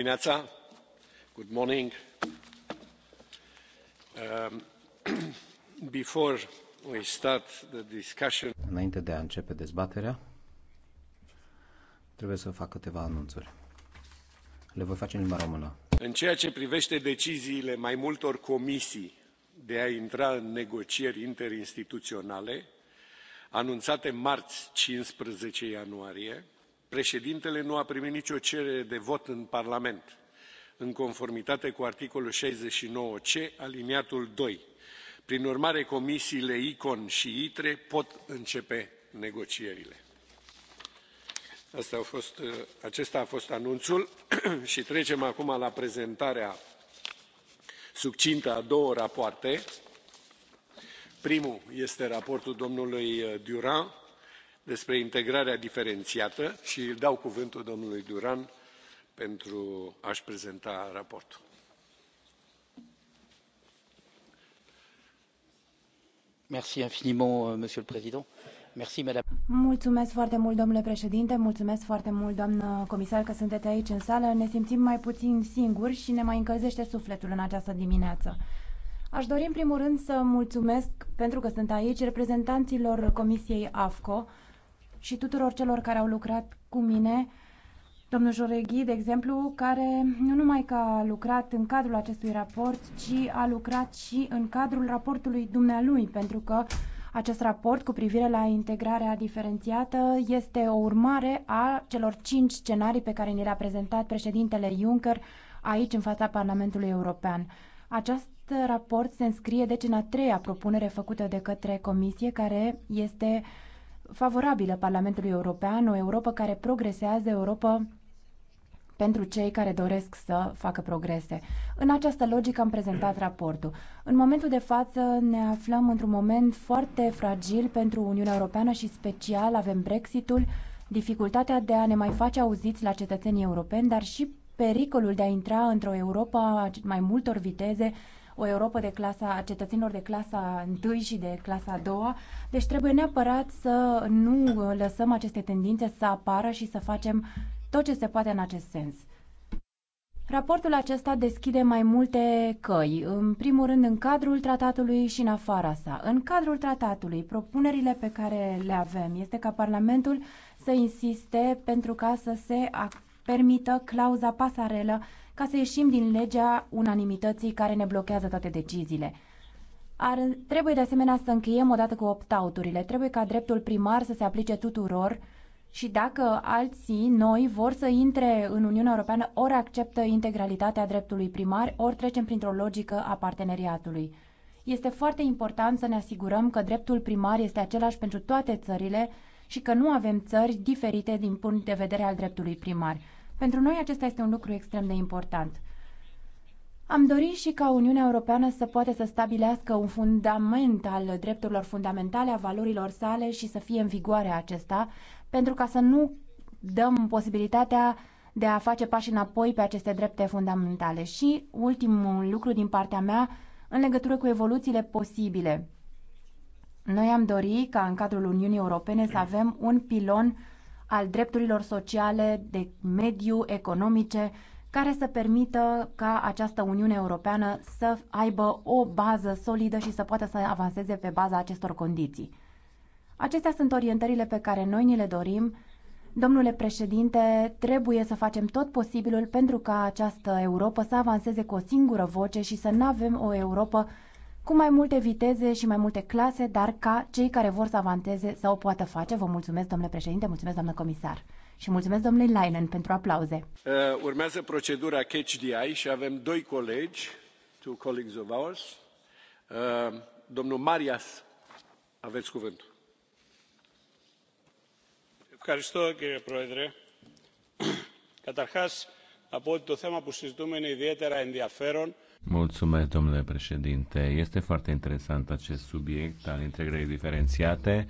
dimineața good um, Înainte de a începe dezbaterea trebuie să fac câteva anunțuri le voi face în limba română În ceea ce privește deciziile mai multor comisii de a intra în negocieri interinstituționale anunțate marți 15 ianuarie președintele nu a primit nicio cerere de vot în parlament în conformitate cu articolul șaizeci și nouă c alineatul. doi prin urmare comisiile econ și itre pot începe negocierile. Fost, acesta a fost anunțul și trecem acum la prezentarea succintă a două rapoarte primul este raportul domnului durand despre integrarea diferențiată și îi dau cuvântul domnului duran pentru a și prezenta raportul. Euh, mulțumesc foarte mult, domnule președinte, mulțumesc foarte mult, doamnă comisar, că sunteți aici în sală. Ne simțim mai puțin singuri și ne mai încălzește sufletul în această dimineață. Aș dori, în primul rând, să mulțumesc, pentru că sunt aici, reprezentanților Comisiei AFCO, și tuturor celor care au lucrat cu mine, domnul Joreghi, de exemplu, care nu numai că a lucrat în cadrul acestui raport, ci a lucrat și în cadrul raportului dumnealui, pentru că acest raport cu privire la integrarea diferențiată este o urmare a celor cinci scenarii pe care ni le-a prezentat președintele Juncker aici în fața Parlamentului European. Acest raport se înscrie deci în a treia propunere făcută de către Comisie, care este uh, favorabilă Parlamentului European, o Europa care progresează, Europa pentru cei care doresc să facă progrese. În această logică am prezentat raportul. În momentul de față ne aflăm într-un moment foarte fragil pentru Uniunea Europeană și special avem Brexitul, dificultatea de a ne mai face auziți la cetățenii europeni, dar și pericolul de a intra într-o Europa a mai multor viteze o Europa de clasa, a cetățenilor de clasa 1 și de clasa 2. Deci trebuie neapărat să nu lăsăm aceste tendințe să apară și să facem tot ce se poate în acest sens. Raportul acesta deschide mai multe căi, în primul rând în cadrul tratatului și în afara sa. În cadrul tratatului, propunerile pe care le avem este ca Parlamentul să insiste pentru ca să se permită clauza pasarelă ca să ieșim din legea unanimității care ne blochează toate deciziile. Ar, trebuie de asemenea să încheiem odată cu opt-out-urile. Trebuie ca dreptul primar să se aplice tuturor și dacă alții noi vor să intre în Uniunea Europeană, ori acceptă integralitatea dreptului primar, ori trecem printr-o logică a parteneriatului. Este foarte important să ne asigurăm că dreptul primar este același pentru toate țările și că nu avem țări diferite din punct de vedere al dreptului primar. Pentru noi acesta este un lucru extrem de important. Am dorit și ca Uniunea Europeană să poată să stabilească un fundament al drepturilor fundamentale, a valorilor sale și să fie în vigoare acesta, pentru ca să nu dăm posibilitatea de a face pași înapoi pe aceste drepte fundamentale. Și ultimul lucru din partea mea, în legătură cu evoluțiile posibile. Noi am dorit ca în cadrul Uniunii Europene să avem un pilon al drepturilor sociale, de mediu, economice, care să permită ca această Uniune Europeană să aibă o bază solidă și să poată să avanseze pe baza acestor condiții. Acestea sunt orientările pe care noi ni le dorim. Domnule președinte, trebuie să facem tot posibilul pentru ca această Europa să avanseze cu o singură voce și să nu avem o Europa cu mai multe viteze și mai multe clase, dar ca cei care vor să avanteze, să o poată face. Vă mulțumesc, domnule președinte, mulțumesc, domnule comisar. Și mulțumesc domnului Leinen pentru aplauze. Uh, urmează procedura Catch și avem doi colegi, two colleagues of ours. Uh, domnul Marias, aveți cuvântul. Ευχαριστώ κύριε Πρόεδρε. Καταρχάς, από ότι το θέμα που συζητούμε είναι ιδιαίτερα ενδιαφέρον Mulțumesc, domnule președinte. Este foarte interesant acest subiect al integrării diferențiate,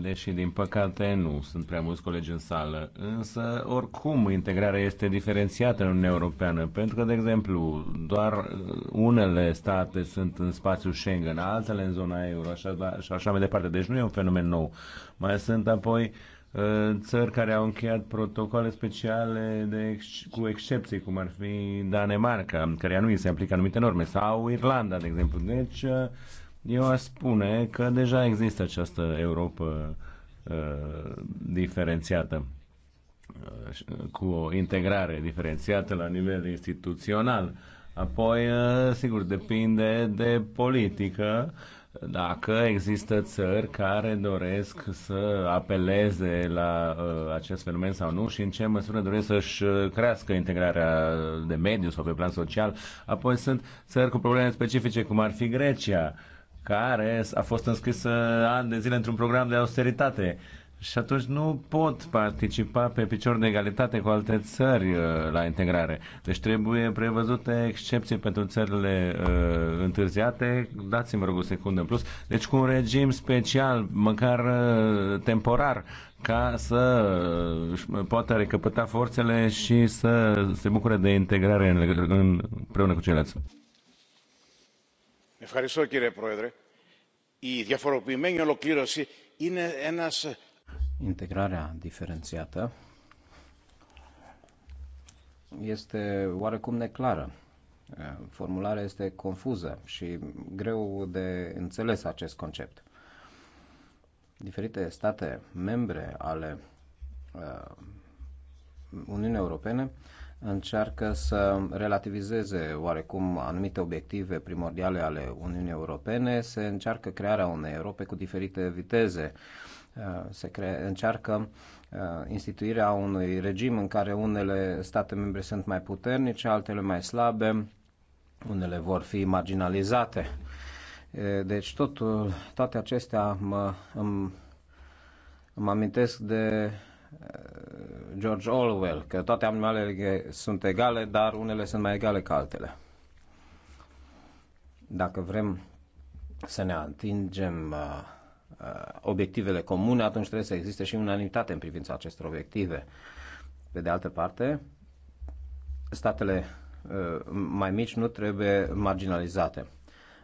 deși, din păcate, nu sunt prea mulți colegi în sală. Însă, oricum, integrarea este diferențiată în Uniunea Europeană, pentru că, de exemplu, doar unele state sunt în spațiul Schengen, altele în zona euro așa, și așa mai departe. Deci nu e un fenomen nou. Mai sunt apoi uh, țări care au încheiat protocoale speciale de ex- cu excepții, cum ar fi Danemarca, care nu se aplică anumite norme, sau Irlanda, de exemplu. Deci, eh, eu aș spune că deja există această Europa uh, diferențiată uh, cu o integrare diferențiată la nivel instituțional. Apoi, uh, sigur, depinde de politică dacă există țări care doresc să apeleze la uh, acest fenomen sau nu și în ce măsură doresc să-și uh, crească integrarea de mediu sau pe plan social. Apoi sunt țări cu probleme specifice, cum ar fi Grecia, care a fost înscrisă ani de zile într-un program de austeritate. Uh, și atunci nu pot participa pe picior de egalitate cu alte țări uh, la integrare. Deci trebuie prevăzute excepții pentru țările uh, întârziate. Dați-mi, rog, o secundă în plus. Deci cu un regim special, măcar uh, temporar, ca să uh, poată recăpăta forțele și să se bucure de integrare în, în, împreună cu ceilalți. Ευχαριστώ κύριε Πρόεδρε. Η διαφοροποιημένη ολοκλήρωση είναι ένας Integrarea diferențiată este oarecum neclară. Formularea este confuză și greu de înțeles acest concept. Diferite state membre ale uh, Uniunii Europene încearcă să relativizeze oarecum anumite obiective primordiale ale Uniunii Europene, se încearcă crearea unei Europe cu diferite viteze Uh, se cre- încearcă uh, instituirea unui regim în care unele state membre sunt mai puternice, altele mai slabe, unele vor fi marginalizate. Uh, deci totul, toate acestea mă, îmi, îmi amintesc de George Orwell, că toate animalele sunt egale, dar unele sunt mai egale ca altele. Dacă vrem să ne atingem uh, Uh, obiectivele comune, atunci trebuie să existe și unanimitate în privința acestor obiective. Pe de altă parte, statele uh, mai mici nu trebuie marginalizate.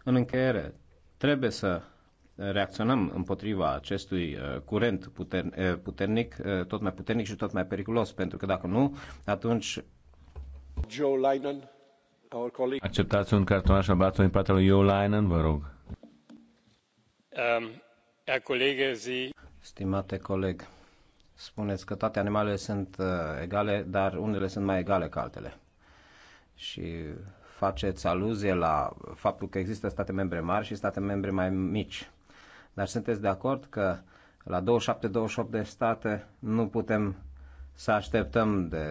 În încheiere, trebuie să reacționăm împotriva acestui uh, curent puternic, tot mai puternic și tot mai periculos, pentru că dacă nu, atunci... Joe Linen, our colleague. Acceptați un cartonaș albastru din partea lui Joe Linen, vă rog. Um, Stimate coleg, spuneți că toate animalele sunt uh, egale, dar unele sunt mai egale ca altele. Și faceți aluzie la faptul că există state membre mari și state membre mai mici. Dar sunteți de acord că la 27-28 de state nu putem să așteptăm de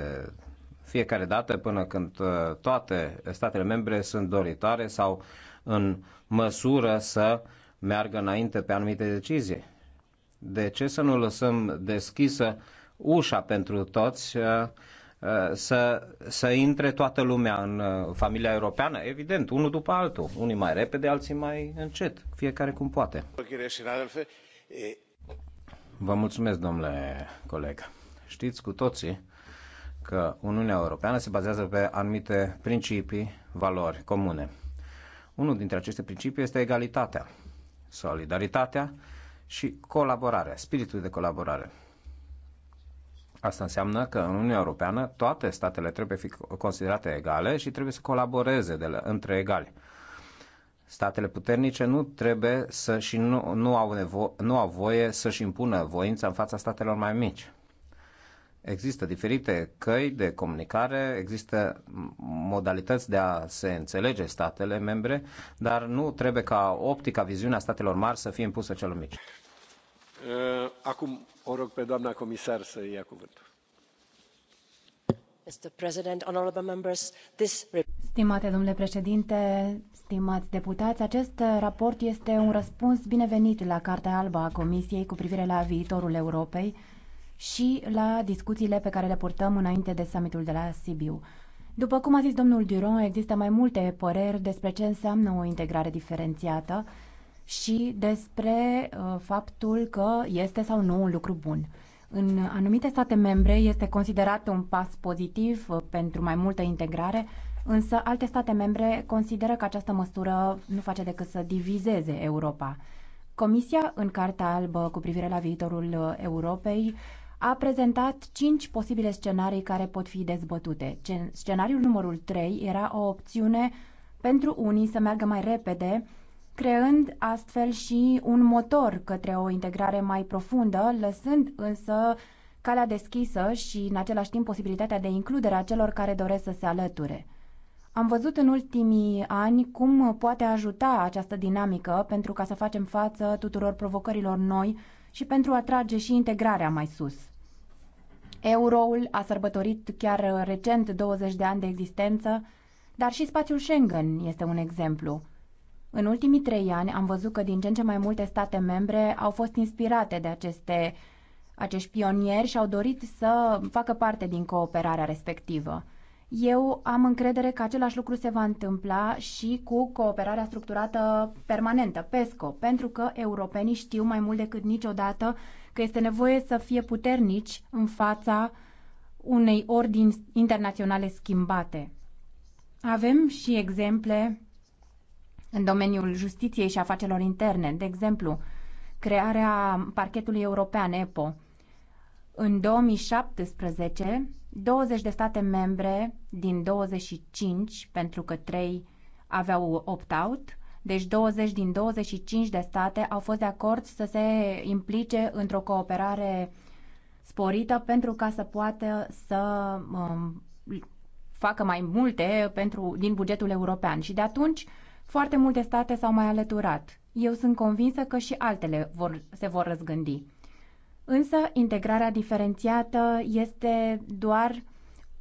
fiecare dată până când uh, toate statele membre sunt doritoare sau în măsură să uh, meargă înainte pe anumite decizii. De ce să nu lăsăm deschisă ușa pentru toți, uh, uh, să, să intre toată lumea în uh, familia europeană, evident, unul după altul, unii mai repede, alții mai încet, fiecare cum poate. Vă mulțumesc, domnule coleg. Știți cu toții că Uniunea Europeană se bazează pe anumite principii, valori comune. Unul dintre aceste principii este egalitatea solidaritatea și colaborarea, spiritul de colaborare. Asta înseamnă că în Uniunea Europeană toate statele trebuie fi considerate egale și trebuie să colaboreze de la, între egali. Statele puternice nu trebuie să și nu, nu, au, nevo- nu au voie să-și impună voința în fața statelor mai mici. Există diferite căi de comunicare, există modalități de a se înțelege statele membre, dar nu trebuie ca optica, viziunea statelor mari să fie impusă celor mici. Uh, acum o rog pe doamna comisar să ia cuvântul. Stimate domnule președinte, stimați deputați, acest raport este un răspuns binevenit la Cartea Albă a Comisiei cu privire la viitorul Europei, și la discuțiile pe care le purtăm înainte de summitul de la Sibiu. După cum a zis domnul Duron, există mai multe păreri despre ce înseamnă o integrare diferențiată și despre uh, faptul că este sau nu un lucru bun. În anumite state membre este considerat un pas pozitiv uh, pentru mai multă integrare, însă alte state membre consideră că această măsură nu face decât să divizeze Europa. Comisia, în Carta Albă cu privire la viitorul uh, Europei, a prezentat cinci posibile scenarii care pot fi dezbătute. Scenariul numărul 3 era o opțiune pentru unii să meargă mai repede, creând astfel și un motor către o integrare mai profundă, lăsând însă calea deschisă și în același timp posibilitatea de includere a celor care doresc să se alăture. Am văzut în ultimii ani cum poate ajuta această dinamică pentru ca să facem față tuturor provocărilor noi și pentru a trage și integrarea mai sus. Euroul a sărbătorit chiar uh, recent 20 de ani de existență, dar și spațiul Schengen este un exemplu. În ultimii trei ani am văzut că din ce în ce mai multe state membre au fost inspirate de aceste, acești pionieri și au dorit să facă parte din cooperarea respectivă. Eu am încredere că același lucru se va întâmpla și cu cooperarea structurată permanentă, PESCO, pentru că europenii știu mai mult decât niciodată că este nevoie să fie puternici în fața unei ordini internaționale schimbate. Avem și exemple în domeniul justiției și afacerilor interne, de exemplu, crearea parchetului european EPO. În 2017, 20 de state membre din 25, pentru că 3 aveau opt-out, deci 20 din 25 de state au fost de acord să se implice într-o cooperare sporită pentru ca să poată să um, facă mai multe pentru, din bugetul european. Și de atunci foarte multe state s-au mai alăturat. Eu sunt convinsă că și altele vor, se vor răzgândi. Însă, integrarea diferențiată este doar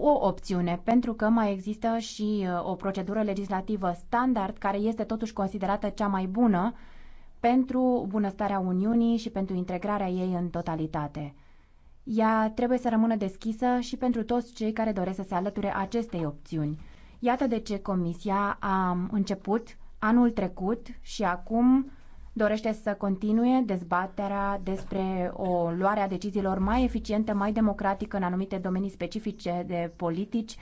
o opțiune, pentru că mai există și uh, o procedură legislativă standard care este totuși considerată cea mai bună pentru bunăstarea Uniunii și pentru integrarea ei în totalitate. Ea trebuie să rămână deschisă și pentru toți cei care doresc să se alăture acestei opțiuni. Iată de ce Comisia a început anul trecut și acum dorește să continue dezbaterea despre o luare a deciziilor mai eficientă, mai democratică în anumite domenii specifice de politici,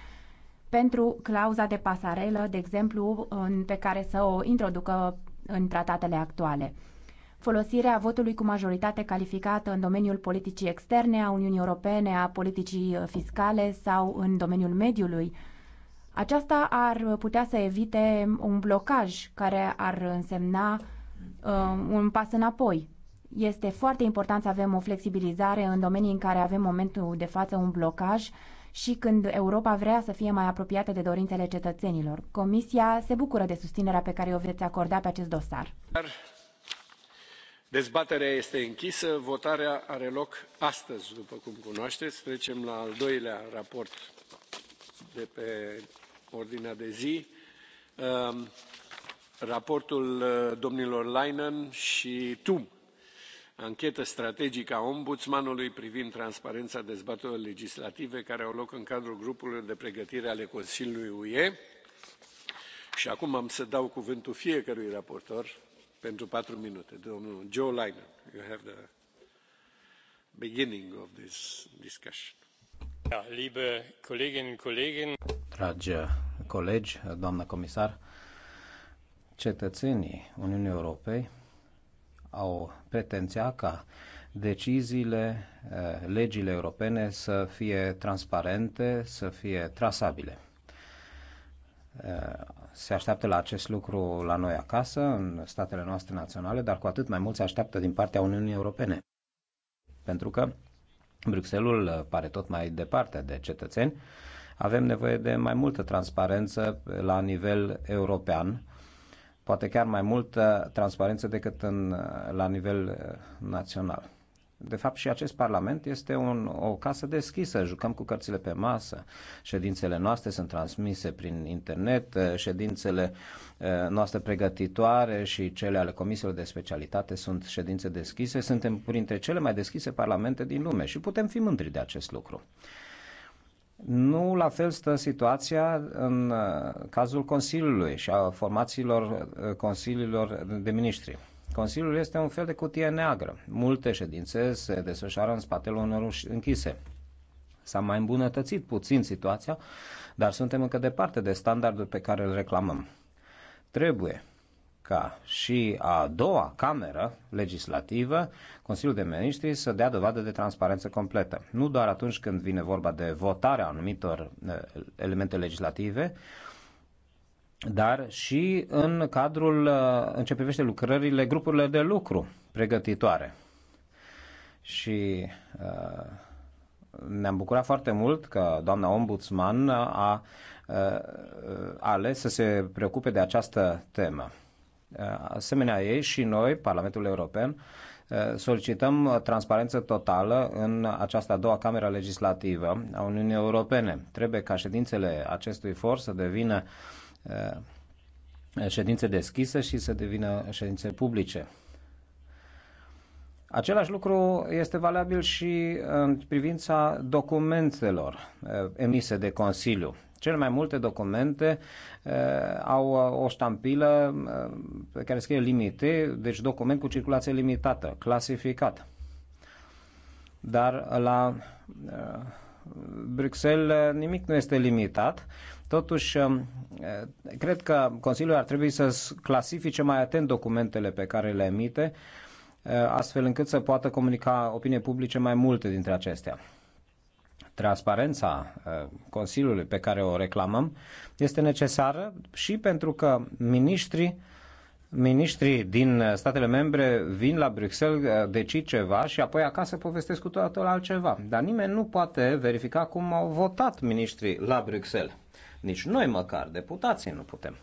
pentru clauza de pasarelă, de exemplu, în, pe care să o introducă în tratatele actuale. Folosirea votului cu majoritate calificată în domeniul politicii externe a Uniunii Europene, a politicii fiscale sau în domeniul mediului. Aceasta ar putea să evite un blocaj care ar însemna Um, un pas înapoi. Este foarte important să avem o flexibilizare în domenii în care avem momentul de față un blocaj și când Europa vrea să fie mai apropiată de dorințele cetățenilor. Comisia se bucură de susținerea pe care o veți acorda pe acest dosar. Dezbaterea este închisă. Votarea are loc astăzi, după cum cunoașteți. Trecem la al doilea raport de pe ordinea de zi um, raportul uh, domnilor leinen și tum anchetă strategică a ombudsmanului privind transparența dezbaterilor legislative care au loc în cadrul grupurilor de pregătire ale consiliului ue și acum am să dau cuvântul fiecărui raportor pentru patru minute. domnul joe leinen you have the beginning of this discussion. liebe Kolleginnen und Kollegen. Dragi colegi, doamnă comisar, cetățenii Uniunii Europei au pretenția ca deciziile, eh, legile europene să fie transparente, să fie trasabile. Eh, se așteaptă la acest lucru la noi acasă, în statele noastre naționale, dar cu atât mai mult se așteaptă din partea Uniunii Europene. Pentru că Bruxelles eh, pare tot mai departe de cetățeni, avem nevoie de mai multă transparență la nivel european poate chiar mai multă transparență decât în, la nivel eh, național. De fapt, și acest Parlament este un, o casă deschisă, jucăm cu cărțile pe masă. Ședințele noastre sunt transmise prin internet, eh, ședințele eh, noastre pregătitoare și cele ale comisiilor de specialitate sunt ședințe deschise. Suntem printre cele mai deschise parlamente din lume și putem fi mândri de acest lucru. Nu la fel stă situația în uh, cazul Consiliului și a formațiilor uh, Consiliilor de Ministri. Consiliul este un fel de cutie neagră. Multe ședințe se desfășoară în spatele unor uși închise. S-a mai îmbunătățit puțin situația, dar suntem încă departe de standardul pe care îl reclamăm. Trebuie ca și a doua cameră legislativă, Consiliul de Ministri, să dea dovadă de transparență completă. Nu doar atunci când vine vorba de votarea anumitor uh, elemente legislative, dar și în cadrul, uh, în ce privește lucrările, grupurile de lucru pregătitoare. Și uh, ne-am bucurat foarte mult că doamna ombudsman a, a, a ales să se preocupe de această temă. Uh, asemenea, ei și noi, Parlamentul European, uh, solicităm uh, transparență totală în această a doua cameră legislativă a Uniunii Europene. Trebuie ca ședințele acestui for să devină ședințe deschise și să devină ședințe publice. Același lucru este valabil și în privința documentelor emise de Consiliu. Cele mai multe documente eh, uh, au o ștampilă uh, pe care scrie limite, deci document cu circulație limitată, clasificat. Dar la uh, Bruxelles nimic nu este limitat. Totuși, cred că Consiliul ar trebui să clasifice mai atent documentele pe care le emite, astfel încât să poată comunica opinie publice mai multe dintre acestea transparența uh, Consiliului pe care o reclamăm este necesară și pentru că miniștrii Ministrii din statele membre vin la Bruxelles, uh, decid ceva și apoi acasă povestesc cu totul altceva. Dar nimeni nu poate verifica cum au votat ministrii la Bruxelles. Nici noi măcar, deputații, nu putem.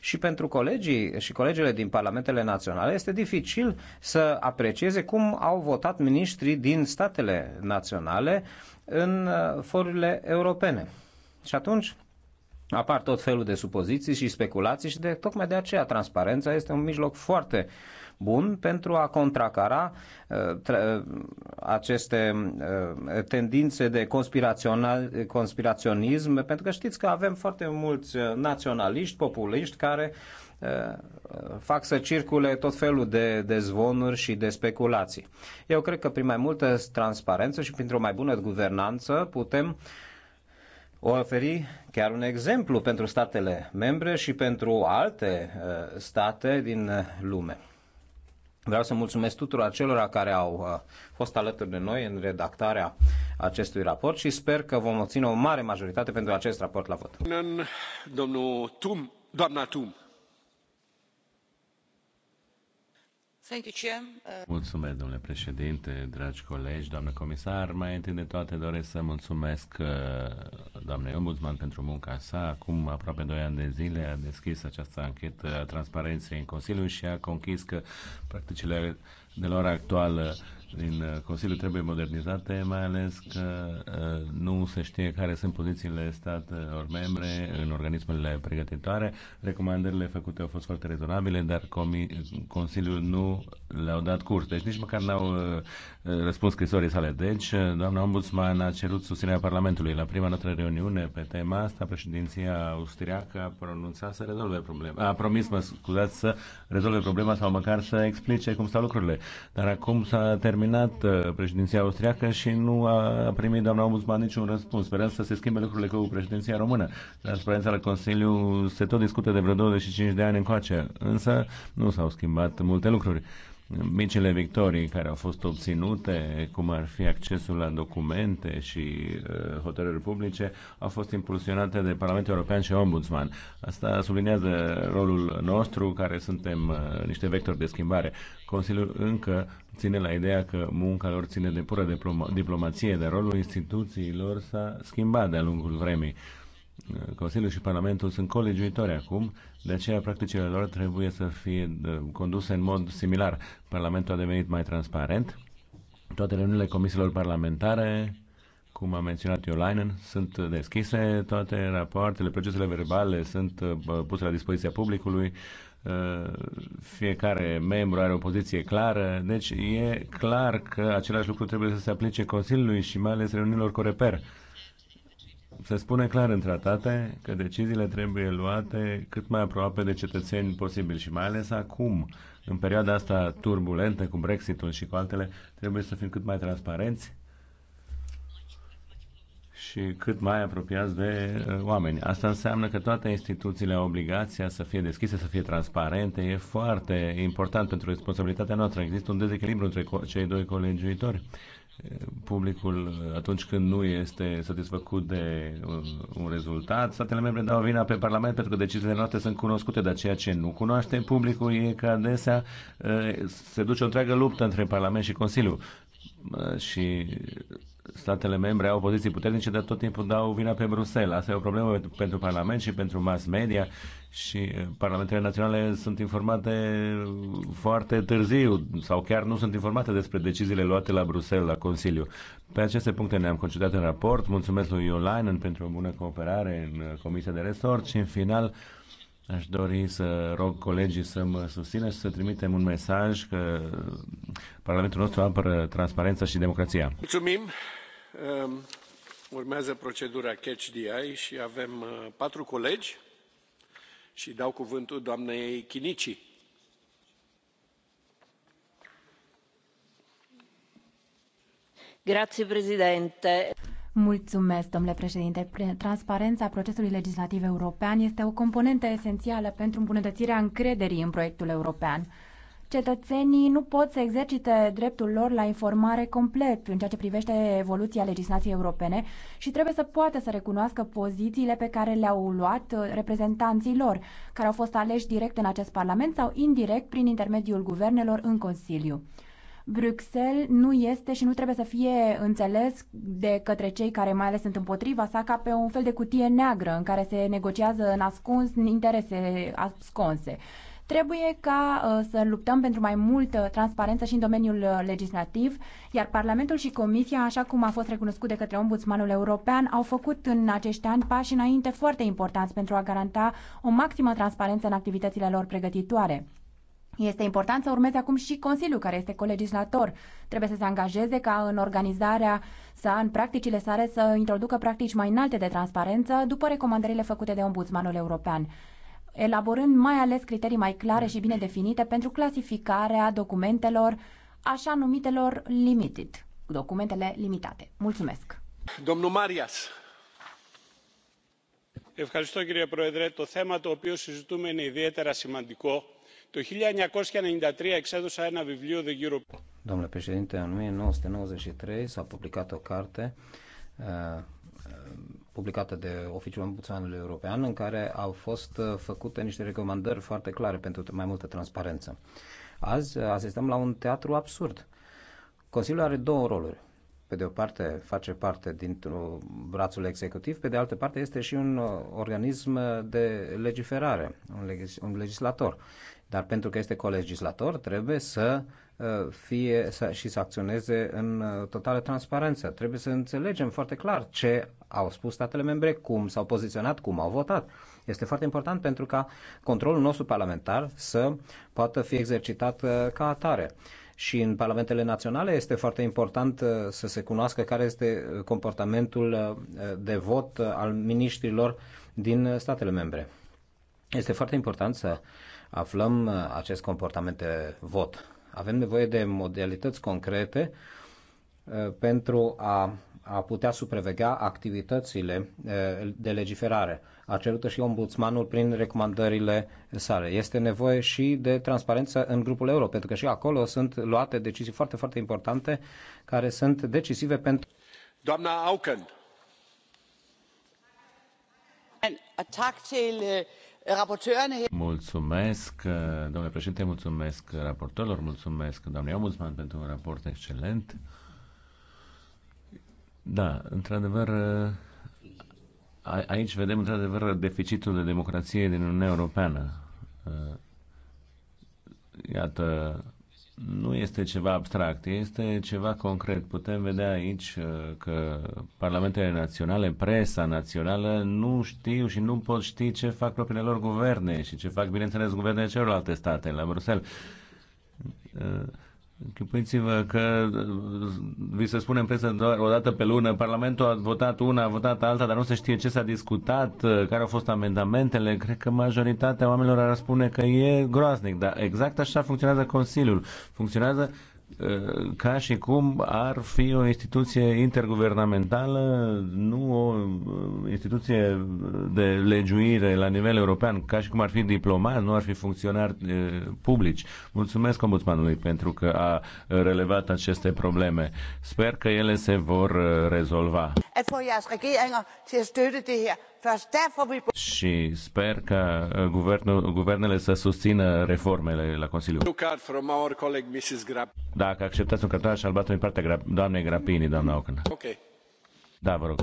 Și pentru colegii și colegele din parlamentele naționale este dificil să aprecieze cum au votat ministrii din statele naționale în uh, forurile europene. Și atunci apar tot felul de supoziții și speculații și de, tocmai de aceea transparența este un mijloc foarte bun pentru a contracara uh, uh aceste uh, tendințe de conspiraționism, pentru că știți că avem foarte mulți uh, naționaliști, populiști care uh, Uh, fac să circule tot felul de, de zvonuri și de speculații. Eu cred că prin mai multă transparență și printr-o mai bună guvernanță putem oferi chiar un exemplu pentru statele membre și pentru alte uh, state din lume. Vreau să mulțumesc tuturor celor care au uh, fost alături de noi în redactarea acestui raport și sper că vom obține o mare majoritate pentru acest raport la vot. Domnul Tum, doamna Tum. Uh, mulțumesc, domnule președinte, dragi colegi, doamnă comisar. Mai întâi de toate doresc să mulțumesc uh, doamnei ombudsman pentru munca sa. Acum aproape 2 ani de zile a deschis această anchetă a transparenței în Consiliu și a conchis că practicile de la ora actuală din uh, Consiliu trebuie modernizate, mai ales că uh, nu se știe care sunt pozițiile statelor membre în organismele pregătitoare. Recomandările făcute au fost foarte rezonabile, dar Consiliul nu le-au dat curs. Deci nici măcar n-au uh, răspuns scrisorii sale. Deci, doamna ombudsman a cerut susținerea Parlamentului. La prima noastră reuniune pe tema asta, președinția austriacă a pronunțat să rezolve problema. A promis, mă scuzați, să rezolve problema sau măcar să explice cum stau lucrurile. Dar acum s-a terminat uh, președinția austriacă și nu a primit doamna ombudsman niciun răspuns. Sperăm să se schimbe lucrurile cu președinția română. Transparența la Consiliu se tot discută de vreo 25 de ani încoace, însă nu s-au schimbat multe lucruri micile victorii care au fost obținute, cum ar fi accesul la documente și uh, hotărâri publice, au fost impulsionate de Parlamentul European și Ombudsman. Asta sublinează rolul nostru, care suntem uh, niște vectori de schimbare. Consiliul încă ține la ideea că munca lor ține de pură diploma- diplomație, dar rolul instituțiilor s-a schimbat de-a lungul vremii. Uh, Consiliul și Parlamentul sunt colegiuitori acum de aceea, practicile lor trebuie să fie conduse în mod similar. Parlamentul a devenit mai transparent. Toate reuniunile comisiilor parlamentare, cum a menționat Iolainen, sunt deschise. Toate rapoartele, procesele verbale sunt uh, puse la dispoziția publicului uh, fiecare membru are o poziție clară, deci e clar că același lucru trebuie să se aplice Consiliului și mai ales reuniunilor Coreper. Se spune clar în tratate că deciziile trebuie luate cât mai aproape de cetățeni posibil și mai ales acum, în perioada asta turbulentă cu Brexitul și cu altele, trebuie să fim cât mai transparenți și cât mai apropiați de uh, oameni. Asta înseamnă că toate instituțiile au obligația să fie deschise, să fie transparente. E foarte important pentru responsabilitatea noastră. Există un dezechilibru între cei doi colegiuitori publicul atunci când nu este satisfăcut de uh, un rezultat, statele membre dau vina pe Parlament pentru că deciziile noastre sunt cunoscute, dar ceea ce nu cunoaște publicul e că adesea uh, se duce o întreagă luptă între Parlament și Consiliu. Uh, și statele membre au poziții puternice, dar tot timpul dau vina pe Bruxelles. Asta e o problemă pentru Parlament și pentru mass media și eh, parlamentele naționale sunt informate foarte târziu sau chiar nu sunt informate despre deciziile luate la Bruxelles, la Consiliu. Pe aceste puncte ne-am concentrat în raport. Mulțumesc lui Iolainen pentru o bună cooperare în eh, Comisia de Resort și în final Aș dori să rog colegii să mă susțină și să trimitem un mesaj că Parlamentul nostru apără transparența și democrația. Mulțumim! Ehm, urmează procedura Catch the Eye și avem eh, patru colegi și dau cuvântul doamnei Chinici. Mulțumesc, domnule președinte. Transparența procesului legislativ european este o componentă esențială pentru îmbunătățirea încrederii în proiectul european cetățenii nu pot să exercite dreptul lor la informare complet în ceea ce privește evoluția legislației europene și trebuie să poată să recunoască pozițiile pe care le-au luat uh, reprezentanții lor, care au fost aleși direct în acest Parlament sau indirect prin intermediul guvernelor în Consiliu. Bruxelles nu este și nu trebuie să fie înțeles de către cei care mai ales sunt împotriva sa ca pe un fel de cutie neagră în care se negociază în ascuns interese ascunse. Trebuie ca uh, să luptăm pentru mai multă transparență și în domeniul uh, legislativ, iar Parlamentul și Comisia, așa cum a fost recunoscut de către Ombudsmanul European, au făcut în acești ani pași înainte foarte importanți pentru a garanta o maximă transparență în activitățile lor pregătitoare. Este important să urmeze acum și Consiliul, care este colegislator. Trebuie să se angajeze ca în organizarea sa, în practicile sale, să introducă practici mai înalte de transparență, după recomandările făcute de Ombudsmanul European elaborând mai ales criterii mai clare și bine definite pentru clasificarea documentelor așa numitelor limited, documentele limitate. Mulțumesc! Domnul Marias. Ευχαριστώ κύριε Πρόεδρε. Το θέμα το οποίο συζητούμε είναι ιδιαίτερα σημαντικό. Το 1993 εξέδωσα ένα βιβλίο The Europe. Domnule președinte, în 1993 s-a publicat o carte uh, uh, publicată de Oficiul Ombudsmanului European, în care au fost uh, făcute niște recomandări foarte clare pentru mai multă transparență. Azi uh, asistăm la un teatru absurd. Consiliul are două roluri. Pe de o parte face parte din brațul executiv, pe de altă parte este și un uh, organism de legiferare, un, legis- un legislator. Dar pentru că este colegislator, trebuie să fie și să acționeze în uh, totală transparență. Trebuie să înțelegem foarte clar ce au spus statele membre, cum s-au poziționat, cum au votat. Este foarte important pentru ca controlul nostru parlamentar să poată fi exercitat uh, ca atare. Și în parlamentele naționale este foarte important uh, să se cunoască care este comportamentul de vot al miniștrilor din statele membre. Este foarte important să aflăm acest comportament de vot avem nevoie de modalități concrete uh, pentru a, a putea supraveghea activitățile uh, de legiferare. A cerut și ombudsmanul prin recomandările sale. Este nevoie și de transparență în grupul euro, pentru că și acolo sunt luate decizii foarte, foarte importante care sunt decisive pentru. Doamna Auken. Tak Mulțumesc, uh, domnule președinte, mulțumesc raportorilor, mulțumesc doamne ombudsman pentru un raport excelent. Da, într-adevăr, uh, aici vedem într-adevăr deficitul de democrație din Uniunea Europeană. Uh, iată, nu este ceva abstract, este ceva concret. Putem vedea aici uh, că parlamentele naționale, presa națională nu știu și nu pot ști ce fac propriile lor guverne și ce fac, bineînțeles, guvernele celorlalte state la Bruxelles uh, Închipuiți-vă că vi se spune în presă doar o dată pe lună, Parlamentul a votat una, a votat alta, dar nu se știe ce s-a discutat, care au fost amendamentele. Cred că majoritatea oamenilor ar spune că e groaznic, dar exact așa funcționează Consiliul. Funcționează ca și cum ar fi o instituție interguvernamentală, nu o uh, instituție de legiuire la nivel european, ca și cum ar fi diplomat, nu ar fi funcționari uh, publici. Mulțumesc ombudsmanului pentru că a relevat aceste probleme. Sper că ele se vor uh, rezolva at få jeres regeringer til at støtte det her. Først derfor vi... Și sper ca uh, guvernul, guvernele să susțină reformele la Consiliu. Dacă acceptați un cartonaș albastru din partea Gra- doamnei Grapini, doamna Ocan. Ok. Da, vă rog.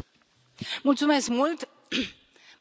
Mulțumesc mult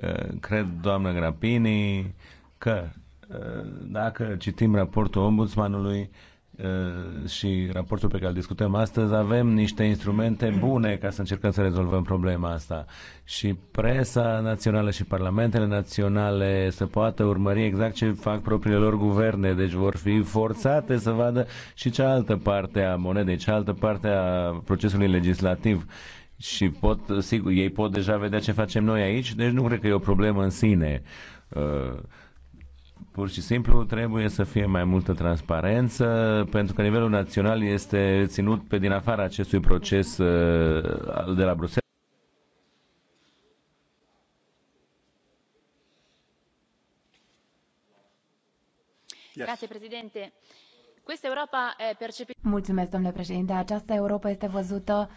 Eh, cred, doamnă Grapini, că eh, dacă citim raportul ombudsmanului eh, și raportul pe care îl discutăm astăzi, avem niște instrumente bune ca să încercăm să rezolvăm problema asta. Și presa națională și parlamentele naționale să poată urmări exact ce fac propriile lor guverne, deci vor fi forțate să vadă și cealaltă parte a monedei, cealaltă parte a procesului legislativ și pot, sigur, ei pot deja vedea ce facem noi aici, deci nu cred că e o problemă în sine. Uh, pur și simplu trebuie să fie mai multă transparență, pentru că nivelul național este ținut pe din afara acestui proces uh, de la Bruxelles. Grazie, Mulțumesc, domnule președinte această Europa este văzută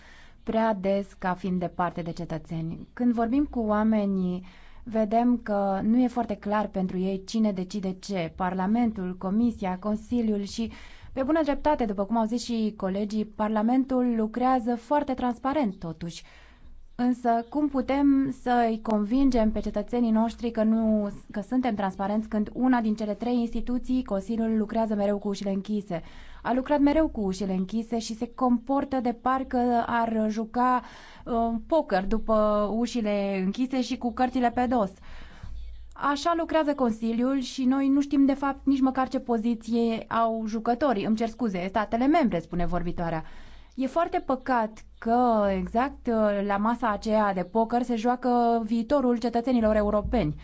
prea des ca fiind departe de cetățeni. Când vorbim cu oamenii, vedem că nu e foarte clar pentru ei cine decide ce. Parlamentul, Comisia, Consiliul și, pe bună dreptate, după cum au zis și colegii, Parlamentul lucrează foarte transparent totuși. Însă, cum putem să îi convingem pe cetățenii noștri că, nu, că suntem transparenți când una din cele trei instituții, Consiliul, lucrează mereu cu ușile închise? a lucrat mereu cu ușile închise și se comportă de parcă ar juca uh, poker după ușile închise și cu cărțile pe dos. Așa lucrează Consiliul și noi nu știm de fapt nici măcar ce poziție au jucătorii. Îmi cer scuze, statele membre, spune vorbitoarea. E foarte păcat că exact uh, la masa aceea de poker se joacă viitorul cetățenilor europeni.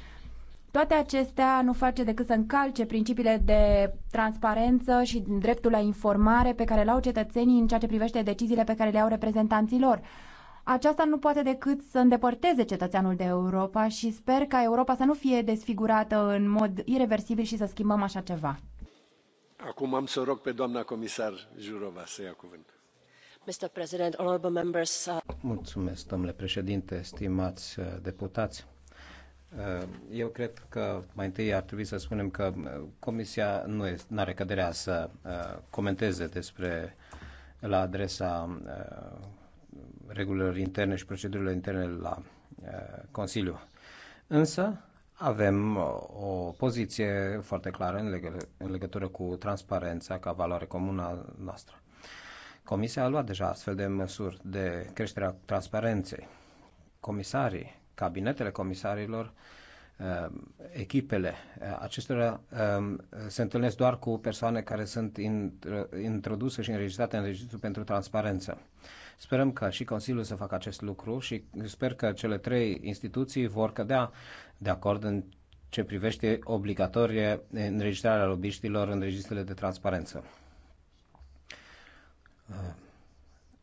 Toate acestea nu face decât să încalce principiile de transparență și dreptul la informare pe care le au cetățenii în ceea ce privește deciziile pe care le au reprezentanții lor. Aceasta nu poate decât să îndepărteze cetățeanul de Europa și sper ca Europa să nu fie desfigurată în mod irreversibil și să schimbăm așa ceva. Acum am să rog pe doamna comisar Jurova să ia cuvântul. Mr. President, honorable members. Uh, Mulțumesc, domnule președinte, stimați uh, deputați Uh, eu cred că mai întâi ar trebui să spunem că uh, Comisia nu are căderea să uh, comenteze despre la adresa regulilor interne și procedurilor interne la Consiliu. Însă avem o poziție foarte clară în, legă, în legătură cu transparența ca valoare comună a noastră. Comisia a luat deja astfel de măsuri de creșterea transparenței. Comisarii cabinetele comisarilor, eh, echipele eh, acestora eh, se întâlnesc doar cu persoane care sunt introduse și înregistrate în Registrul pentru Transparență. Sperăm că și Consiliul să facă acest lucru și sper că cele trei instituții vor cădea de acord în ce privește obligatorie înregistrarea lobiștilor în registrele de transparență.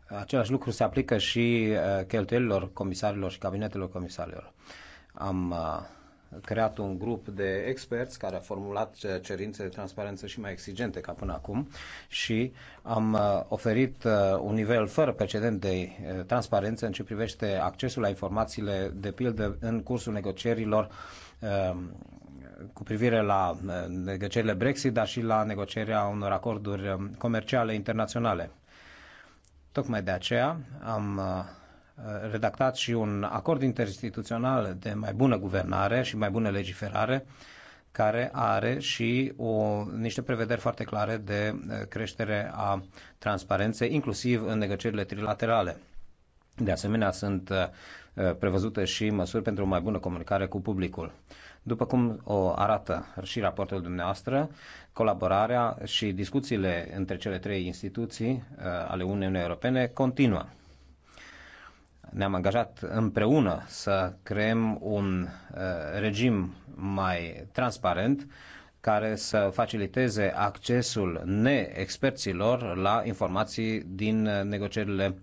Același lucru se aplică și uh, cheltuielilor comisarilor și cabinetelor comisarilor. Am uh, creat un grup de experți care a formulat uh, cerințe de transparență și mai exigente ca până acum și am oferit un nivel fără precedent de transparență în ce privește accesul la informațiile, de pildă, în cursul negocierilor um, cu privire la negocierile Brexit, dar și la negocierea unor acorduri um, comerciale internaționale. Tocmai de aceea am uh, redactat și un acord interinstituțional de mai bună guvernare și mai bună legiferare, care are și o, niște prevederi foarte clare de uh, creștere a transparenței, inclusiv în negocierile trilaterale. De asemenea, sunt uh, prevăzute și măsuri pentru o mai bună comunicare cu publicul. După cum o arată și raportul dumneavoastră, Colaborarea și discuțiile între cele trei instituții uh, ale Uniunii Europene continuă. Ne-am angajat împreună să creăm un uh, regim mai transparent care să faciliteze accesul neexperților la informații din uh, negocierile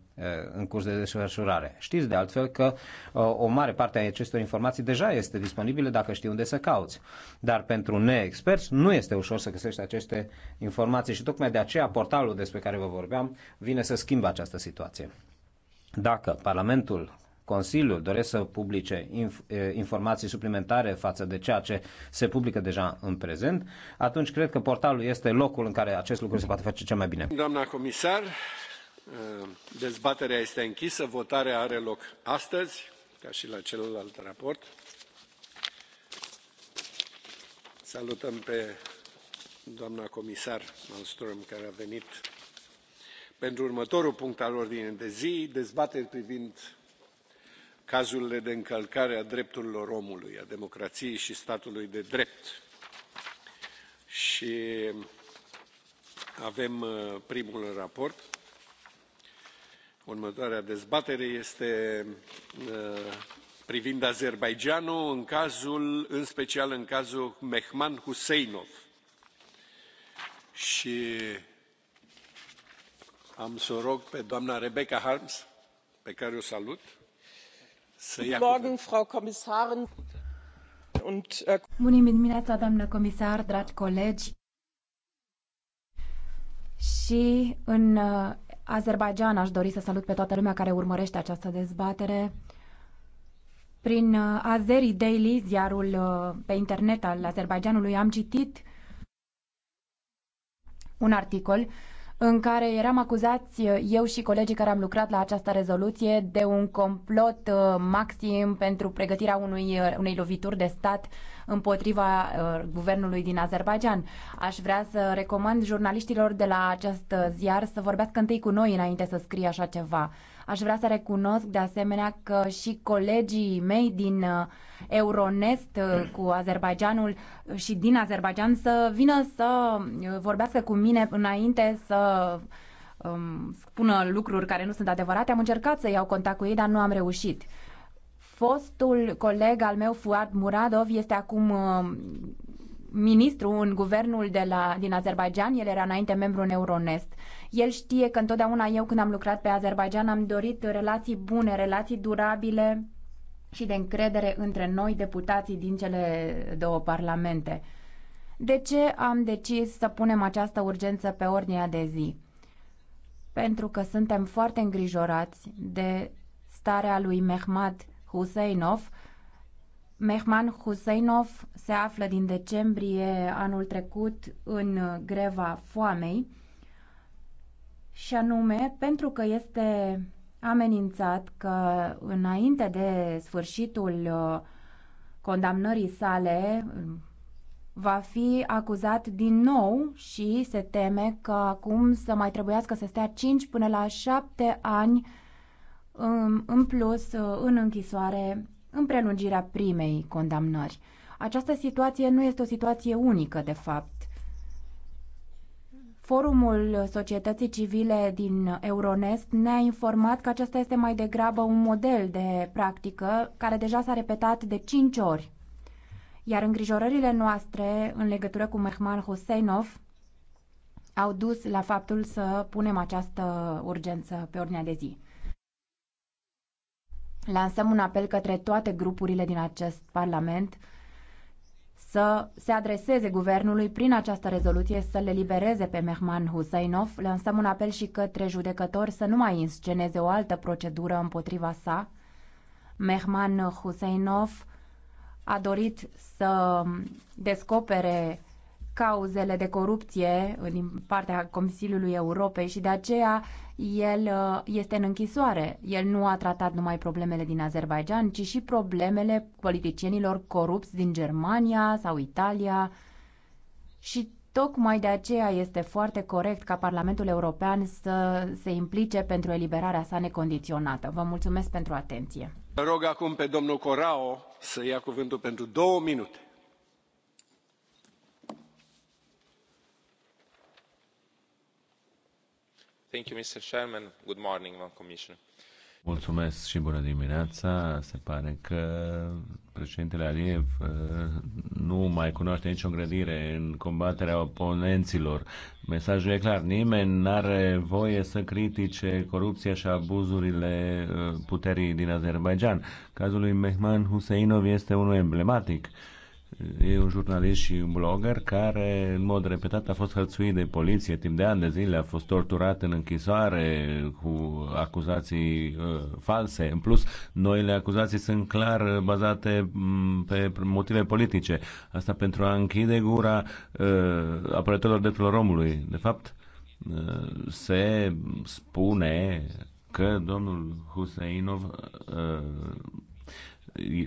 în curs de desfășurare. Știți de altfel că o mare parte a acestor informații deja este disponibilă dacă știi unde să cauți. Dar pentru neexperți nu este ușor să găsești aceste informații și tocmai de aceea portalul despre care vă vorbeam vine să schimbe această situație. Dacă Parlamentul Consiliul doresc să publice inf- informații suplimentare față de ceea ce se publică deja în prezent, atunci cred că portalul este locul în care acest lucru se poate face cel mai bine. Doamna comisar, Uh, dezbaterea este închisă votarea are loc astăzi ca și la celălalt raport. salutăm pe doamna comisar malmstrm care a venit pentru următorul punct al ordinii de zi dezbateri privind cazurile de încălcare a drepturilor omului a democrației și statului de drept și avem uh, primul raport următoarea dezbatere este uh, privind azerbaidjanul în cazul în special în cazul mehman huseynov și am să o rog pe doamna rebecca harms pe care o salut să ia cuvântul. Äh, Bună dimineața, doamnă comisar, dragi colegi! Și în uh, Azerbaijan aș dori să salut pe toată lumea care urmărește această dezbatere. Prin uh, Azeri Daily, ziarul uh, pe internet al Azerbaijanului, am citit un articol în care eram acuzați uh, eu și colegii care am lucrat la această rezoluție de un complot maxim pentru pregătirea unui, unei lovituri de stat împotriva uh, guvernului din Azerbaijan. Aș vrea să recomand jurnaliștilor de la acest ziar să vorbească întâi cu noi înainte să scrie așa ceva. Aș vrea să recunosc de asemenea că și colegii mei din uh, Euronest uh, cu Azerbaijanul și din Azerbaijan să vină să vorbească cu mine înainte să um, spună lucruri care nu sunt adevărate. Am încercat să iau contact cu ei, dar nu am reușit. Fostul coleg al meu, Fuad Muradov, este acum uh, ministru în guvernul de la, din Azerbaijan, el era înainte membru în Euronest. El știe că întotdeauna eu când am lucrat pe Azerbaijan am dorit relații bune, relații durabile și de încredere între noi, deputații din cele două parlamente. De ce am decis să punem această urgență pe ordinea de zi? Pentru că suntem foarte îngrijorați de starea lui Mehmad Huseinov. Mehman Huseinov se află din decembrie anul trecut în greva foamei și anume pentru că este amenințat că înainte de sfârșitul uh, condamnării sale um, va fi acuzat din nou și se teme că acum să mai trebuiască să stea 5 până la 7 ani Um, în plus uh, în închisoare în prelungirea primei condamnări. Această situație nu este o situație unică, de fapt. Forumul Societății Civile din Euronest ne-a informat că acesta este mai degrabă un model de practică care deja s-a repetat de 5 ori. Iar îngrijorările noastre în legătură cu Mehman Hoseinov au dus la faptul să punem această urgență pe ordinea de zi lansăm un apel către toate grupurile din acest Parlament să se adreseze guvernului prin această rezoluție să le libereze pe Mehman Husseinov. Lansăm un apel și către judecători să nu mai insceneze o altă procedură împotriva sa. Mehman Husseinov a dorit să descopere cauzele de corupție din partea Consiliului Europei și de aceea el uh, este în închisoare. El nu a tratat numai problemele din Azerbaijan, ci și problemele politicienilor corupți din Germania sau Italia. Și tocmai de aceea este foarte corect ca Parlamentul European să se implice pentru eliberarea sa necondiționată. Vă mulțumesc pentru atenție. Rog acum pe domnul Corao să ia cuvântul pentru două minute. Mulțumesc și bună dimineața. Se pare că președintele Aliev uh, nu mai cunoaște nicio grădire în combaterea oponenților. Mesajul e clar, nimeni nu are voie să critique corupția și abuzurile uh, puterii din Azerbaijan. Cazul lui Mehman Huseinov este unul emblematic E un jurnalist și un blogger care, în mod repetat, a fost hățuit de poliție timp de ani de zile, a fost torturat în închisoare cu acuzații uh, false. În plus, noile acuzații sunt clar uh, bazate m, mm, pe motive politice. Asta pentru a închide gura uh, apărătorilor drepturilor omului. De fapt, uh, se spune că domnul Huseinov uh,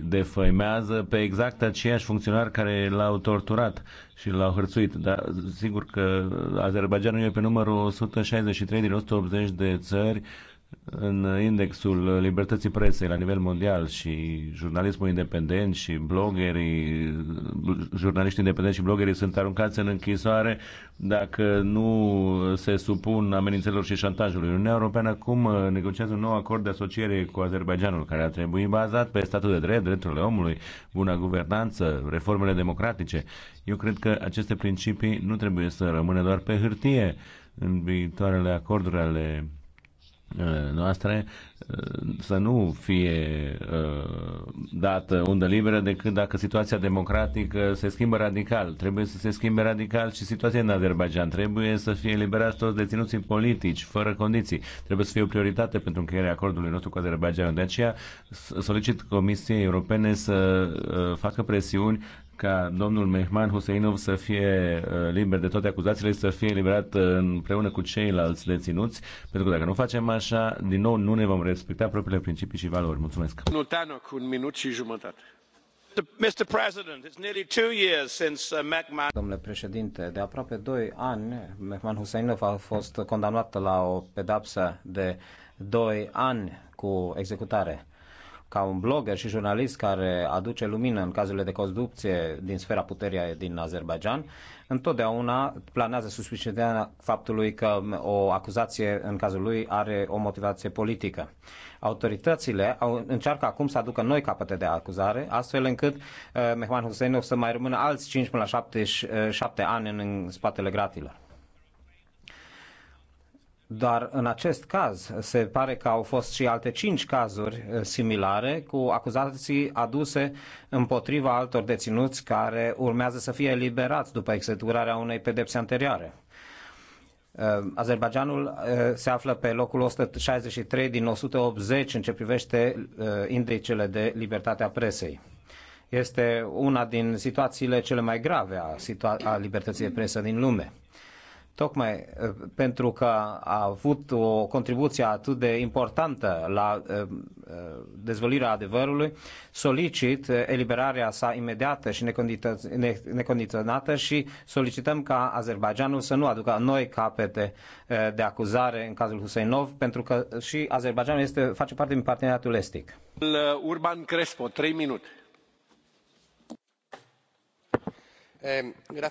defăimează pe exact aceiași funcționari care l-au torturat și l-au hărțuit. Dar sigur că Azerbaijanul e pe numărul 163 din 180 de țări în indexul libertății presei la nivel mondial și jurnalismul independent și bloggerii, jurnaliștii independenți și bloggerii sunt aruncați în închisoare dacă nu se supun amenințelor și șantajului. Uniunea Europeană acum uh, negociază un nou acord de asociere cu Azerbaijanul, care ar trebui bazat pe statul de drept, drepturile omului, buna guvernanță, reformele democratice. Eu cred că aceste principii nu trebuie să rămână doar pe hârtie în viitoarele acorduri ale Uh, noastre uh, să nu fie uh, dată undă liberă decât dacă situația democratică se schimbă radical. Trebuie să se schimbe radical și situația în Azerbaijan. Trebuie să fie eliberați toți deținuții politici, fără condiții. Trebuie să fie o prioritate pentru încheierea acordului nostru cu Azerbaijan. De aceea solicit Comisiei Europene să facă presiuni ca domnul Mehman Huseinov să fie uh, liber de toate acuzațiile, să fie eliberat uh, împreună cu ceilalți deținuți, pentru că dacă nu facem așa, din nou nu ne vom respecta propriile principii și valori. Mulțumesc. Nutanoc, un minut și jumătate. Uh, Domnule președinte, de aproape doi ani, Mehman Husainov a fost condamnat la o pedapsă de doi ani cu executare ca un blogger și jurnalist care aduce lumină în cazurile de corupție din sfera puterii din Azerbaijan, întotdeauna planează suspiciunea faptului că o acuzație în cazul lui are o motivație politică. Autoritățile au, încearcă acum să aducă noi capete de acuzare, astfel încât uh, Mehman o să mai rămână alți 5 până la 7, 7 eh, ani în, în spatele gratilor. Dar în acest caz se pare că au fost și alte cinci cazuri eh, similare cu acuzații aduse împotriva altor deținuți care urmează să fie eliberați după executarea unei pedepse anterioare. Eh, Azerbaidjanul eh, se află pe locul 163 din 180 în ce privește indicele de libertate a presei. Este una din situațiile cele mai grave a, situa- a libertății de presă din lume tocmai eh, pentru că a avut o contribuție atât de importantă la eh, eh, dezvăluirea adevărului, solicit eliberarea sa imediată și necondiționată și solicităm ca Azerbaijanul să nu aducă noi capete de acuzare în cazul Huseinov, pentru că și Azerbaijanul este, face parte din parteneriatul estic. Urban Crespo, 3 minute. Eh,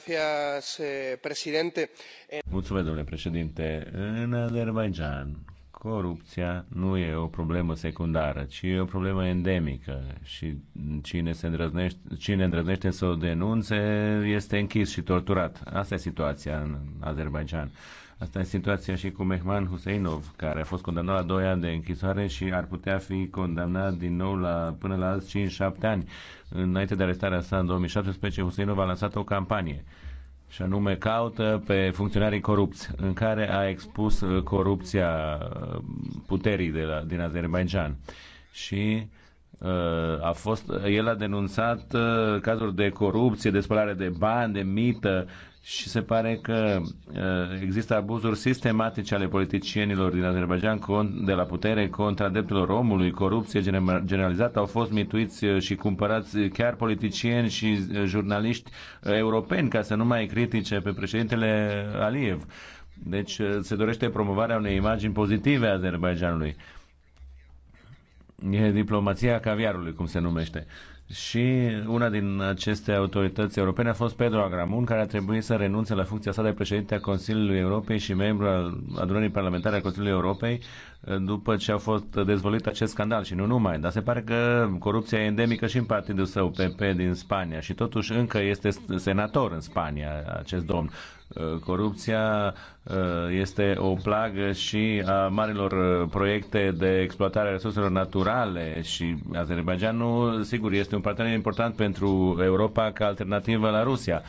eh, eh, Mulțumesc, domnule președinte. În Azerbaidjan, corupția nu e o problemă secundară, ci e o problemă endemică și cine, se îndrăznește, cine îndrăznește să o denunțe este închis și torturat. Asta e situația în Azerbaidjan. Asta e situația și cu Mehman Huseinov, care a fost condamnat la 2 ani de închisoare și ar putea fi condamnat din nou la, până la alți 5-7 ani înainte de arestarea sa în 2017, Husinov a lansat o campanie și anume caută pe funcționarii corupți, în care a expus uh, corupția uh, puterii de la, din Azerbaijan. Și uh, a fost, el a denunțat cazuri de corupție, de spălare de bani, de mită și se pare că uh, există abuzuri sistematice ale politicienilor din Azerbaijan de la putere contra dreptelor omului, corupție generalizată, au fost mituiți uh, și cumpărați chiar politicieni și uh, jurnaliști europeni ca să nu mai critique pe președintele Aliev. Deci se dorește promovarea unei imagini pozitive a Azerbaijanului. E diplomația caviarului, cum se numește. Uh, și una din aceste autorități europene a fost Pedro Agramun, care a trebuit să renunțe la funcția sa de președinte a Consiliului Europei și membru al adunării parlamentare a Consiliului Europei eh, după ce a fost dezvolit acest scandal și nu numai. Dar se pare că corupția e endemică și în partidul său PP din Spania și totuși încă este senator în Spania acest domn. Uh, corupția uh, este o plagă și a marilor uh, proiecte de exploatare a resurselor naturale și Azerbaijanul, sigur, este un partener important pentru Europa ca alternativă la Rusia.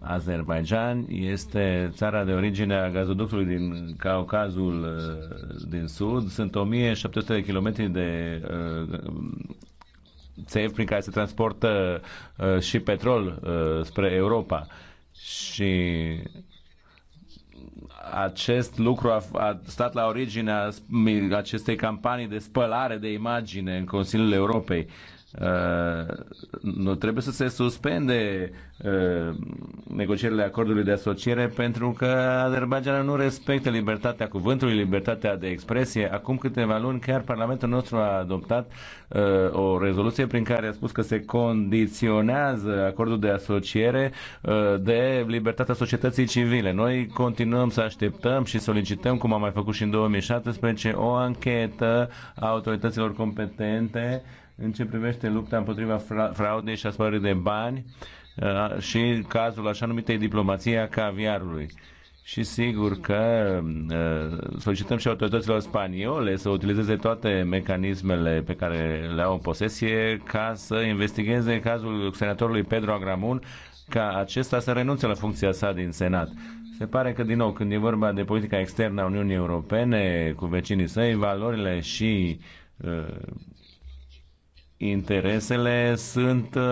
Azerbaijan este țara de origine a gazoductului din Caucazul din Sud. Sunt 1700 de kilometri de țevi prin care se transportă și petrol spre Europa. Și acest lucru a, a stat la originea acestei campanii de spălare de imagine în Consiliul Europei. Uh, Uh, nu trebuie să se suspende uh, negocierile acordului de asociere pentru că Azerbaijanul nu respectă libertatea cuvântului, libertatea de expresie. Acum câteva luni chiar Parlamentul nostru a adoptat uh, o rezoluție prin care a spus că se condiționează acordul de asociere de libertatea societății civile. Noi continuăm să așteptăm și solicităm, cum am mai făcut și în 2017, o anchetă a autorităților competente în ce privește lupta împotriva fra fraudei și a spălării de bani uh, și cazul așa numitei a caviarului. Și sigur că uh, solicităm și autorităților spaniole să utilizeze toate mecanismele pe care le au în posesie ca să investigheze cazul senatorului Pedro Agramun ca acesta să renunțe la funcția sa din Senat. Se pare că, din nou, când e vorba de politica externă a Uniunii Europene cu vecinii săi, valorile și uh, interesele sunt uh,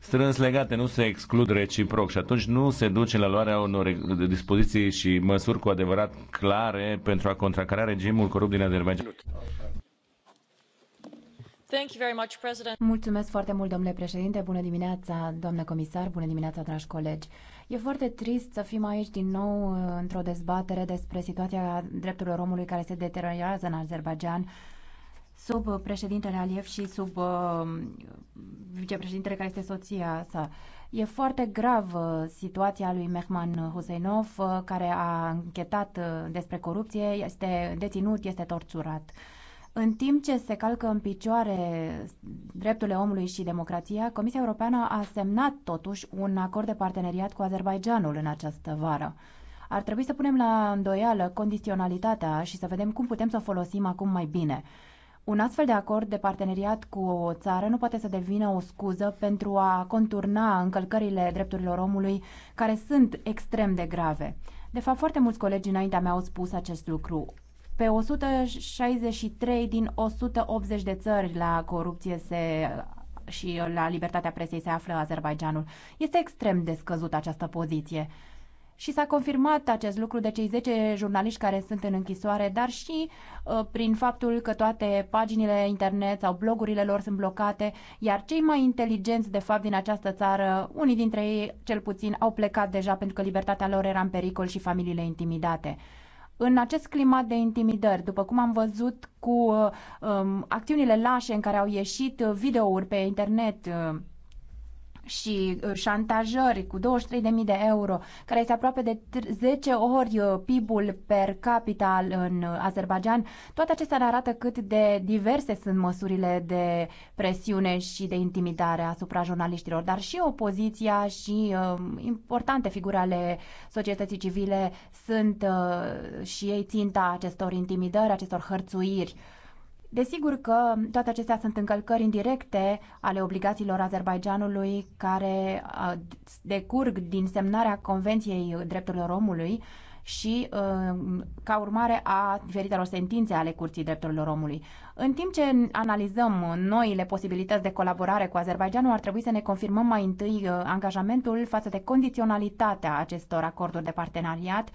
strâns legate, nu se exclud reciproc și atunci nu se duce la luarea unor dispoziții și măsuri cu adevărat clare pentru a contracara regimul corupt din Azerbaijan. Mulțumesc foarte mult, domnule președinte. Bună dimineața, doamnă comisar. Bună dimineața, dragi colegi. E foarte trist să fim aici din nou uh, într-o dezbatere despre situația drepturilor omului care se deteriorează în Azerbaijan sub uh, președintele Aliev și sub uh, vicepreședintele care este soția sa. E foarte grav uh, situația lui Mehman Huseinov, uh, care a închetat despre corupție, este deținut, este torturat. În timp ce se calcă în picioare drepturile omului și democrația, Comisia Europeană a semnat totuși un acord de parteneriat cu Azerbaijanul în această vară. Ar trebui să punem la îndoială condiționalitatea și să vedem cum putem să o folosim acum mai bine. Un astfel de acord de parteneriat cu o țară nu poate să devină o scuză pentru a conturna încălcările drepturilor omului care sunt extrem de grave. De fapt, foarte mulți colegi înaintea mea au spus acest lucru. Pe 163 din 180 de țări la corupție se și la libertatea presei se află Azerbaijanul. Este extrem de scăzută această poziție și s-a confirmat acest lucru de cei 10 jurnaliști care sunt în închisoare, dar și uh, prin faptul că toate paginile internet sau blogurile lor sunt blocate, iar cei mai inteligenți, de fapt, din această țară, unii dintre ei, cel puțin, au plecat deja pentru că libertatea lor era în pericol și familiile intimidate. În acest climat de intimidări, după cum am văzut cu uh, um, acțiunile lașe în care au ieșit uh, videouri pe internet, uh, și uh, șantajări cu 23.000 de euro, care este aproape de 10 ori uh, PIB-ul per capital în uh, Azerbaijan, toate acestea ne arată cât de diverse sunt măsurile de presiune și de intimidare asupra jurnaliștilor, dar și opoziția și uh, importante figure ale societății civile sunt uh, și ei ținta acestor intimidări, acestor hărțuiri. Uh, Desigur că toate acestea sunt încălcări indirecte ale obligațiilor Azerbaijanului care decurg din semnarea Convenției Drepturilor Omului și ă, ca urmare a diferitelor sentințe ale Curții Drepturilor Omului. În timp ce analizăm noile posibilități de colaborare cu Azerbaijanul, ar trebui să ne confirmăm mai întâi ă, angajamentul față de condiționalitatea acestor acorduri de parteneriat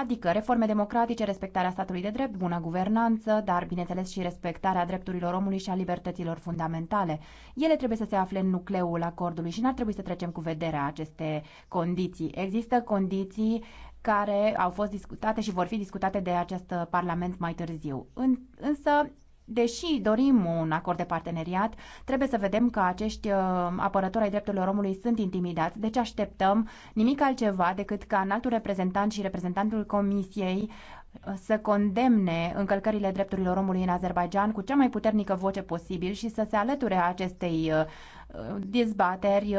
adică reforme democratice, respectarea statului de drept, bună guvernanță, dar bineînțeles și respectarea drepturilor omului și a libertăților fundamentale. Ele trebuie să se afle în nucleul acordului și n-ar trebui să trecem cu vederea aceste condiții. Există condiții care au fost discutate și vor fi discutate de acest Parlament mai târziu. În, însă deși dorim un acord de parteneriat, trebuie să vedem că acești uh, apărători ai drepturilor omului sunt intimidați. Deci așteptăm nimic altceva decât ca înaltul reprezentant și reprezentantul Comisiei uh, să condemne încălcările drepturilor omului în Azerbaijan cu cea mai puternică voce posibil și să se alăture acestei uh, dezbateri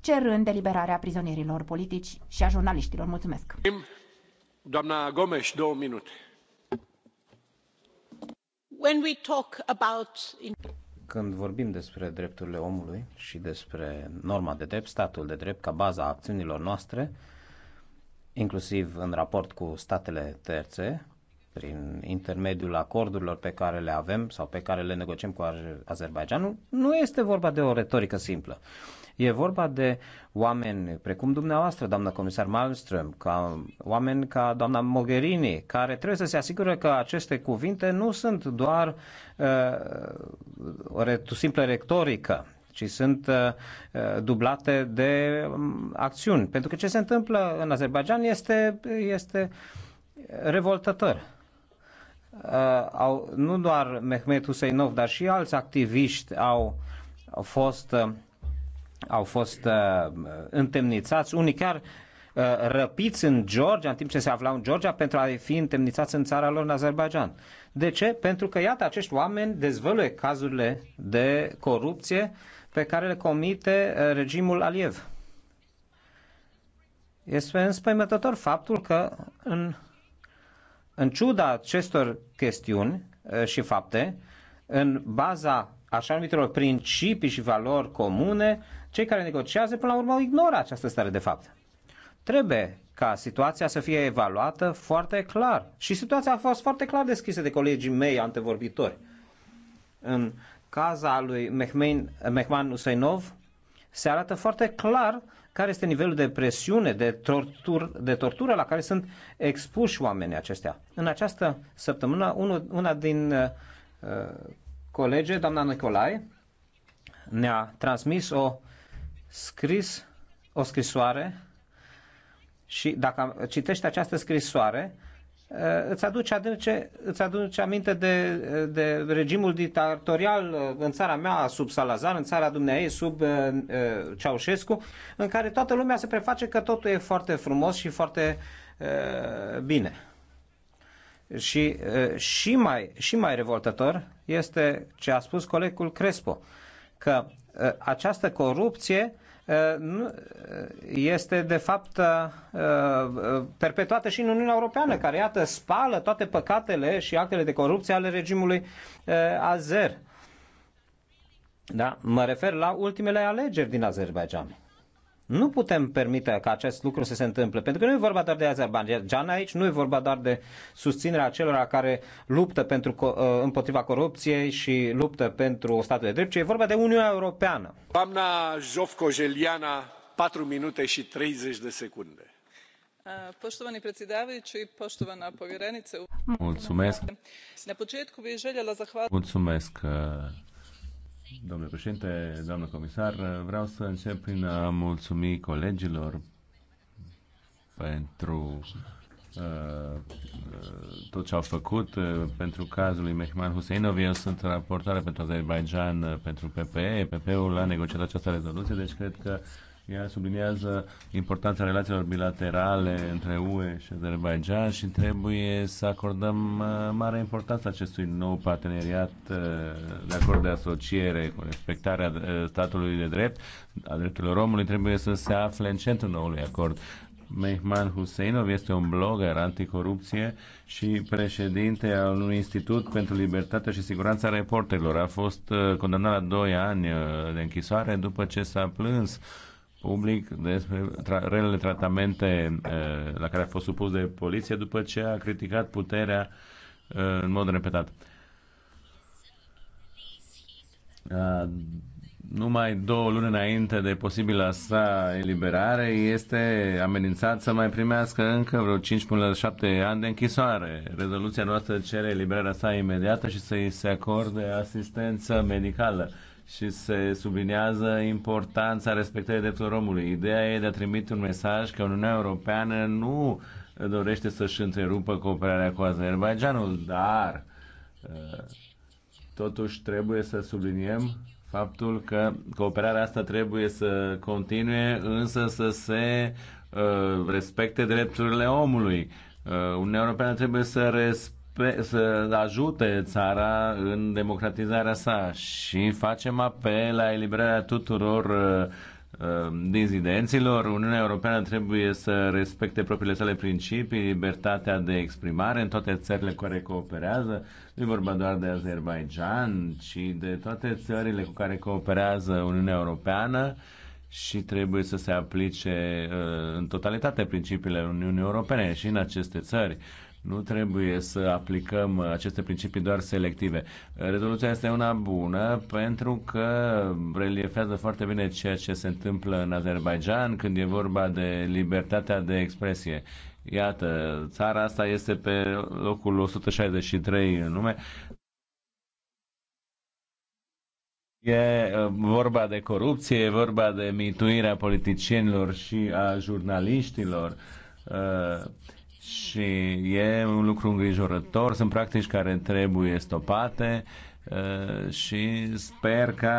cerând eliberarea prizonierilor politici și a jurnaliștilor. Mulțumesc! Doamna Gomes, două minute când vorbim despre drepturile omului și despre norma de drept, statul de drept ca baza acțiunilor noastre, inclusiv în raport cu statele terțe, prin intermediul acordurilor pe care le avem sau pe care le negociem cu Azerbaidjanul, nu este vorba de o retorică simplă. E vorba de oameni precum dumneavoastră, doamna comisar Malmström, ca oameni ca doamna Mogherini, care trebuie să se asigure că aceste cuvinte nu sunt doar uh, simplă retorică, ci sunt uh, dublate de um, acțiuni. Pentru că ce se întâmplă în Azerbaijan este, este revoltător. Uh, au, nu doar Mehmet Huseinov, dar și alți activiști au, au fost uh, au fost uh, întemnițați, unii chiar uh, răpiți în Georgia, în timp ce se aflau în Georgia, pentru a fi întemnițați în țara lor, în Azerbaijan. De ce? Pentru că, iată, acești oameni dezvăluie cazurile de corupție pe care le comite uh, regimul Aliev. Este înspăimătător faptul că, în, în ciuda acestor chestiuni uh, și fapte, în baza așa numitelor principii și valori comune, cei care negociază până la urmă ignoră această stare de fapt. Trebuie ca situația să fie evaluată foarte clar. Și situația a fost foarte clar deschisă de colegii mei antevorbitori. În caza lui Mehmein, Mehman Useinov se arată foarte clar care este nivelul de presiune, de, tortur, de tortură la care sunt expuși oamenii aceștia. În această săptămână, una din uh, uh, colege, doamna Nicolae, ne-a transmis o scris o scrisoare și dacă citești această scrisoare, eh, îți aduce, aduce, îți aduce aminte de, de regimul dictatorial în țara mea sub Salazar, în țara dumneavoastră, sub eh, eh, Ceaușescu, în care toată lumea se preface că totul e foarte frumos și foarte bine. Și, și, mai, și mai revoltător este ce a spus colegul Crespo, că Uh, această corupție uh, uh, este de fapt perpetuată și în Uniunea Europeană, care iată spală toate păcatele și actele de corupție ale regimului azer. Da? Mă refer la ultimele alegeri din Azerbaijan. Nu putem permite ca acest lucru să se întâmple, pentru că nu e vorba doar de Azerbaijan aici, nu e vorba doar de susținerea celor care luptă pentru, uh, împotriva corupției și luptă pentru statul de drept, ci e vorba de Uniunea Europeană. Doamna Jovco Jeliana, 4 minute și 30 de secunde. Poštovani predsjedavajući, poštovana povjerenice. Mulțumesc. Na početku bih željela zahvaliti. Mulțumesc, uh, Domnule președinte, doamnă comisar, vreau să încep prin a mulțumi colegilor pentru uh, uh tot ce au făcut uh, pentru cazul lui Mehman Huseinov. Eu sunt raportare pentru Azerbaijan, uh, pentru PPE. PPE-ul a negociat această rezoluție, deci cred că uh, ea subliniază importanța relațiilor bilaterale între UE și Azerbaijan și trebuie să acordăm uh, mare importanță acestui nou parteneriat uh, de acord de asociere cu respectarea uh, statului de drept, a drepturilor omului, trebuie să se afle în centrul noului acord. Mehman Huseinov este un blogger anticorupție și președinte al unui institut pentru libertatea și siguranța reporterilor. A fost condamnat la 2 ani de închisoare după ce s-a plâns uh, public despre tra- relele tratamente uh, la care a fost supus de poliție după ce a criticat puterea uh, în mod repetat. Uh, numai două luni înainte de posibila sa eliberare, este amenințat să mai primească încă vreo 5 până la 7 ani de închisoare. Rezoluția noastră cere eliberarea sa imediată și să-i se acorde asistență medicală și se subliniază importanța respectării drepturilor omului. Ideea e de a trimite un mesaj că Uniunea Europeană nu dorește să-și întrerupă cooperarea cu Azerbaijanul, dar uh, totuși trebuie să subliniem faptul că cooperarea asta trebuie să continue, însă să se uh, respecte drepturile omului. Uh, Uniunea Europeană trebuie să respecte ape, să ajute țara în democratizarea sa și facem apel la eliberarea tuturor uh, uh, dizidenților. Uniunea Europeană trebuie să respecte propriile sale principii, libertatea de exprimare în toate țările cu care cooperează. Nu e vorba doar de Azerbaijan, ci de toate țările cu care cooperează Uniunea Europeană și trebuie să se aplice uh, în totalitate principiile Uniunii Europene și în aceste țări. Nu trebuie să aplicăm aceste principii doar selective. Rezoluția este una bună pentru că reliefează foarte bine ceea ce se întâmplă în Azerbaijan când e vorba de libertatea de expresie. Iată, țara asta este pe locul 163 în lume. E vorba de corupție, e vorba de mituirea politicienilor și a jurnaliștilor. Uh, și e un lucru îngrijorător. Sunt practici care trebuie stopate uh, și sper ca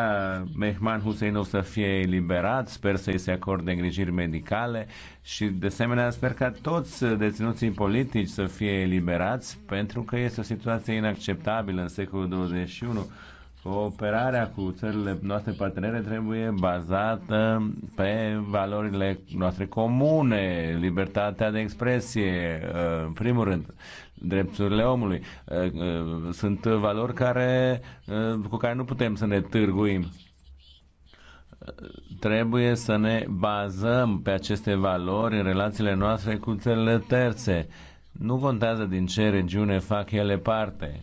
Mehman Huseinov să fie eliberat, sper să-i se acorde îngrijiri medicale și de asemenea sper ca toți deținuții politici să fie eliberați pentru că este o situație inacceptabilă în secolul 21 Cooperarea cu țările noastre partenere trebuie bazată pe valorile noastre comune, libertatea de expresie, în primul rând, drepturile omului. Eh, eh, sunt valori care, eh, cu care nu putem să ne târguim. Trebuie să ne bazăm pe aceste valori în relațiile noastre cu țările terțe. Nu contează din ce regiune fac ele parte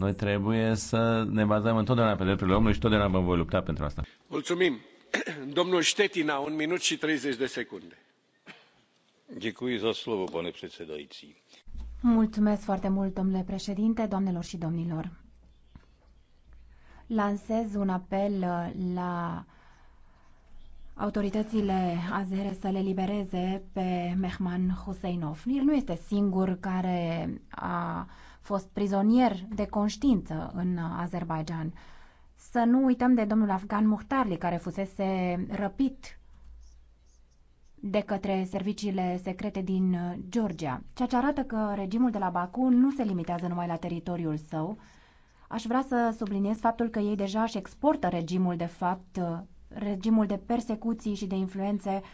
noi trebuie să ne bazăm întotdeauna pe drepturile omului și totdeauna vom voi lupta pentru asta. Mulțumim. Domnul Ștetina, un minut și 30 de secunde. Děkuji za slovo, pane předsedající. Mulțumesc foarte mult, domnule președinte, doamnelor și domnilor. Lansez un apel uh, la autoritățile azere să le libereze pe Mehman Husseinov. El nu este singur care a fost prizonier de conștiință în Azerbaijan. Să nu uităm de domnul afgan Muhtarli, care fusese răpit de către serviciile secrete din uh, Georgia, ceea ce arată că regimul de la Baku nu se limitează numai la teritoriul său. Aș vrea să subliniez faptul că ei deja își exportă regimul de fapt, uh, regimul de persecuții și de influențe uh,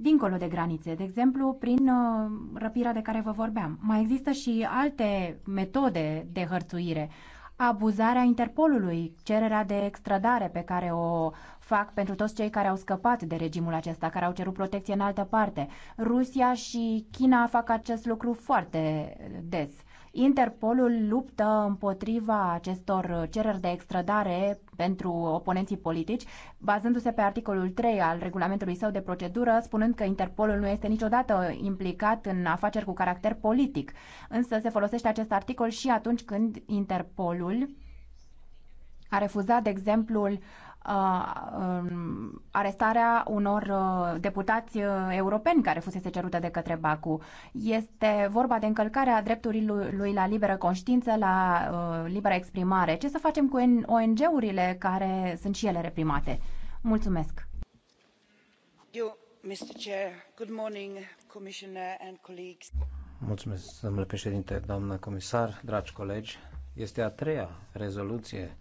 dincolo de granițe, de exemplu, prin uh, răpirea de care vă vorbeam. Mai există și alte metode de hărțuire. Abuzarea Interpolului, cererea de extradare pe care o fac pentru toți cei care au scăpat de regimul acesta, care au cerut protecție în altă parte. Rusia și China fac acest lucru foarte des. Interpolul luptă împotriva acestor cereri de extradare pentru oponenții politici, bazându-se pe articolul 3 al regulamentului său de procedură, spunând că Interpolul nu este niciodată implicat în afaceri cu caracter politic. Însă se folosește acest articol și atunci când Interpolul a refuzat, de exemplu, Uh, um, arestarea unor uh, deputați uh, europeni care fusese cerută de către Baku. Este vorba de încălcarea drepturilor lui la liberă conștiință, la liberă exprimare. Ce să facem cu ONG-urile care sunt și ele reprimate? Mulțumesc! Eu, Mr. Chair, good morning, Commissioner and colleagues. Mulțumesc, domnule președinte, doamnă comisar, dragi colegi. Este a treia rezoluție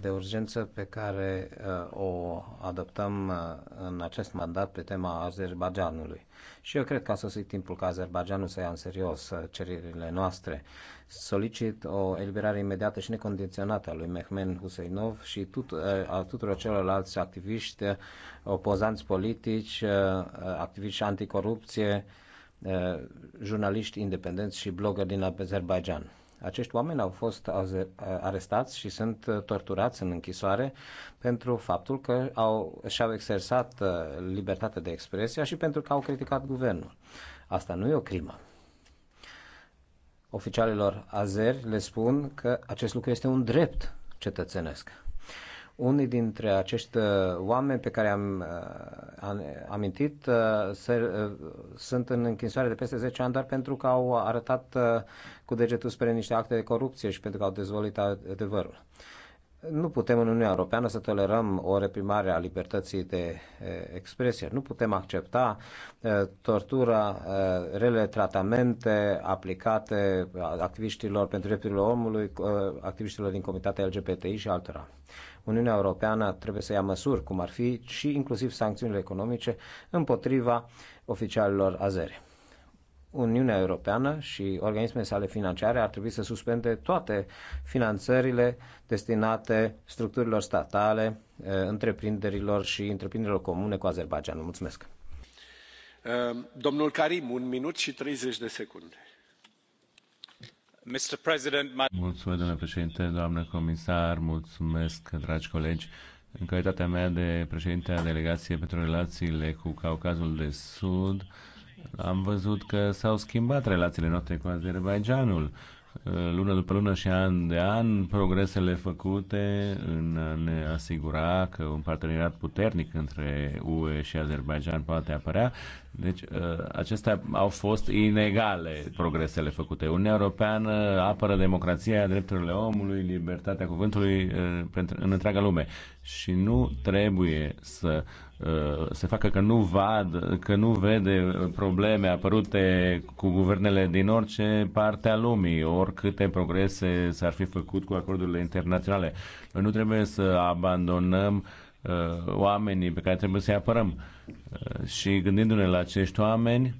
de urgență pe care uh, o adoptăm uh, în acest mandat pe tema Azerbaidjanului. Și eu cred că a sosit timpul ca Azerbaidjanul să ia în serios uh, cererile noastre. Solicit o eliberare imediată și necondiționată a lui Mehmen Huseinov și tut, a tuturor celorlalți activiști, opozanți politici, activiști anticorupție, jurnaliști independenți și blogger din Azerbaijan. Acești oameni au fost arestați și sunt uh, torturați în închisoare pentru faptul că au, și-au exersat uh, libertatea de expresie și pentru că au criticat guvernul. Asta nu e o crimă. Oficialilor azeri le spun că acest lucru este un drept cetățenesc. Unii dintre acești uh, oameni pe care am uh, amintit uh, se, sunt în închisoare de peste 10 ani doar pentru că au arătat cu degetul spre niște acte de corupție și pentru că au dezvolit adevărul. Nu putem în Uniunea Europeană să tolerăm o reprimare a libertății de expresie. Nu putem accepta tortura, rele tratamente aplicate activiștilor pentru drepturile omului, activiștilor din comunitatea LGBTI și altora. Uniunea Europeană trebuie să ia măsuri, cum ar fi și inclusiv sancțiunile economice, împotriva oficialilor azere. Uniunea Europeană și organismele sale financiare ar trebui să suspende toate finanțările destinate structurilor statale, eh, întreprinderilor și întreprinderilor comune cu Azerbaijanul. Mulțumesc! Domnul Karim, un minut și 30 de secunde domnule președinte, doamnă comisar, mulțumesc, dragi colegi. În calitatea mea de președinte a delegației pentru relațiile cu Caucazul de Sud, am văzut că s-au schimbat relațiile noastre cu Azerbaidjanul. Uh, lună după lună și an de an progresele făcute în a ne asigura că un parteneriat puternic între UE și Azerbaijan poate apărea. Deci uh, acestea au fost inegale progresele făcute. Uniunea Europeană apără democrația, drepturile omului, libertatea cuvântului uh, în întreaga lume și nu trebuie să Uh, se facă că nu vad, că nu vede probleme apărute cu guvernele din orice parte a lumii, oricâte progrese s-ar fi făcut cu acordurile internaționale. Noi nu trebuie să abandonăm uh, oamenii pe care trebuie să-i apărăm. Uh, și gândindu-ne la acești oameni,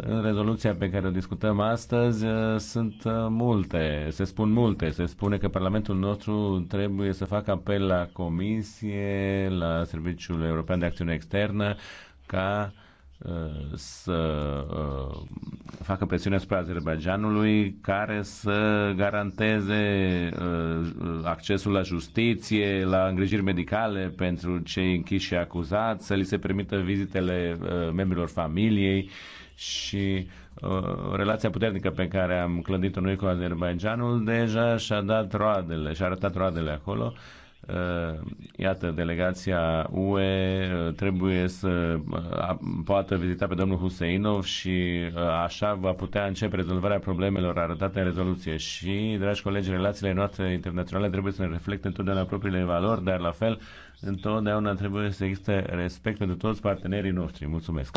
în rezoluția pe care o discutăm astăzi uh, sunt uh, multe, se spun multe. Se spune că Parlamentul nostru trebuie să facă apel la Comisie, la Serviciul European de Acțiune Externă, ca uh, să facă presiune asupra Azerbaijanului care să garanteze accesul la justiție, la îngrijiri medicale pentru cei închiși și acuzați, să li se permită vizitele membrilor familiei, și uh, relația puternică pe care am clădit-o noi cu Azerbaijanul deja și-a dat roadele, și-a arătat roadele acolo. Uh, iată, delegația UE uh, trebuie să poată vizita pe domnul Huseinov și așa va putea începe rezolvarea problemelor arătate în rezoluție. Și, dragi colegi, relațiile noastre internaționale trebuie să ne reflecte întotdeauna propriile valori, dar la fel întotdeauna trebuie să existe respect pentru toți partenerii noștri. Mulțumesc!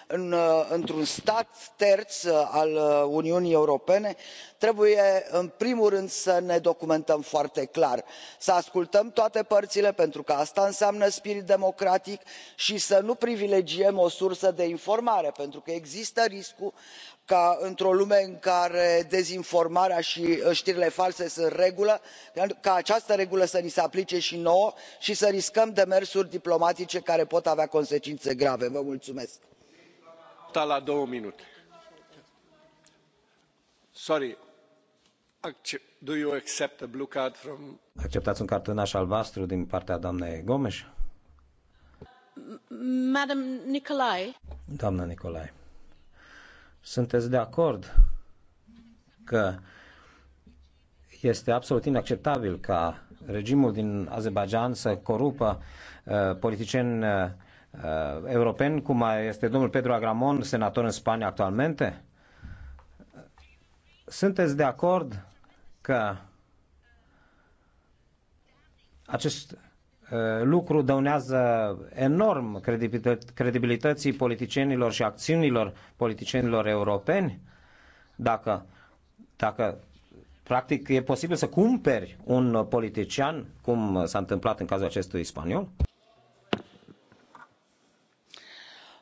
Uh, într un stat terț uh, al uh, uniunii europene trebuie în primul rând să ne documentăm foarte clar să ascultăm toate părțile pentru că asta înseamnă spirit democratic și să nu privilegiem o sursă de informare pentru că există riscul ca într o lume în care dezinformarea și știrile false sunt regulă ca această regulă să ni se aplice și nouă și să riscăm demersuri diplomatice care pot avea consecințe grave. vă mulțumesc două minute. Sorry. acceptați un cartonaș albastru din partea doamnei gomes? Madam Nicolae. doamnă Nicolae. sunteți de acord că este absolut inacceptabil ca regimul din Azerbaijan să corupă uh, politicieni uh, Uh, europeni, cum este domnul Pedro Agramon, senator în Spania actualmente? Uh, sunteți de acord că acest uh, lucru dăunează enorm credibilității politicienilor și acțiunilor politicienilor europeni? Dacă, dacă practic e posibil să cumperi un politician, cum s-a întâmplat în cazul acestui spaniol?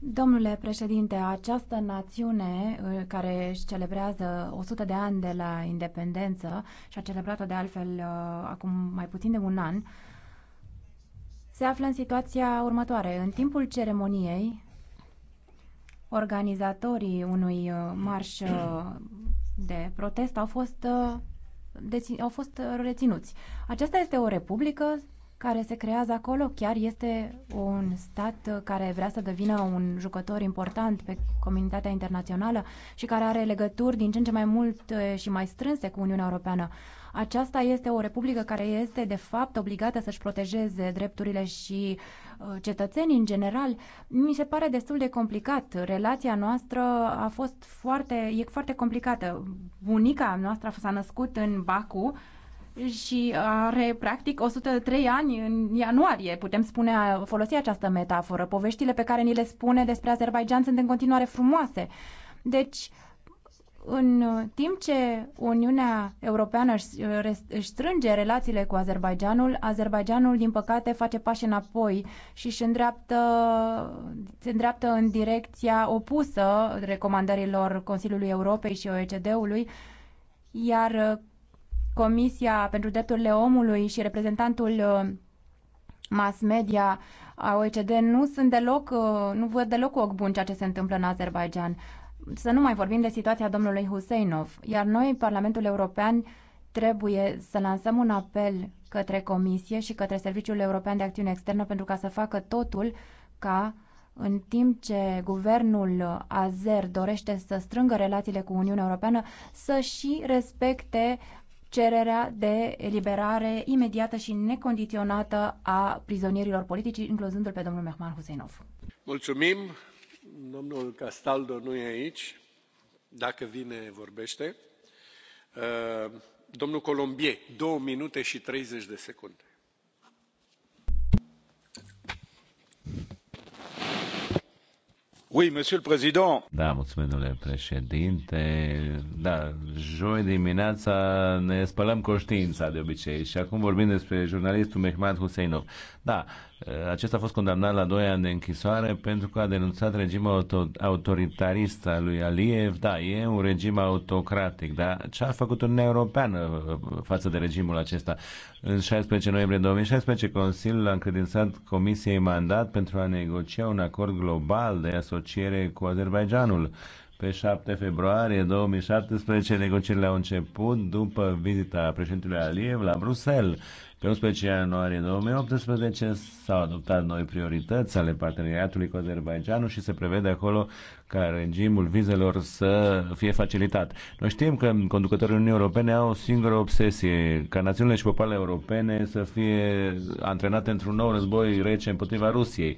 Domnule președinte, această națiune uh, care își celebrează 100 de ani de la independență și a celebrat-o de altfel uh, acum mai puțin de un an, se află în situația următoare. În timpul ceremoniei, organizatorii unui uh, marș de protest au fost, au fost reținuți. Aceasta este o republică care se creează acolo. Chiar este un stat care vrea să devină un jucător important pe comunitatea internațională și care are legături din ce în ce mai mult și mai strânse cu Uniunea Europeană. Aceasta este o republică care este, de fapt, obligată să-și protejeze drepturile și cetățenii în general. Mi se pare destul de complicat. Relația noastră a fost foarte, e foarte complicată. Bunica noastră s-a născut în Baku, și are practic 103 ani în ianuarie, putem spune, a folosi această metaforă. Poveștile pe care ni le spune despre Azerbaijan sunt în continuare frumoase. Deci, în timp ce Uniunea Europeană își strânge relațiile cu Azerbaijanul, Azerbaijanul, din păcate, face pași înapoi și își îndreaptă, se îndreaptă în direcția opusă recomandărilor Consiliului Europei și OECD-ului, iar Comisia pentru Drepturile Omului și reprezentantul uh, mass media a OECD nu sunt deloc, uh, nu văd deloc cu ochi bun ceea ce se întâmplă în Azerbaijan. Să nu mai vorbim de situația domnului Huseinov, iar noi, Parlamentul European, trebuie să lansăm un apel către Comisie și către Serviciul European de Acțiune Externă pentru ca să facă totul ca în timp ce guvernul azer dorește să strângă relațiile cu Uniunea Europeană, să și respecte cererea de eliberare imediată și necondiționată a prizonierilor politici, incluzându-l pe domnul Mehman Husseinov. Mulțumim. Domnul Castaldo nu e aici. Dacă vine, vorbește. Uh, domnul Colombier, două minute și 30 de secunde monsieur le président. Da, mulțumesc, domnule președinte. Da, joi dimineața ne spălăm conștiința de obicei și acum vorbim despre jurnalistul Mehmet Huseinov. Da, Eh, acesta a fost condamnat la 2 ani de închisoare pentru că a denunțat regimul auto- autoritarist al lui Aliev. Da, e un regim autocratic, dar ce a făcut Uniunea Europeană eh, față de regimul acesta? În 16 noiembrie 2016, Consiliul a încredințat Comisiei mandat pentru a negocia un acord global de asociere cu Azerbaijanul. Pe 7 februarie 2017, negocierile au început după vizita președintelui Aliev la Bruxelles pe 11 ianuarie 2018 s-au adoptat noi priorități ale parteneriatului cu Azerbaijanul și se prevede acolo ca regimul vizelor să fie facilitat. Noi știm că conducătorii Uniunii Europene au o singură obsesie, ca națiunile și popoarele europene să fie antrenate într-un nou război rece împotriva Rusiei.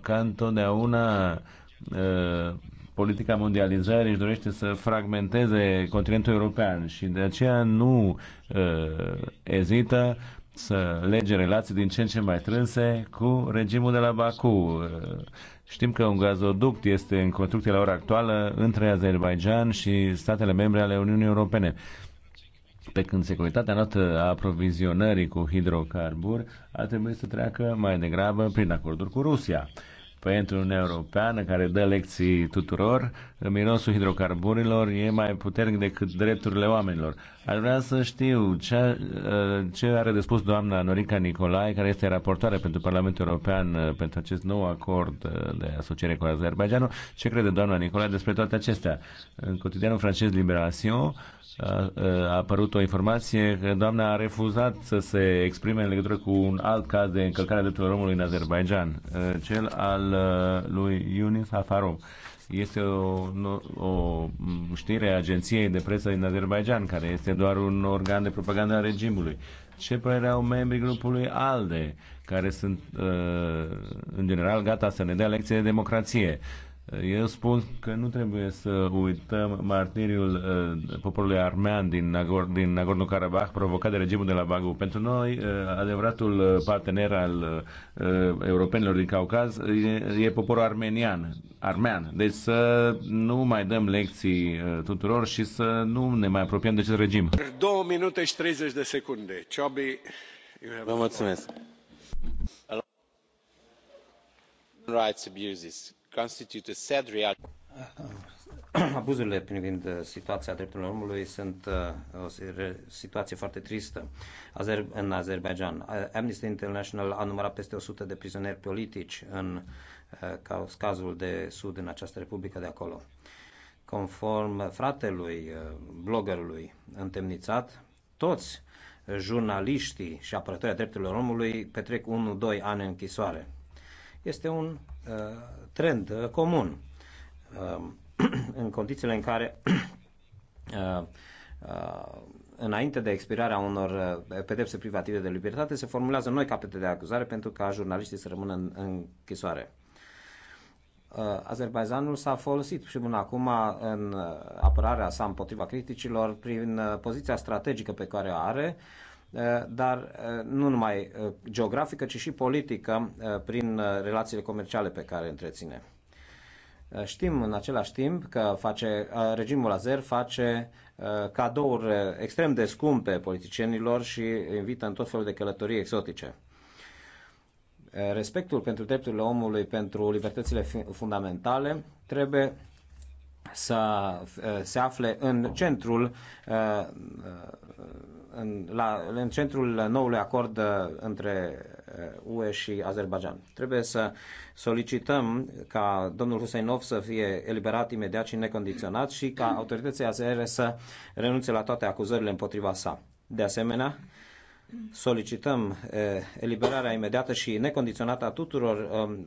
Ca întotdeauna ă, politica mondializării își dorește să fragmenteze continentul european și de aceea nu uh, ezită să lege relații din ce în ce mai trânse cu regimul de la Baku. Uh, știm că un gazoduct este în construcție la ora actuală între Azerbaijan și statele membre ale Uniunii Europene. Pe când securitatea noastră a aprovizionării cu hidrocarburi ar trebui să treacă mai degrabă prin acorduri cu Rusia. Uh, pentru Uniunea Europeană, care dă lecții tuturor, mirosul hidrocarburilor e mai puternic decât drepturile oamenilor. Aș vrea să știu ce, ce are de spus doamna Norica Nicolae, care este raportoare pentru Parlamentul European uh, pentru acest nou acord uh, de asociere cu Azerbaijanul. Ce crede doamna Nicolae despre toate acestea? În cotidianul francez Liberation, a, apărut o informație că doamna a refuzat să se exprime în legătură cu un alt caz de încălcare a drepturilor omului în Azerbaijan, cel al lui Yunis Afarov Este o, o știre a agenției de presă din Azerbaijan, care este doar un organ de propagandă a regimului. Ce părere au membrii grupului ALDE, care sunt, în general, gata să ne dea lecție de democrație? Eu spun că nu trebuie să uităm martiriul uh, poporului armean din, Nagor- din Nagorno-Karabakh provocat de regimul de la Bagu. Pentru noi, uh, adevăratul uh, partener al uh, europenilor din Caucaz e, e poporul armenian. Armean. Deci să nu mai dăm lecții uh, tuturor și să nu ne mai apropiem de acest regim. 2 minute și 30 de secunde. Ciobi, Vă mulțumesc. Rights abuses constitute a sad reality. Abuzurile privind uh, situația drepturilor omului sunt uh, o situație foarte tristă în Azerbaijan. Uh, Amnesty International a numărat peste 100 de prizonieri politici în cazul de sud în această republică de acolo. Conform fratelui bloggerului întemnițat, toți jurnaliștii și apărătorii drepturilor omului petrec 1-2 ani în închisoare. Este un Uh, trend uh, comun uh, în condițiile în care înainte de expirarea unor pedepse privative de libertate se formulează noi capete de acuzare pentru ca jurnaliștii să rămână în închisoare. Azerbaijanul s-a folosit și până acum în apărarea sa împotriva criticilor prin poziția strategică pe care o are, Eh, dar eh, nu numai eh, geografică, ci și politică prin relațiile comerciale pe care le întreține. Știm în același timp că face, regimul azer face cadouri extrem de scumpe politicienilor și invită în tot felul de călătorii exotice. Respectul pentru drepturile omului, pentru libertățile fundamentale trebuie să se afle în centrul în, la, în centrul noului acord uh, între UE uh, și Azerbaijan. Trebuie să solicităm ca domnul Husseinov să fie eliberat imediat și necondiționat și ca autoritățile azere să renunțe la toate acuzările împotriva sa. De asemenea, solicităm uh, eliberarea imediată și necondiționată a tuturor um,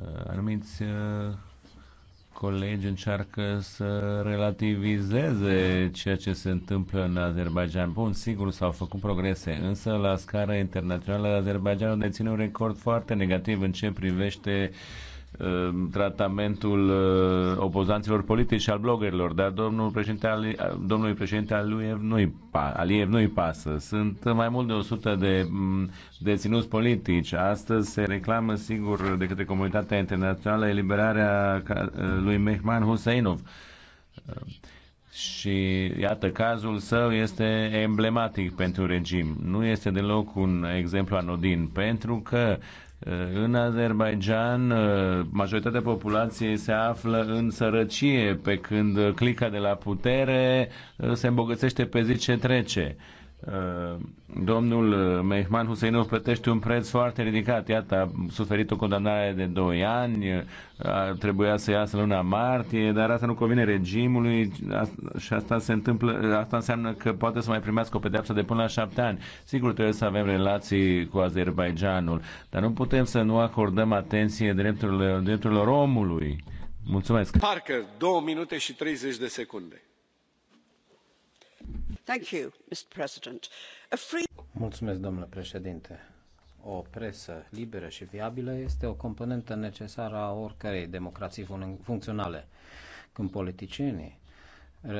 Uh, anumiți uh, colegi încearcă să relativizeze ceea ce se întâmplă în Azerbaijan. Bun, sigur s-au făcut progrese, însă la scară internațională Azerbaijanul deține un record foarte negativ în ce privește uh, Uh, tratamentul uh, opozanților politici și al bloggerilor, dar domnul președinte Ali, uh, domnului președinte Aliyev nu-i, Aliyev nu-i pasă. Sunt mai mult de 100 de mm, deținuți politici. Astăzi se reclamă, sigur, de către comunitatea internațională eliberarea lui Mehman Husseinov. Și iată, cazul său este emblematic pentru regim. Nu este deloc un exemplu anodin, pentru că în Azerbaijan, uh, majoritatea populației se află în sărăcie, pe când clica de la putere uh, se îmbogățește pe zi ce trece. Uh, domnul uh, Mehman Huseinov plătește un preț foarte ridicat. Iată, a suferit o condamnare de 2 ani, a, trebuia să iasă luna martie, dar asta nu convine regimului și asta se întâmplă, asta înseamnă că poate să mai primească o pedeapsă de până la 7 ani. Sigur, trebuie să avem relații cu Azerbaijanul, dar nu putem să nu acordăm atenție drepturilor, drepturilor omului. Mulțumesc. Parker, 2 minute și 30 de secunde Mulțumesc, domnule președinte. O presă liberă și viabilă este o componentă necesară a oricărei democrații funcționale. Când politicienii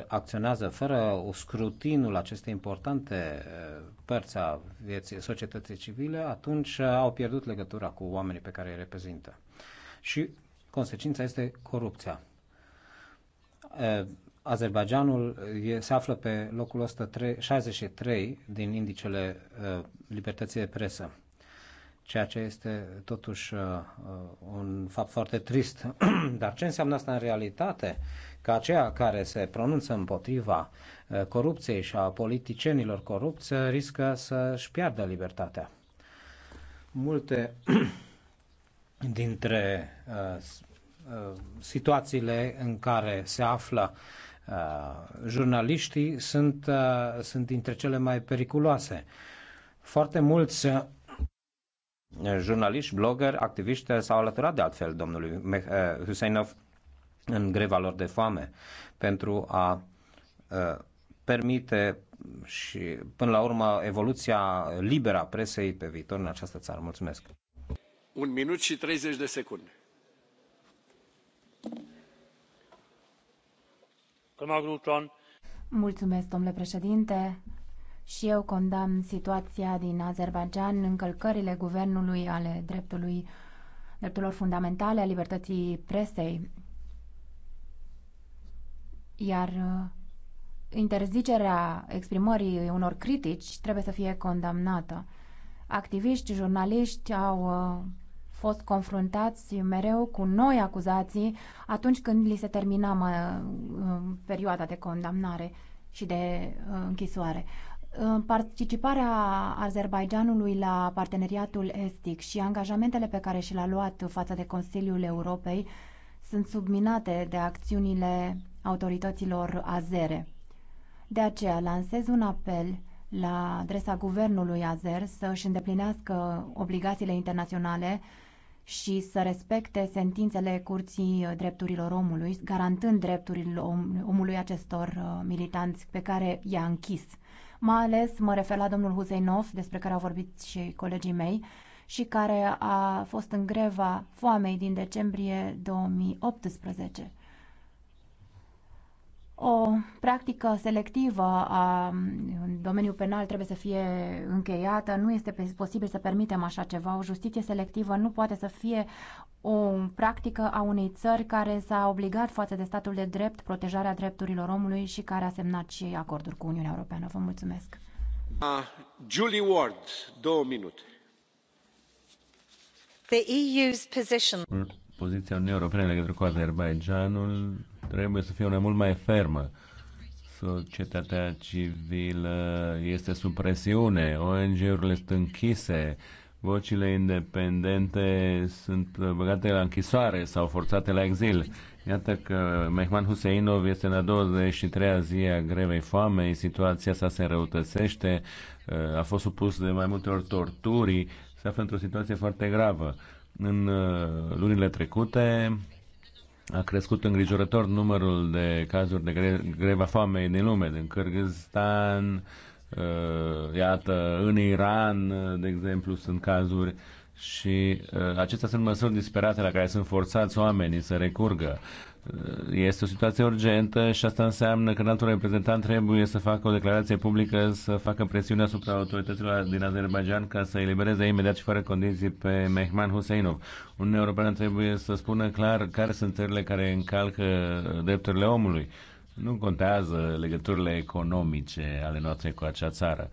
acționează fără scrutinul acestei importante eh, părți a vieții societății civile, atunci eh, au pierdut legătura cu oamenii pe care îi reprezintă. Și consecința este corupția eh, Azerbaijanul se află pe locul 163 din indicele libertății de presă, ceea ce este totuși un fapt foarte trist. Dar ce înseamnă asta în realitate? Că aceia care se pronunță împotriva corupției și a politicienilor corupți riscă să-și piardă libertatea. Multe dintre situațiile în care se află Uh, jurnaliștii sunt, uh, sunt dintre cele mai periculoase. Foarte mulți uh, jurnaliști, blogger, activiști s-au alăturat de altfel domnului Huseinov în greva lor de foame pentru a permite și până la urmă evoluția liberă a presei pe viitor în această țară. Mulțumesc! Un minut și 30 de secunde. Mulțumesc, domnule președinte. Și eu condamn situația din Azerbaijan, încălcările guvernului ale dreptului, drepturilor fundamentale, a libertății presei. Iar uh, interzicerea exprimării unor critici trebuie să fie condamnată. Activiști, jurnaliști au uh, fost confruntați mereu cu noi acuzații atunci când li se termina uh, perioada de condamnare și de uh, închisoare. Uh, participarea Azerbaijanului la parteneriatul estic și angajamentele pe care și le-a luat față de Consiliul Europei sunt subminate de acțiunile autorităților azere. De aceea lansez un apel la adresa guvernului azer să își îndeplinească obligațiile internaționale și să respecte sentințele Curții Drepturilor Omului, garantând drepturile omului acestor uh, militanți pe care i-a închis. Mai ales mă refer la domnul Huseinov, despre care au vorbit și colegii mei, și care a fost în greva foamei din decembrie 2018. O practică selectivă a, mm, în domeniul penal trebuie să fie încheiată. Nu este posibil să permitem așa ceva. O justiție selectivă nu poate să fie o practică a unei țări care s-a obligat față de statul de drept, protejarea drepturilor omului și care a semnat și acorduri cu Uniunea Europeană. Vă mulțumesc. Uh, Julie Ward, două minute. The EU's position. Poziția Uniunii Europene legătură cu Azerbaijanul trebuie să fie una mult mai fermă. Societatea civilă este sub presiune, ONG-urile sunt închise, vocile independente sunt băgate la închisoare sau forțate la exil. Iată că Mehman Huseinov este a 23-a zi a grevei foamei, situația sa se răutăsește, a fost supus de mai multe ori torturii, se află într-o situație foarte gravă. În uh, lunile trecute, a crescut îngrijorător numărul de cazuri de gre- greva foamei din lume, din Kyrgyzstan, uh, iată, în Iran, uh, de exemplu, sunt cazuri și uh, acestea sunt măsuri disperate la care sunt forțați oamenii să recurgă. Este o situație urgentă și asta înseamnă că înaltul reprezentant trebuie să facă o declarație publică, să facă presiune asupra autorităților din Azerbaijan ca să elibereze imediat și fără condiții pe Mehman Husseinov. Uniunea Europeană trebuie să spună clar care sunt țările care încalcă drepturile omului. Nu contează legăturile economice ale noastre cu acea țară.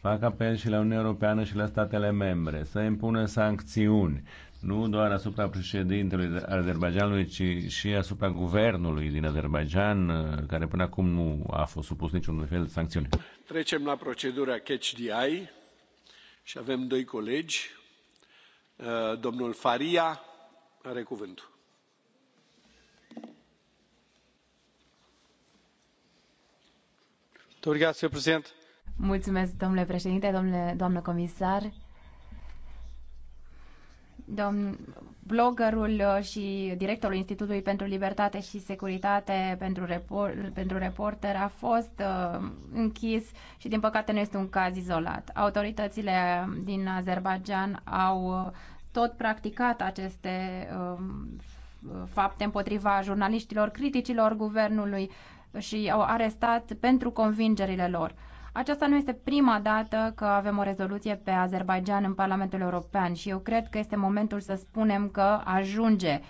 Fac apel și la Uniunea Europeană și la statele membre să impună sancțiuni nu doar asupra președintelui Azerbaijanului, ci și asupra guvernului din Azerbaijan, care până acum nu a fost supus niciun fel de sancțiuni. Trecem la procedura Catch the Eye și avem doi colegi. Uh, domnul Faria are cuvântul. Mulțumesc, domnule președinte, domnule, doamnă comisar bloggerul uh, și directorul Institutului pentru Libertate și Securitate pentru, report, pentru reporter a fost uh, închis și din păcate nu este un caz izolat. Autoritățile din Azerbaijan au uh, tot practicat aceste uh, fapte împotriva jurnaliștilor, criticilor guvernului și au arestat pentru convingerile lor. Uh, aceasta nu este prima dată că avem o rezoluție pe Azerbaijan în Parlamentul European și eu cred că este momentul să spunem că ajunge.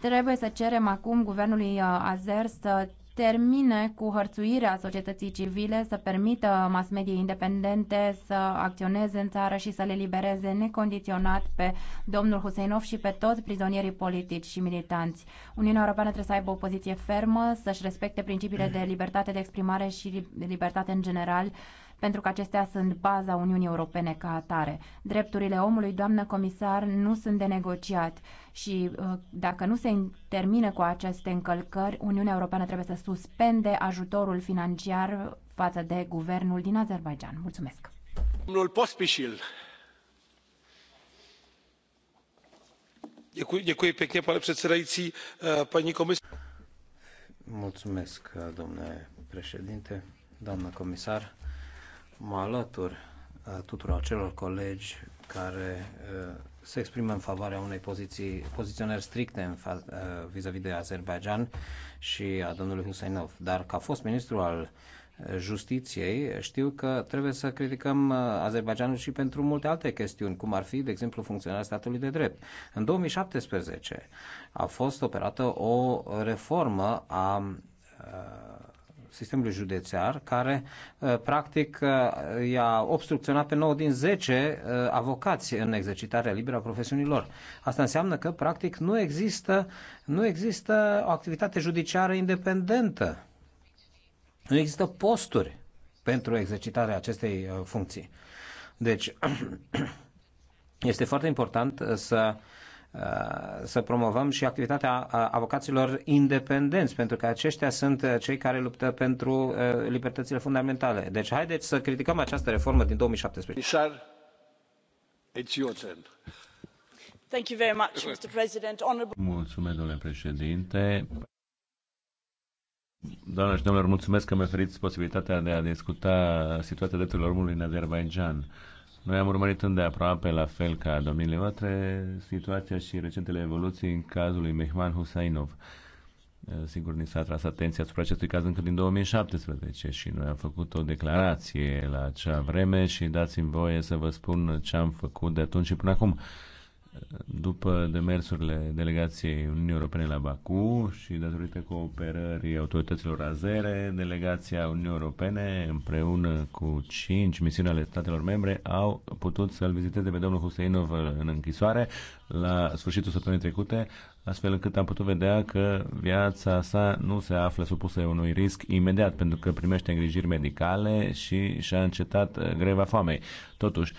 Trebuie să cerem acum guvernului uh, Azer să termine cu hărțuirea societății civile, să permită mass media independente să acționeze în țară și să le libereze necondiționat pe domnul Huseinov și pe toți prizonierii politici și militanți. Uniunea Europeană trebuie să aibă o poziție fermă, să-și respecte principiile de libertate de exprimare și libertate în general, pentru că acestea sunt baza Uniunii Europene ca atare. Drepturile omului, doamnă comisar, nu sunt de negociat și uh, dacă nu se termină cu aceste încălcări, Uniunea Europeană trebuie să suspende ajutorul financiar față de guvernul din Azerbaijan. Mulțumesc! Domnul Pospișil. pane předsedající eh, paní mulțumesc domnule președinte doamnă comisar mă alătur uh, tuturor celor colegi care uh, se exprimă în favoarea unei poziții, poziționări stricte în fa- uh, vis-a-vis -vis de Azerbaijan și a domnului Husainov. Dar ca fost ministru al justiției, știu că trebuie să criticăm Azerbaijanul și pentru multe alte chestiuni, cum ar fi, de exemplu, funcționarea statului de drept. În 2017 a fost operată o reformă a sistemului județear, care uh, practic uh, i-a obstrucționat pe 9 din 10 uh, avocați în exercitarea liberă a profesiunilor. Asta înseamnă că practic nu există, nu există o activitate judiciară independentă. Nu există posturi pentru exercitarea acestei funcții. Deci, este foarte important să uh, Uh, să promovăm și activitatea uh, avocaților independenți, pentru că aceștia sunt uh, cei care luptă pentru libertățile fundamentale. Deci haideți să criticăm această reformă din 2017. Thank you very much, Mr. President. Honorable... Mulțumesc, domnule președinte. Doamna și domnilor, mulțumesc că mi-a oferit posibilitatea de a discuta situația drepturilor omului în Azerbaijan. Noi am urmărit îndeaproape, la fel ca domnile voastre, situația și recentele evoluții în cazul lui Mehman Husainov. Eh, sigur, ni s-a tras atenția asupra acestui caz încă din 2017 și noi am făcut o declarație la acea vreme și dați-mi voie să vă spun ce am făcut de atunci și până acum. Uh, după demersurile delegației Uniunii Europene la Baku și datorită cooperării autorităților azere, delegația Uniunii Europene împreună cu cinci misiuni ale statelor membre au putut să-l viziteze pe domnul Huseinov în închisoare la sfârșitul săptămânii trecute, astfel încât am putut vedea că viața sa nu se află supusă unui risc imediat pentru că primește îngrijiri medicale și și-a încetat greva foamei. Totuși,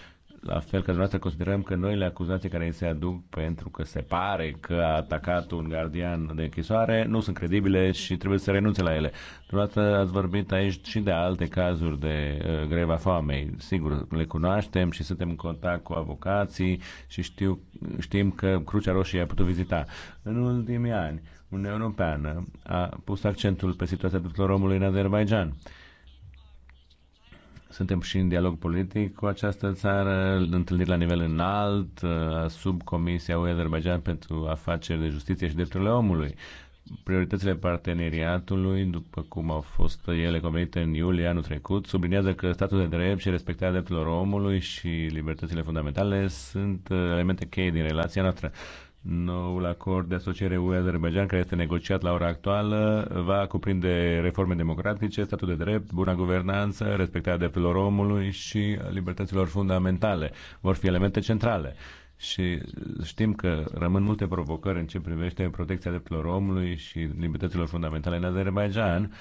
la fel ca dumneavoastră, considerăm că noile acuzații care îi se aduc pentru că se pare că a atacat un gardian de închisoare nu sunt credibile și trebuie să renunțe la ele. Dumneavoastră ați vorbit aici și de alte cazuri de uh, greva foamei. Sigur, le cunoaștem și suntem în contact cu avocații și știu, știm că Crucea Roșie a putut vizita. În ultimii ani, Uniunea Europeană a pus accentul pe situația drepturilor omului în Azerbaijan. Uh, suntem și în dialog politic cu această țară, întâlniri la nivel înalt, uh, sub Comisia UE Azerbaijan pentru afaceri de justiție și drepturile omului. Prioritățile parteneriatului, după cum au fost ele convenite în iulie anul trecut, subliniază că statul de drept și respectarea drepturilor omului și libertățile fundamentale sunt uh, elemente cheie din relația noastră. Noul acord de asociere UE-Azerbaijan, care este negociat la ora actuală, va cuprinde reforme democratice, statul de drept, bună guvernanță, respectarea drepturilor omului și libertăților fundamentale. Vor fi elemente centrale. Și știm că rămân multe provocări în ce privește protecția drepturilor omului și libertăților fundamentale în Azerbaijan.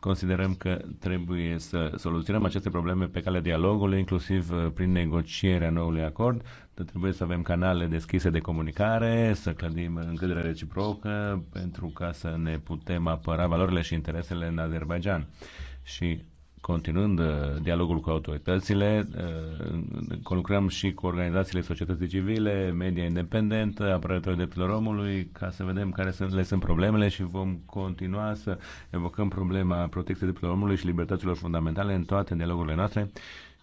Considerăm că trebuie să soluționăm aceste probleme pe calea dialogului, inclusiv uh, prin negocierea noului acord, trebuie să avem canale deschise de comunicare, să clădim încredere reciprocă pentru ca să ne putem apăra valorile și interesele în Azerbaijan. Și continuând uh, dialogul cu autoritățile, uh, lucrăm și cu organizațiile societății civile, media independentă, apărătorii drepturilor omului, ca să vedem care sunt, le sunt problemele și vom continua să evocăm problema protecției drepturilor omului și libertăților fundamentale în toate dialogurile noastre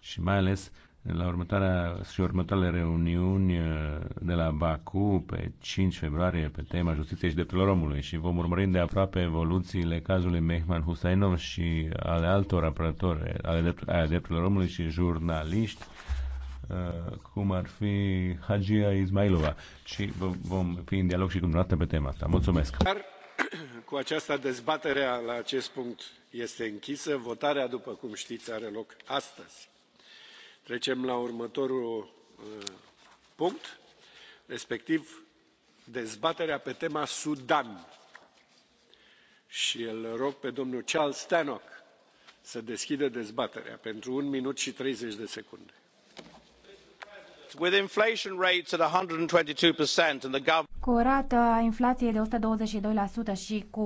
și mai ales la următoarea și următoarele reuniuni uh, de la Baku pe 5 februarie pe tema justiției și drepturilor omului și vom urmări de aproape evoluțiile cazului Mehman Husainov și ale altor apărători ale, drepturilor omului și jurnaliști uh, cum ar fi Hagia Ismailova și vom fi în dialog și cu dumneavoastră pe tema asta. Mulțumesc! Cu aceasta dezbatere la acest punct este închisă. Votarea, după cum știți, are loc astăzi trecem la următorul uh, punct respectiv dezbaterea pe tema sudan și îl rog pe domnul charles tannock să deschidă dezbaterea pentru un minut și treizeci de secunde. Cu o rată a inflației de 122% și cu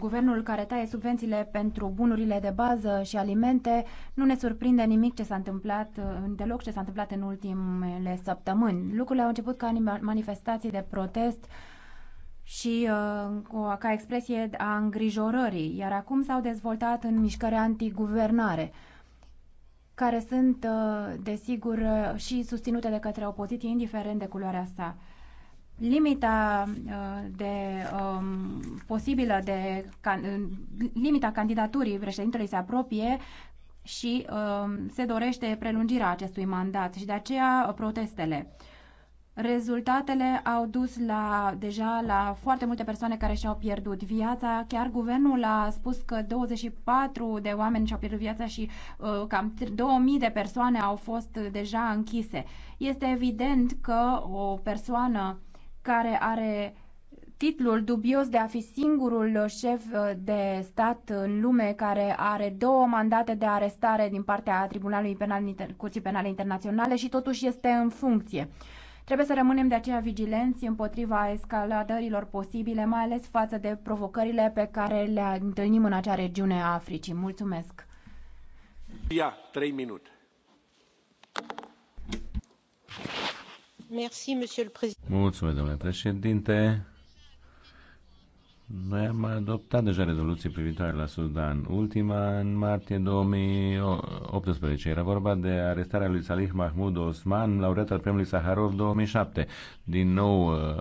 guvernul care taie subvențiile pentru bunurile de bază și alimente, nu ne surprinde nimic ce s-a întâmplat, deloc ce s-a întâmplat în ultimele săptămâni. Lucrurile au început ca manifestații de protest și uh, ca expresie a îngrijorării, iar acum s-au dezvoltat în mișcări antiguvernare. guvernare care sunt, uh, desigur, uh, și susținute de către opoziție, indiferent de culoarea sa. Limita uh, de um, posibilă de can, limita candidaturii președintelui se apropie și um, se dorește prelungirea acestui mandat și de aceea protestele. Rezultatele au dus la, deja la foarte multe persoane care și-au pierdut viața. Chiar guvernul a spus că 24 de oameni și-au pierdut viața și uh, cam 2000 de persoane au fost deja închise. Este evident că o persoană care are titlul dubios de a fi singurul șef de stat în lume care are două mandate de arestare din partea Tribunalului Penal, Curții Penale Internaționale și totuși este în funcție. Uh, Trebuie să rămânem de aceea vigilenți împotriva escaladărilor posibile, mai ales față de provocările pe care le întâlnim în acea regiune a Africii. Mulțumesc! Ia, trei minute. Mulțumesc, domnule președinte noi am adoptat deja rezoluții privitoare la Sudan. Ultima în martie 2018. Era vorba de arestarea lui Salih Mahmud Osman, laureat al premiului Saharov 2007. Din nou uh,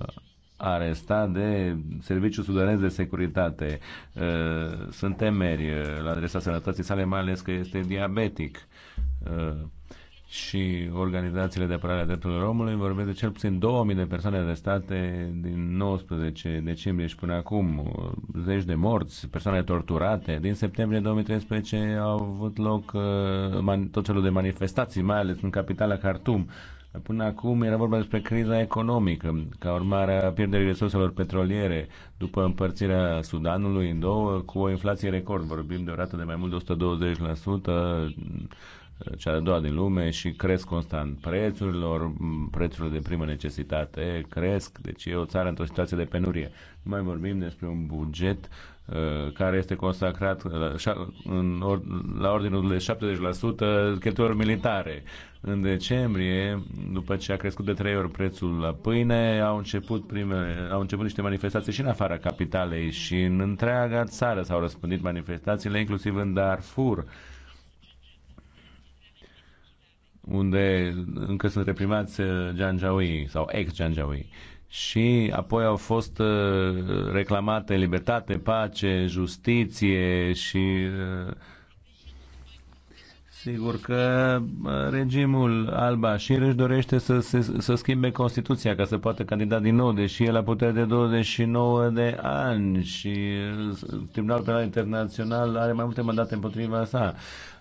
arestat de Serviciul Sudanez de Securitate. Uh, sunt temeri uh, la adresa sănătății sale, mai ales că este diabetic și organizațiile de apărare a drepturilor omului vorbesc de cel puțin 2000 de persoane arestate din 19 decembrie și până acum, zeci de morți, persoane torturate. Din septembrie 2013 au avut loc uh, tot felul de manifestații, mai ales în capitala Khartoum. Până acum era vorba despre criza economică, ca urmare a pierderii resurselor petroliere după împărțirea Sudanului în două, cu o inflație record. Vorbim de o rată de mai mult de 120%, cea de-a doua din lume și cresc constant prețurilor, prețurile de primă necesitate cresc, deci e o țară într-o situație de penurie. Nu mai vorbim despre un buget uh, care este consacrat la, uh, la ordinul de 70% cheltuielor militare. În decembrie, după ce a crescut de trei ori prețul la pâine, au început, primele, au început niște manifestații și în afara capitalei și în întreaga țară s-au răspândit manifestațiile, inclusiv în Darfur. Uh, unde încă sunt reprimați uh, Janjawi sau ex-Janjawi. Și apoi au fost uh, reclamate libertate, pace, justiție și uh, Sigur că regimul Alba și își dorește să, să, să schimbe Constituția ca să poată candida din nou, deși el a putere de 29 de ani și uh, Tribunalul Penal Internațional are mai multe mandate împotriva sa.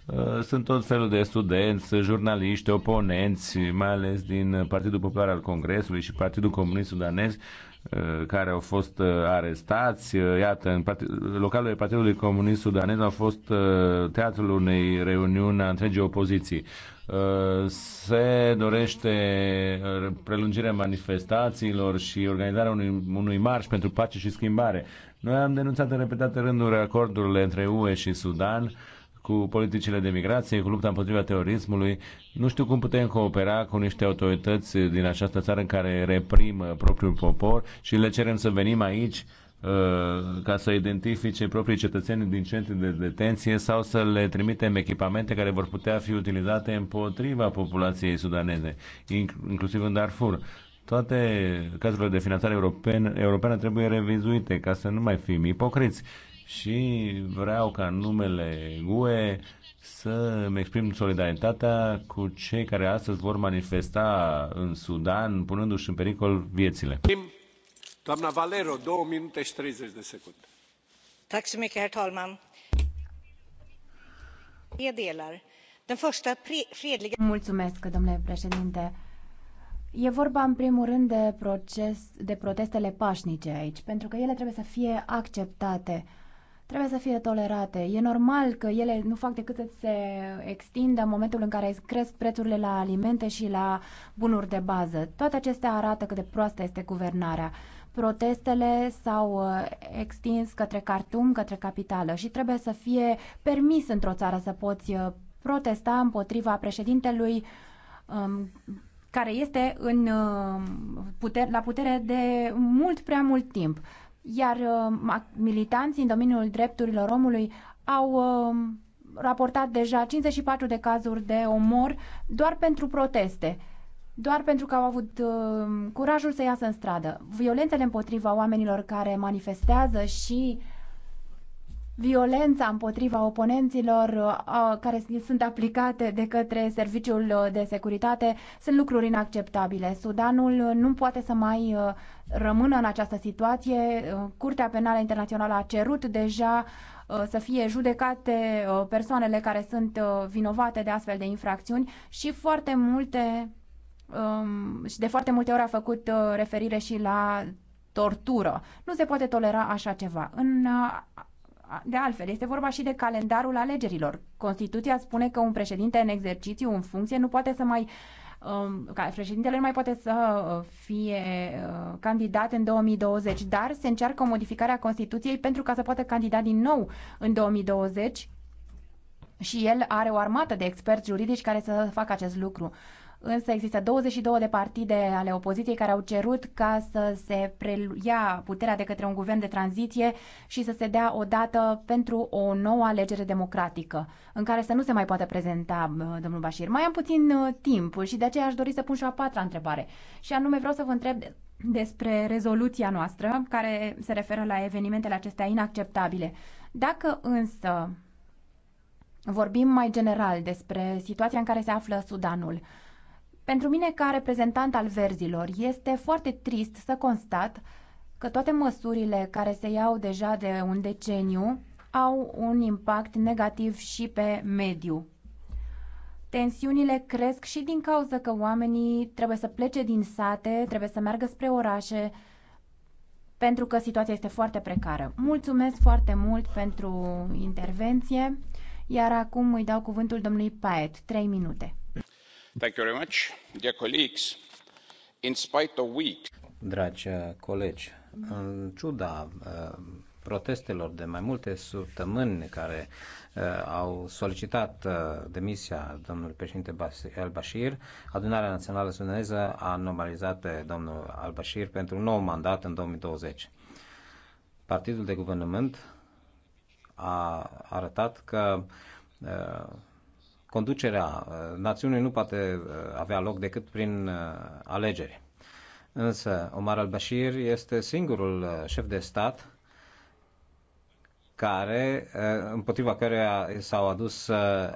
Uh, sunt tot felul de studenți, jurnaliști, oponenți, mai ales din Partidul Popular al Congresului și Partidul Comunist Sudanez, Uh, care au fost uh, arestați. Uh, iată, în localurile Partidului Comunist Sudanez au fost teatrul unei reuniuni a întregii opoziții. Se dorește prelungirea manifestațiilor și organizarea unui, unui marș pentru pace și schimbare. Noi am denunțat în repetate rânduri acordurile între UE și Sudan cu politicile de migrație, cu lupta împotriva terorismului. Nu știu cum putem coopera cu niște autorități din această țară în care reprimă propriul popor și le cerem să venim aici uh, ca să identifice proprii cetățeni din centri de detenție sau să le trimitem echipamente care vor putea fi utilizate împotriva populației sudaneze, inclusiv în Darfur. Toate cazurile de finanțare europeană, trebuie revizuite ca să nu mai fim ipocriți și vreau ca numele UE să îmi exprim solidaritatea cu cei care astăzi vor manifesta în Sudan, punându-și în pericol viețile. Doamna Valero, 2 minute și 30 de secunde. Mulțumesc, herr talman. Mulțumesc, domnule președinte. E vorba în primul rând de, proces, de protestele pașnice aici, pentru că ele trebuie să fie acceptate trebuie să fie tolerate. E normal că ele nu fac decât să se extindă în momentul în care cresc prețurile la alimente și la bunuri de bază. Toate acestea arată cât de proastă este guvernarea. Protestele s-au uh, extins către cartum, către capitală și trebuie să fie permis într-o țară să poți uh, protesta împotriva președintelui um, care este în, uh, puter, la putere de mult prea mult timp iar uh, militanții în domeniul drepturilor omului au uh, raportat deja 54 de cazuri de omor doar pentru proteste, doar pentru că au avut uh, curajul să iasă în stradă. Violențele împotriva oamenilor care manifestează și violența împotriva oponenților uh, care sunt aplicate de către Serviciul de Securitate sunt lucruri inacceptabile. Sudanul uh, nu poate să mai uh, rămână în această situație. Curtea Penală Internațională a cerut deja să fie judecate persoanele care sunt vinovate de astfel de infracțiuni și foarte multe um, și de foarte multe ori a făcut referire și la tortură. Nu se poate tolera așa ceva. În de altfel, este vorba și de calendarul alegerilor. Constituția spune că un președinte în exercițiu, în funcție, nu poate să mai um, ca președintele nu mai poate să uh, fie uh, candidat în 2020, dar se încearcă o modificare a Constituției pentru ca să poată candida din nou în 2020 și el are o armată de experți juridici care să facă acest lucru. Însă există 22 de partide ale opoziției care au cerut ca să se preia puterea de către un guvern de tranziție și să se dea o dată pentru o nouă alegere democratică, în care să nu se mai poată prezenta uh, domnul Bashir. Mai am puțin uh, timp și de aceea aș dori să pun și o a patra întrebare. Și anume vreau să vă întreb despre rezoluția noastră care se referă la evenimentele acestea inacceptabile. Dacă însă vorbim mai general despre situația în care se află Sudanul, pentru mine, ca reprezentant al verzilor, este foarte trist să constat că toate măsurile care se iau deja de un deceniu au un impact negativ și pe mediu. Tensiunile cresc și din cauza că oamenii trebuie să plece din sate, trebuie să meargă spre orașe, pentru că situația este foarte precară. Mulțumesc foarte mult pentru intervenție, iar acum îi dau cuvântul domnului Paet, 3 minute. Dragi colegi, în ciuda uh, protestelor de mai multe săptămâni care uh, au solicitat uh, demisia domnului președinte al-Bashir, adunarea națională sudaneză a nominalizat pe domnul al-Bashir pentru un nou mandat în 2020. Partidul de guvernământ a arătat că Conducerea uh, națiunii nu poate uh, avea loc decât prin uh, alegeri. Însă Omar al-Bashir este singurul șef de stat care, împotriva căreia s-au adus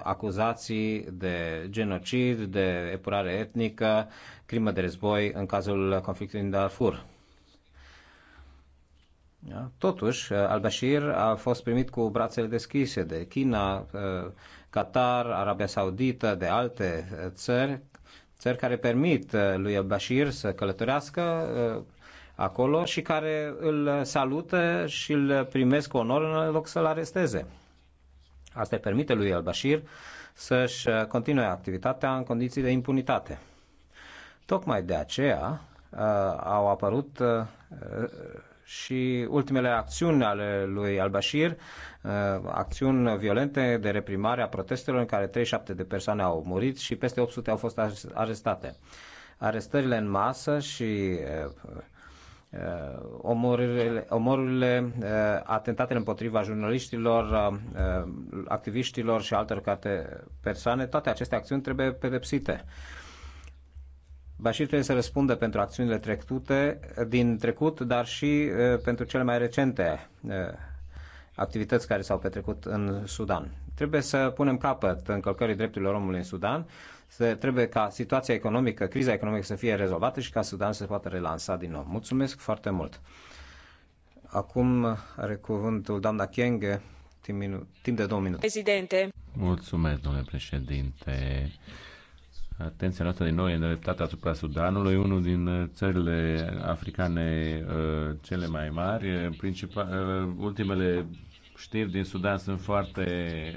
acuzații de genocid, de epurare etnică, crimă de război în cazul conflictului din Darfur. Da? Totuși, al-Bashir a fost primit cu brațele deschise de China, Qatar, Arabia Saudită, de alte eh, țări, țări care permit eh, lui El Bashir să călătorească eh, acolo și care îl salută și îl primesc cu onor în loc să-l aresteze. Asta îi permite lui El Bashir să-și continue activitatea în condiții de impunitate. Tocmai de aceea uh, au apărut uh, și ultimele acțiuni ale lui al-Bashir, uh, acțiuni violente de reprimare a protestelor în care 37 de persoane au murit și peste 800 au fost arestate. Arestările în masă și uh, uh, omorurile, omorurile atentatele împotriva jurnaliștilor, activiștilor și altor persoane, toate aceste acțiuni trebuie pedepsite Bashir trebuie să răspundă pentru acțiunile trecute din trecut, dar și pentru cele mai recente activități care s-au petrecut în Sudan. Trebuie să punem capăt încălcării drepturilor omului în Sudan, să, trebuie ca situația economică, criza economică să fie rezolvată și ca Sudan să se poată relansa din nou. Mulțumesc foarte mult! Acum are cuvântul doamna Chienghe, timp, timp de două minute. Președinte. Mulțumesc, domnule președinte. Atenția noastră din nou e îndreptată asupra Sudanului, unul din uh, țările africane uh, cele mai mari. Principa, uh, ultimele știri din Sudan sunt foarte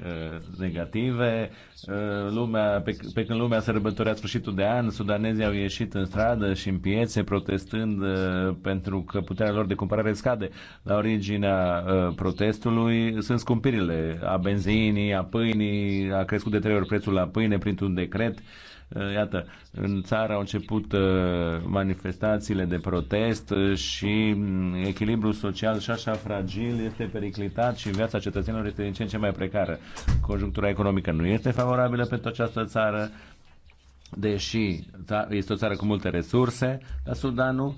uh, negative. Uh, lumea, pe, pe când lumea sărbătorea sfârșitul de an, sudanezii au ieșit în stradă și în piețe protestând uh, pentru că puterea lor de cumpărare scade. La originea uh, protestului sunt scumpirile a benzinii, a pâinii, a crescut de trei ori prețul la pâine printr-un decret. Uh, Eh, iată, în țară au început eh, manifestațiile de protest eh, și mm, echilibrul social și așa fragil este periclitat și viața cetățenilor este din ce în ce mai precară. Conjunctura economică nu este favorabilă pentru această țară, deși este o țară cu multe resurse, dar Sudanul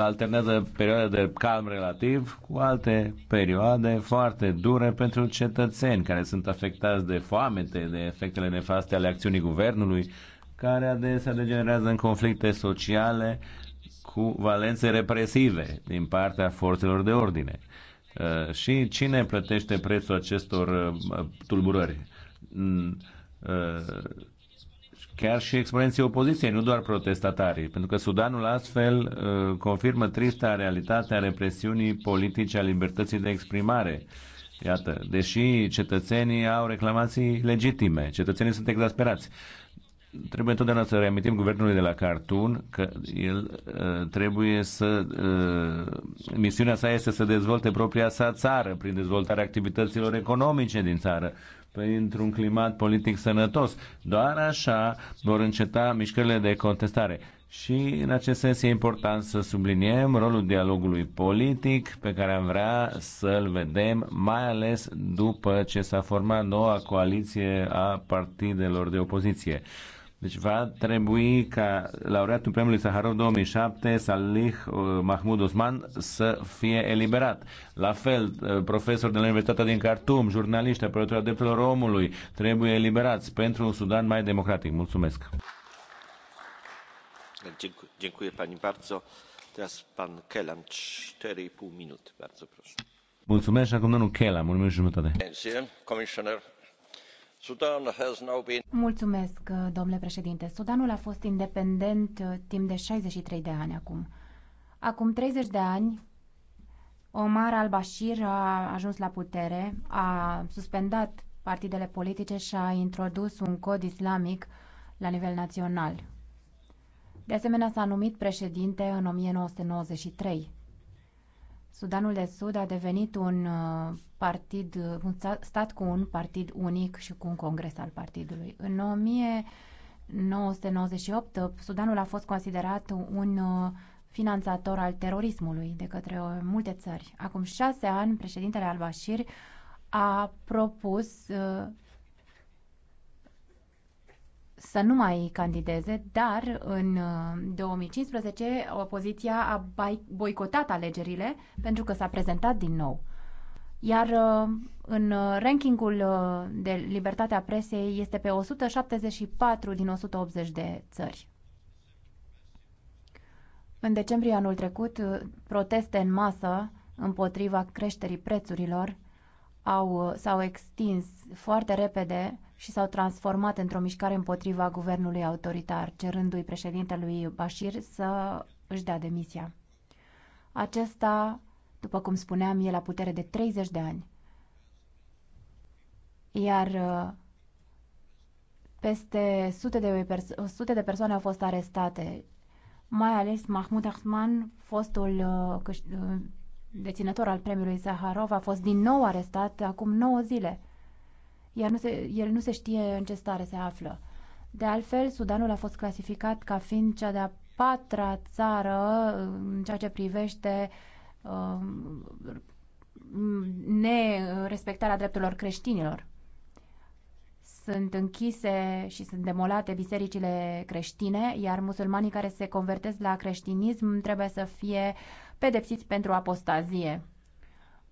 alternează perioade de calm relativ cu alte perioade foarte dure pentru cetățeni care sunt afectați de foamete, de efectele nefaste ale acțiunii guvernului care adesea degenerează în conflicte sociale cu valențe represive din partea forțelor de ordine. Uh, și cine plătește prețul acestor uh, tulburări? Mm, uh, chiar și exponenții opoziției, nu doar protestatarii, pentru că Sudanul astfel confirmă trista realitate a represiunii politice a libertății de exprimare. Iată, deși cetățenii au reclamații legitime, cetățenii sunt exasperați trebuie întotdeauna să reamintim guvernului de la Cartun că el uh, trebuie să. Uh, misiunea sa este să dezvolte propria sa țară prin dezvoltarea activităților economice din țară printr-un climat politic sănătos. Doar așa vor înceta mișcările de contestare. Și în acest sens e important să subliniem rolul dialogului politic pe care am vrea să-l vedem, mai ales după ce s-a format noua coaliție a partidelor de opoziție. Deci va trebui ca laureatul premiului Saharov 2007, Salih uh, Mahmud Osman, să fie eliberat. La fel, uh, profesor de la Universitatea din Khartoum, jurnaliști, apărători drepturilor omului, trebuie eliberați pentru un Sudan mai democratic. Mulțumesc! Mulțumesc pani bardzo. Teraz mulțumesc. Mulțumesc, acum domnul Kelam, un minut jumătate. Comissioner. Mulțumesc, domnule președinte. Sudanul a fost independent uh, timp de 63 de ani acum. Acum 30 de ani, Omar al-Bashir a ajuns la putere, a suspendat partidele politice și a introdus un cod islamic la nivel național. De asemenea, s-a numit președinte în 1993. Sudanul de Sud a devenit un uh, partid, un stat cu un partid unic și cu un congres al partidului. În 1998, uh, Sudanul a fost considerat un uh, finanțator al terorismului de către multe țări. Acum șase ani, președintele al-Bashir a propus să nu mai candideze, dar în 2015 uh, opoziția a boicotat alegerile pentru că s-a prezentat din nou. Iar uh, în uh, rankingul de libertatea presei este pe 174 din 180 de țări. În decembrie anul trecut, proteste în masă împotriva creșterii prețurilor au, uh, s-au extins foarte repede și s-au transformat într-o mișcare împotriva guvernului autoritar, cerându-i președintelui Bashir să își dea demisia. Acesta, după cum spuneam, e la putere de 30 de ani. Iar uh, peste sute de, perso- sute de persoane au fost arestate, mai ales Mahmoud Ahman, fostul uh, deținător al premiului Zaharov, a fost din nou arestat acum 9 zile, iar nu se, el nu se știe în ce stare se află. De altfel, Sudanul a fost clasificat ca fiind cea de-a patra țară în ceea ce privește uh, nerespectarea drepturilor creștinilor. Sunt închise și sunt demolate bisericile creștine, iar musulmanii care se convertesc la creștinism trebuie să fie uh, pedepsiți pentru apostazie.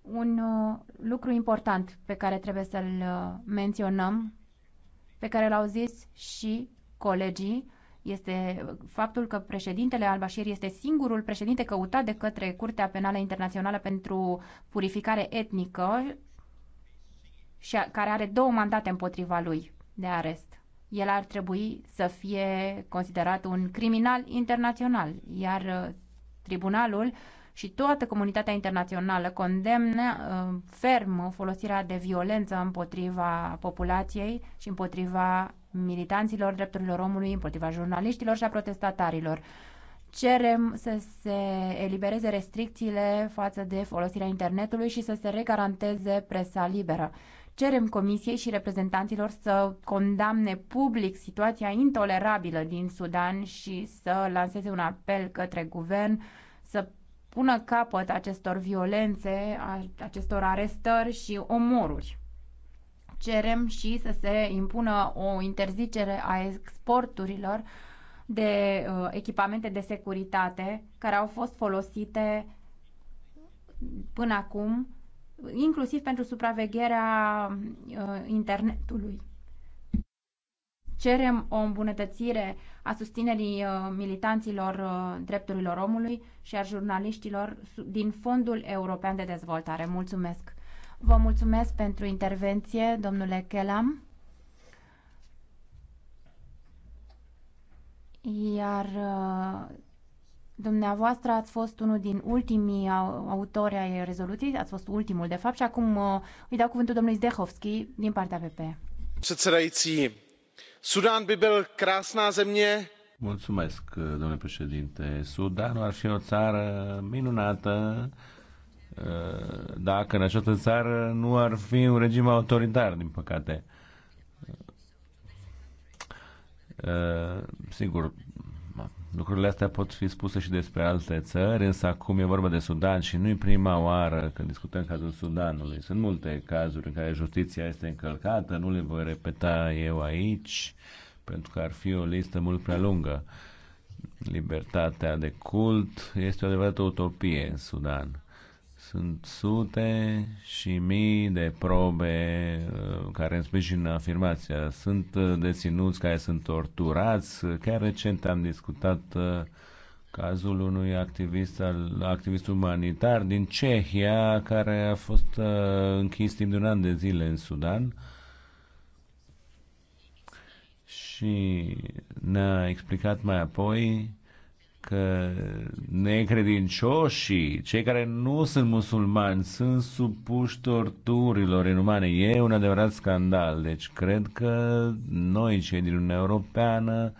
Un uh, lucru important pe care trebuie să-l uh, menționăm, pe care l-au zis și colegii, este faptul că președintele al-Bashir este singurul președinte căutat de către Curtea Penală Internațională pentru purificare etnică și a, care are două mandate împotriva lui de arest. El ar trebui să fie considerat un criminal internațional, iar uh, Tribunalul și toată comunitatea internațională condemnă uh, ferm folosirea de violență împotriva populației și împotriva militanților drepturilor omului, împotriva jurnaliștilor și a protestatarilor. Cerem să se elibereze restricțiile față de folosirea internetului și să se regaranteze presa liberă. Cerem Comisiei și reprezentanților să condamne public situația intolerabilă din Sudan și să lanseze un apel către guvern să pună capăt acestor violențe, acestor arestări și omoruri. Cerem și să se impună o interzicere a exporturilor de uh, echipamente de securitate care au fost folosite până acum inclusiv pentru supravegherea uh, internetului. Cerem o îmbunătățire a susținerii uh, militanților uh, drepturilor omului și a jurnaliștilor din Fondul European de Dezvoltare. Mulțumesc! Vă mulțumesc pentru intervenție, domnule Kelam. Iar uh, Dumneavoastră ați fost unul din ultimii autori ai rezoluției, ați fost ultimul de fapt și acum uh, îi dau cuvântul domnului Zdehovski din partea PP. Předsedající, Sudan by byl krásná země. Mulțumesc, uh, domnule președinte. Sudanul ar fi o țară minunată uh, dacă în această țară nu ar fi un regim autoritar, din păcate. sigur, Lucrurile astea pot fi spuse și despre alte țări, însă acum e vorba de Sudan și nu i prima oară când discutăm cazul Sudanului. Sunt multe cazuri în care justiția este încălcată, nu le voi repeta eu aici, pentru că ar fi o listă mult prea lungă. Libertatea de cult este o adevărată utopie în Sudan. Sunt sute și mii de probe uh, care în afirmația. Sunt uh, deținuți care sunt torturați. Chiar recent am discutat uh, cazul unui activist, al, activist umanitar din Cehia care a fost închis timp de un an de zile în Sudan și ne-a explicat mai apoi că necredincioșii, cei care nu sunt musulmani, sunt supuși torturilor inumane. E un adevărat scandal. Deci cred că noi, cei din Uniunea Europeană,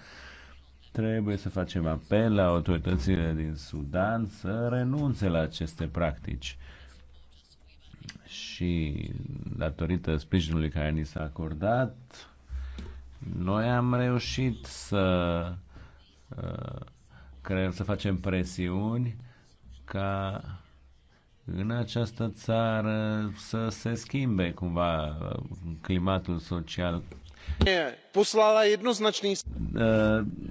trebuie să facem apel la autoritățile din Sudan să renunțe la aceste practici. Și datorită sprijinului care ni s-a acordat, noi am reușit să uh, cred, să facem presiuni ca în această țară să se schimbe cumva uh, climatul social. Uh,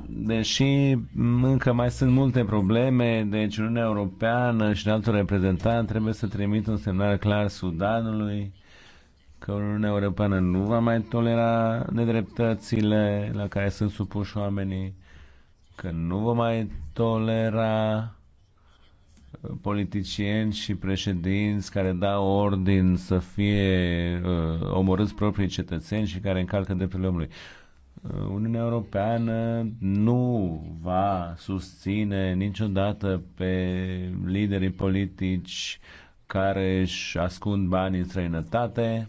deși încă mai sunt multe probleme, deci Uniunea Europeană și altul reprezentant trebuie să trimit un semnal clar Sudanului că Uniunea Europeană nu va mai tolera nedreptățile la care sunt supuși oamenii că nu vă mai tolera politicieni și președinți care dau ordin să fie uh, omorâți proprii cetățeni și care încalcă drepturile omului. Uh, Uniunea Europeană nu va susține niciodată pe liderii politici care își ascund bani în străinătate,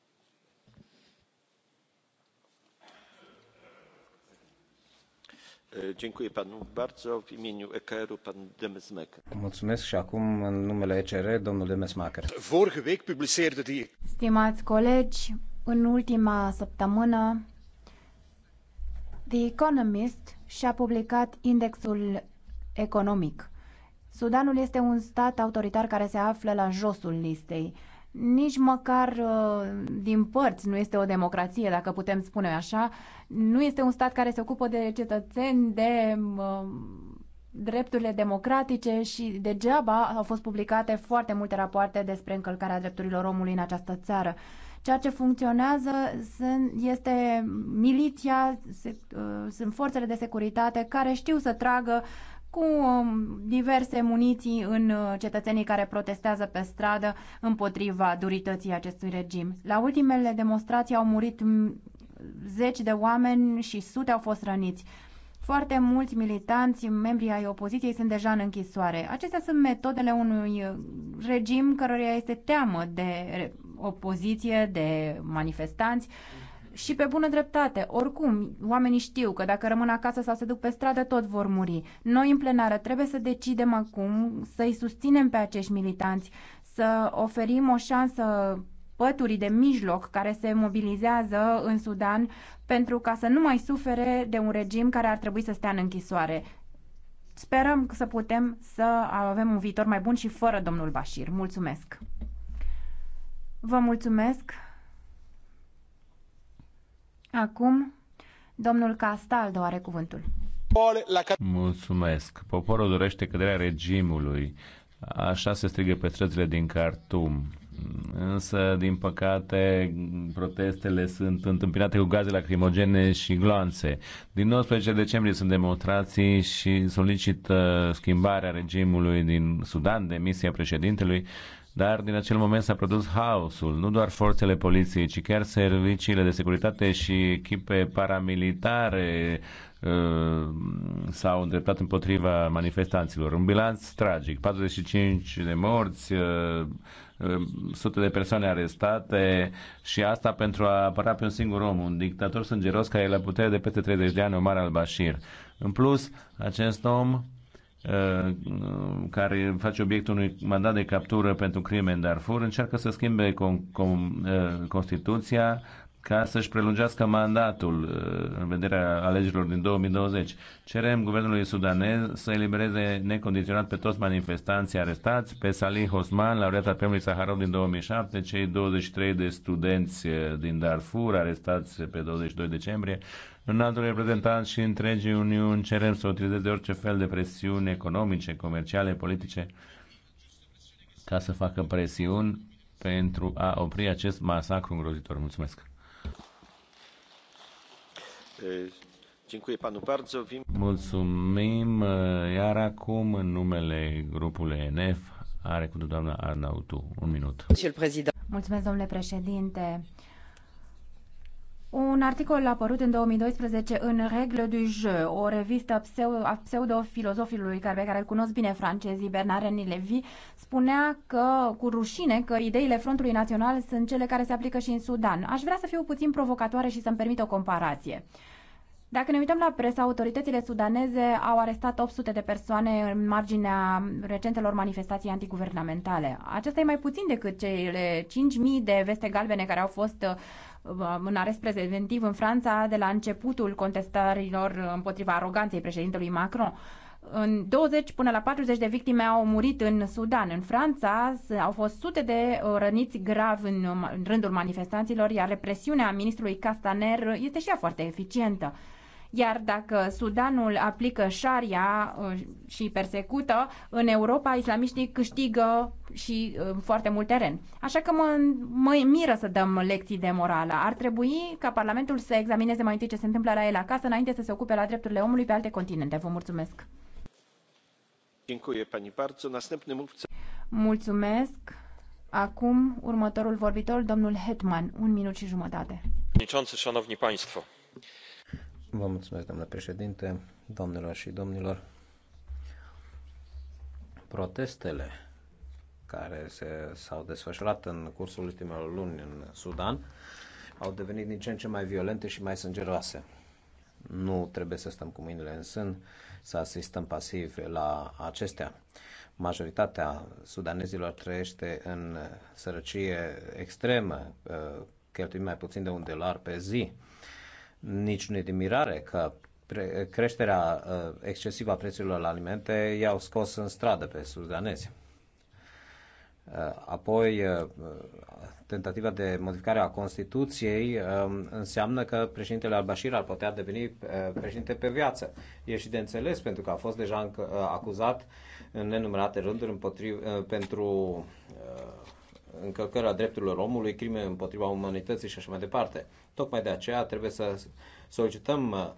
Mulțumesc și acum în numele ECR, domnul Demesmacher. Vorige week publiceerde die... Stimați colegi, în ultima săptămână, The Economist și-a publicat indexul economic. Sudanul este un stat autoritar care se află la josul listei nici măcar uh, din părți nu este o democrație, dacă putem spune așa. Nu este un stat care se ocupă de cetățeni, de uh, drepturile democratice și degeaba au fost publicate foarte multe rapoarte despre încălcarea drepturilor omului în această țară. Ceea ce funcționează sunt, este miliția, se, uh, sunt forțele de securitate care știu să tragă cu um, diverse muniții în uh, cetățenii care protestează pe stradă împotriva durității acestui regim. La ultimele demonstrații au murit zeci de oameni și sute au fost răniți. Foarte mulți militanți, membri ai opoziției, sunt deja în închisoare. Acestea sunt metodele unui uh, regim căruia este teamă de opoziție, de manifestanți și pe bună dreptate, oricum, oamenii știu că dacă rămân acasă sau se duc pe stradă, tot vor muri. Noi, în plenară, trebuie să decidem acum să-i susținem pe acești militanți, să oferim o șansă păturii de mijloc care se mobilizează în Sudan pentru ca să nu mai sufere de un regim care ar trebui să stea în închisoare. Sperăm să putem să avem un viitor mai bun și fără domnul Bashir. Mulțumesc! Vă mulțumesc! Acum, domnul Castaldo are cuvântul. Mulțumesc. Poporul dorește căderea regimului. Așa se strigă pe străzile din Khartoum. Însă, din păcate, protestele sunt întâmpinate cu gaze lacrimogene și gloanțe. Din 19 decembrie sunt demonstrații și solicită schimbarea regimului din Sudan, demisia președintelui dar din acel moment s-a produs haosul. Nu doar forțele poliției, ci chiar serviciile de securitate și echipe paramilitare uh, s-au îndreptat împotriva manifestanților. Un bilanț tragic, 45 de morți, uh, uh, sute de persoane arestate și asta pentru a apăra pe un singur om, un dictator sângeros care e la putere de peste 30 de ani, Omar al-Bashir. În plus, acest om Uh, care face obiectul unui mandat de captură pentru crime în Darfur, încearcă să schimbe con- con- uh, Constituția ca să-și prelungească mandatul uh, în vederea alegerilor din 2020. Cerem guvernului sudanez să elibereze necondiționat pe toți manifestanții arestați, pe Salih Hosman, laureata premiului Saharov din 2007, cei 23 de studenți din Darfur arestați pe 22 decembrie, înaltul reprezentant și întregii Uniuni cerem să utilizeze orice fel de presiuni economice, comerciale, politice, ca să facă presiuni pentru a opri acest masacru îngrozitor. Mulțumesc! Mulțumim, iar acum în numele grupului NF are cu doamna Arnautu. Un minut. Mulțumesc, domnule președinte. Un articol apărut în 2012 în Regle du Jeu, o revistă pseudo-filozofilului care, care îl cunosc bine francezii, Bernard René Lévy, spunea că, cu rușine, că ideile Frontului Național sunt cele care se aplică și în Sudan. Aș vrea să fiu puțin provocatoare și să-mi permit o comparație. Dacă ne uităm la presă, autoritățile sudaneze au arestat 800 de persoane în marginea recentelor manifestații antiguvernamentale. Acesta e mai puțin decât cele 5.000 de veste galbene care au fost uh, Uh, în arest preventiv în Franța de la începutul contestărilor împotriva aroganței președintelui Macron. În 20 până la 40 de victime au murit în Sudan. În Franța au fost sute de uh, răniți grav în, în rândul manifestanților, iar represiunea ministrului Castaner este și ea foarte eficientă. Iar dacă Sudanul aplică șaria uh, și persecută, în Europa islamiștii câștigă și uh, foarte mult teren. Așa că mă, mă miră să dăm lecții de morală. Ar trebui ca Parlamentul să examineze mai întâi ce se întâmplă la el acasă, înainte să se ocupe la drepturile omului pe alte continente. Vă mulțumesc! Mulțumesc. Acum următorul vorbitor, domnul Hetman, un minut și jumătate. Vă mulțumesc, domnule președinte, domnilor și domnilor. Protestele care s-au desfășurat în cursul ultimelor luni în Sudan au devenit din ce în ce mai violente și mai sângeroase. Nu trebuie să stăm cu mâinile în sân, să asistăm pasiv la acestea. Majoritatea sudanezilor trăiește în sărăcie extremă, uh, cheltuim mai puțin de un dolar pe zi nici nu e de mirare că creșterea uh, excesivă a prețurilor la alimente i-au scos în stradă pe sudanezi. Uh, apoi, uh, tentativa de modificare a Constituției um, înseamnă că președintele al-Bashir ar putea deveni președinte pe viață. E și de înțeles, pentru că a fost deja acuzat în nenumărate rânduri împotriv, pentru încălcarea drepturilor omului, crime împotriva umanității și așa mai departe. Tocmai de aceea trebuie să solicităm uh,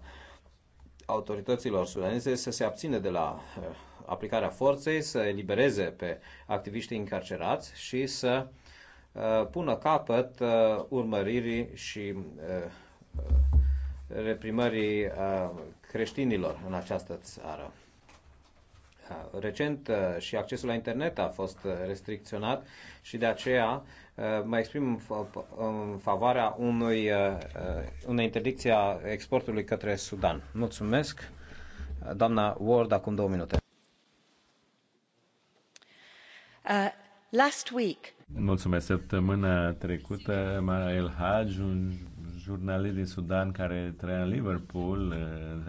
autorităților sudaneze să se abține de la uh, aplicarea forței, să elibereze pe activiștii încarcerați și să uh, pună capăt urmăririi și reprimării creștinilor în această țară. Recent uh, și accesul la internet a fost uh, restricționat și de aceea uh, mă exprim în favoarea unui, unei interdicții a exportului către Sudan. Mulțumesc. Doamna Ward, acum două minute. Uh, last week. Mulțumesc. Săptămâna trecută, Mara El Haj, un jurnalist din Sudan care trăia în Liverpool,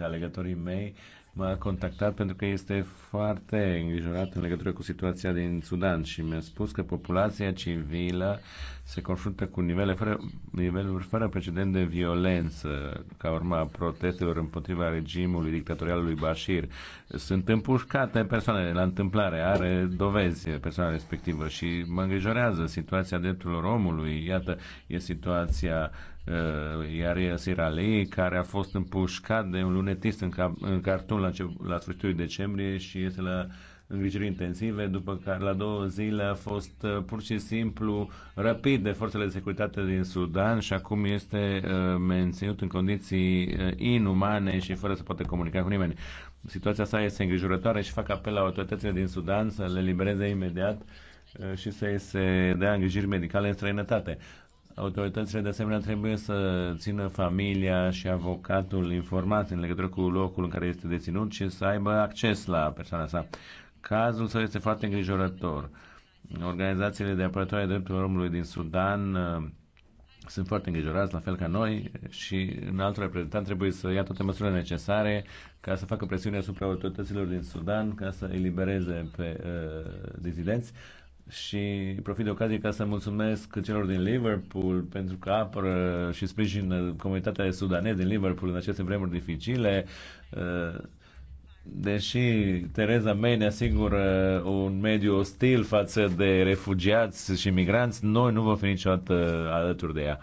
alegătorii mei, m-a contactat pentru că este foarte îngrijorat în legătură cu situația din Sudan și mi-a spus că populația civilă se confruntă cu nivele fără, niveluri fără precedent de violență ca urma a protestelor împotriva regimului dictatorial lui Bashir. Sunt împușcate persoane la întâmplare, are dovezi persoana respectivă și mă îngrijorează situația drepturilor omului. Iată, e situația uh, Uh, iar el Sira care a fost împușcat de un lunetist în, cap, în carton la, ce, la sfârșitul decembrie și este la îngrijiri intensive, după care la două zile a fost uh, pur și simplu răpit de forțele de securitate din Sudan și acum este uh, menținut în condiții inumane și fără să poată comunica cu nimeni. Situația sa este îngrijorătoare și fac apel la autoritățile din Sudan să le libereze imediat și să-i se dea îngrijiri medicale în străinătate. Autoritățile de asemenea trebuie să țină familia și avocatul informat în legătură cu locul în care este deținut și să aibă acces la persoana sa. Cazul său este foarte îngrijorător. Organizațiile de apărătoare a drepturilor omului din Sudan uh, sunt foarte îngrijorați, la fel ca noi, și în altul reprezentant trebuie să ia toate măsurile necesare ca să facă presiune asupra autorităților din Sudan, ca să elibereze pe uh, dizidenți și profit de ocazie ca să mulțumesc celor din Liverpool pentru că apără și sprijin comunitatea sudanez din Liverpool în aceste vremuri dificile. Eh, deși Tereza May ne asigură un mediu ostil față de refugiați și migranți, noi nu vom fi niciodată alături de ea.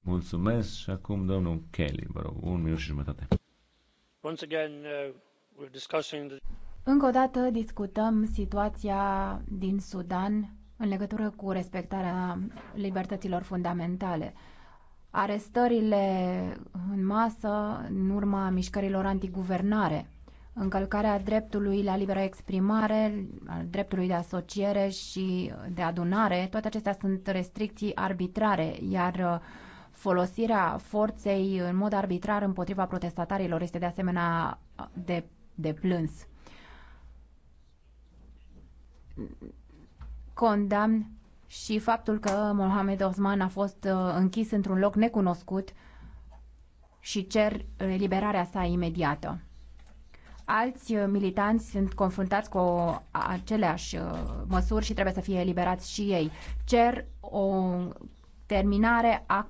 Mulțumesc și acum domnul Kelly, vă rog, un minut și jumătate. Once again, uh, we're discussing the... Încă o dată discutăm situația din Sudan în legătură cu respectarea libertăților fundamentale. Arestările în masă în urma mișcărilor antiguvernare, încălcarea dreptului la liberă exprimare, dreptului de asociere și de adunare, toate acestea sunt restricții arbitrare, iar uh, folosirea forței în mod arbitrar împotriva protestatarilor este de asemenea uh, de, de plâns condamn și faptul că Mohamed Osman a fost uh, închis într-un loc necunoscut și cer eliberarea sa imediată. Alți uh, militanți sunt confruntați cu aceleași uh, măsuri și trebuie să fie eliberați și ei. Cer o terminare a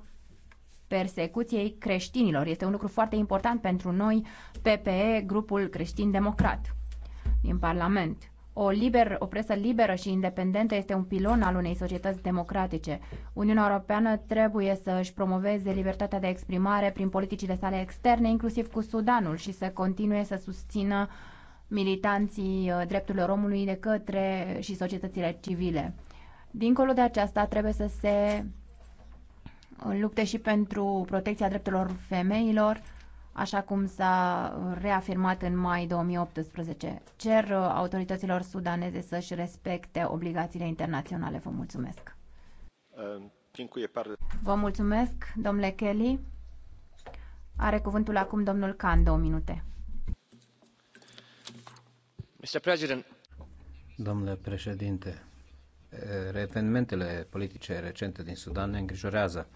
persecuției creștinilor. Este un lucru foarte important pentru noi, PPE, grupul creștin-democrat din Parlament. O, liber, o presă liberă și independentă este un pilon al unei societăți democratice. Uniunea Europeană trebuie să își promoveze libertatea de exprimare prin politicile sale externe, inclusiv cu Sudanul, și să continue să susțină militanții uh, drepturilor omului de către uh, și societățile civile. Dincolo de aceasta, trebuie să se uh, lupte și pentru protecția drepturilor femeilor, așa cum s-a reafirmat în mai 2018. Cer uh, autorităților sudaneze să-și respecte obligațiile internaționale. Vă mulțumesc! Uh, Vă mulțumesc, domnule Kelly. Are cuvântul acum domnul Khan, două minute. Mr. President. Domnule președinte, revenimentele politice recente din Sudan ne îngrijorează.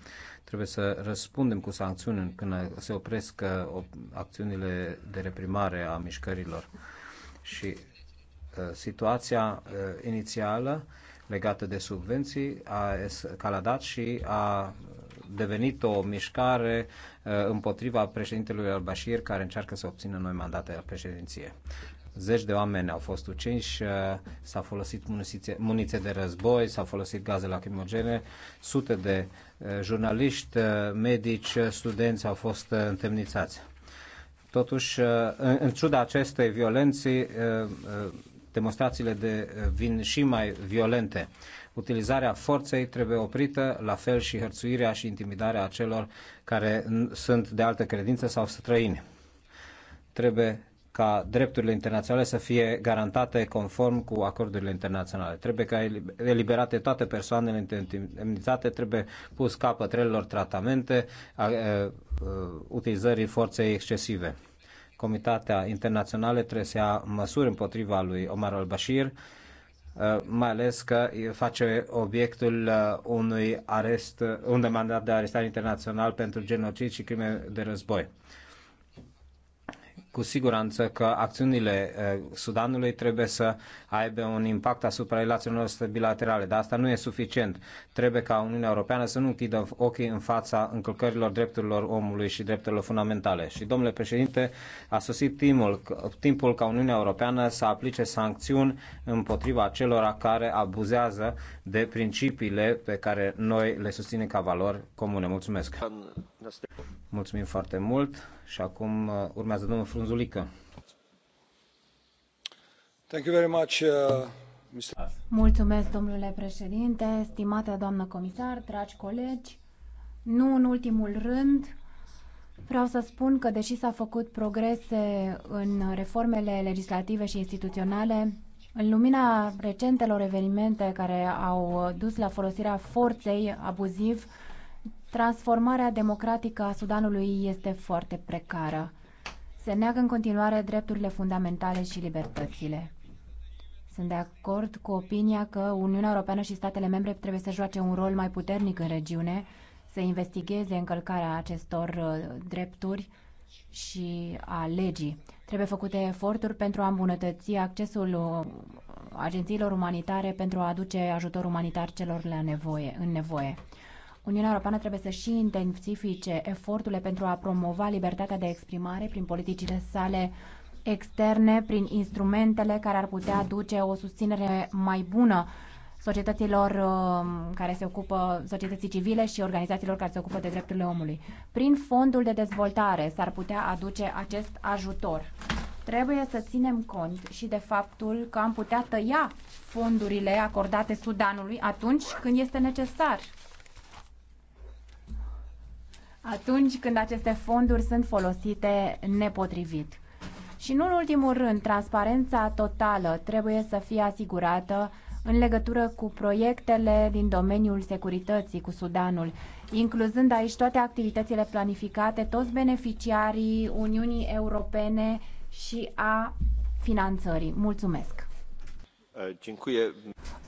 Trebuie să răspundem cu sancțiuni când se opresc uh, acțiunile de reprimare a mișcărilor. Și uh, situația uh, inițială legată de subvenții a escaladat și a devenit o mișcare împotriva președintelui al-Bashir care încearcă să obțină noi mandate la președinție. Zeci de oameni au fost uciși, uh, s au folosit muniție, muniție de război, s-au folosit gaze lacrimogene, sute de uh, jurnaliști, uh, medici, studenți au fost întemnițați. Totuși, în ciuda acestei violenții, demonstrațiile de vin și mai violente. Utilizarea forței trebuie oprită, la fel și hărțuirea și intimidarea celor care sunt de altă credință sau străini. Trebuie ca drepturile internaționale să fie garantate conform cu acordurile internaționale. Trebuie ca eliberate toate persoanele indemnizate, trebuie pus capăt relor tratamente, a, a, a, utilizării forței excesive. Comitatea internațională trebuie să ia măsuri împotriva lui Omar al-Bashir, mai ales că face obiectul unui arest, un demandat de arestare internațional pentru genocid și crime de război cu siguranță că acțiunile Sudanului trebuie să aibă un impact asupra relațiilor noastre bilaterale, dar asta nu e suficient. Trebuie ca Uniunea Europeană să nu închidă ochii în fața încălcărilor drepturilor omului și drepturilor fundamentale. Și, domnule președinte, a sosit timpul, timpul ca Uniunea Europeană să aplice sancțiuni împotriva celor care abuzează de principiile pe care noi le susținem ca valori comune. Mulțumesc! Mulțumim foarte mult! Și acum uh, urmează domnul Frunzulică. Thank you very much, uh, Mr. Mulțumesc, domnule președinte, stimată doamnă comisar, dragi colegi. Nu în ultimul rând, Vreau să spun că, deși s a făcut progrese în reformele legislative și instituționale, în lumina recentelor evenimente care au dus la folosirea forței abuziv, Transformarea democratică a Sudanului este foarte precară. Se neagă în continuare drepturile fundamentale și libertățile. Sunt de acord cu opinia că Uniunea Europeană și statele membre trebuie să joace un rol mai puternic în regiune, să investigheze încălcarea acestor uh, drepturi și a legii. Trebuie făcute eforturi pentru a îmbunătăți accesul uh, agențiilor umanitare pentru a aduce ajutor umanitar celor la nevoie, în nevoie. Uniunea Europeană trebuie să și intensifice eforturile pentru a promova libertatea de exprimare prin politicile sale externe, prin instrumentele care ar putea duce o susținere mai bună societăților uh, care se ocupă, societății civile și organizațiilor care se ocupă de drepturile omului. Prin fondul de dezvoltare s-ar putea aduce acest ajutor. Trebuie să ținem cont și de faptul că am putea tăia fondurile acordate Sudanului atunci când este necesar atunci când aceste fonduri sunt folosite nepotrivit. Și nu în ultimul rând, transparența totală trebuie să fie asigurată în legătură cu proiectele din domeniul securității cu Sudanul, incluzând aici toate activitățile planificate, toți beneficiarii Uniunii Europene și a finanțării. Mulțumesc!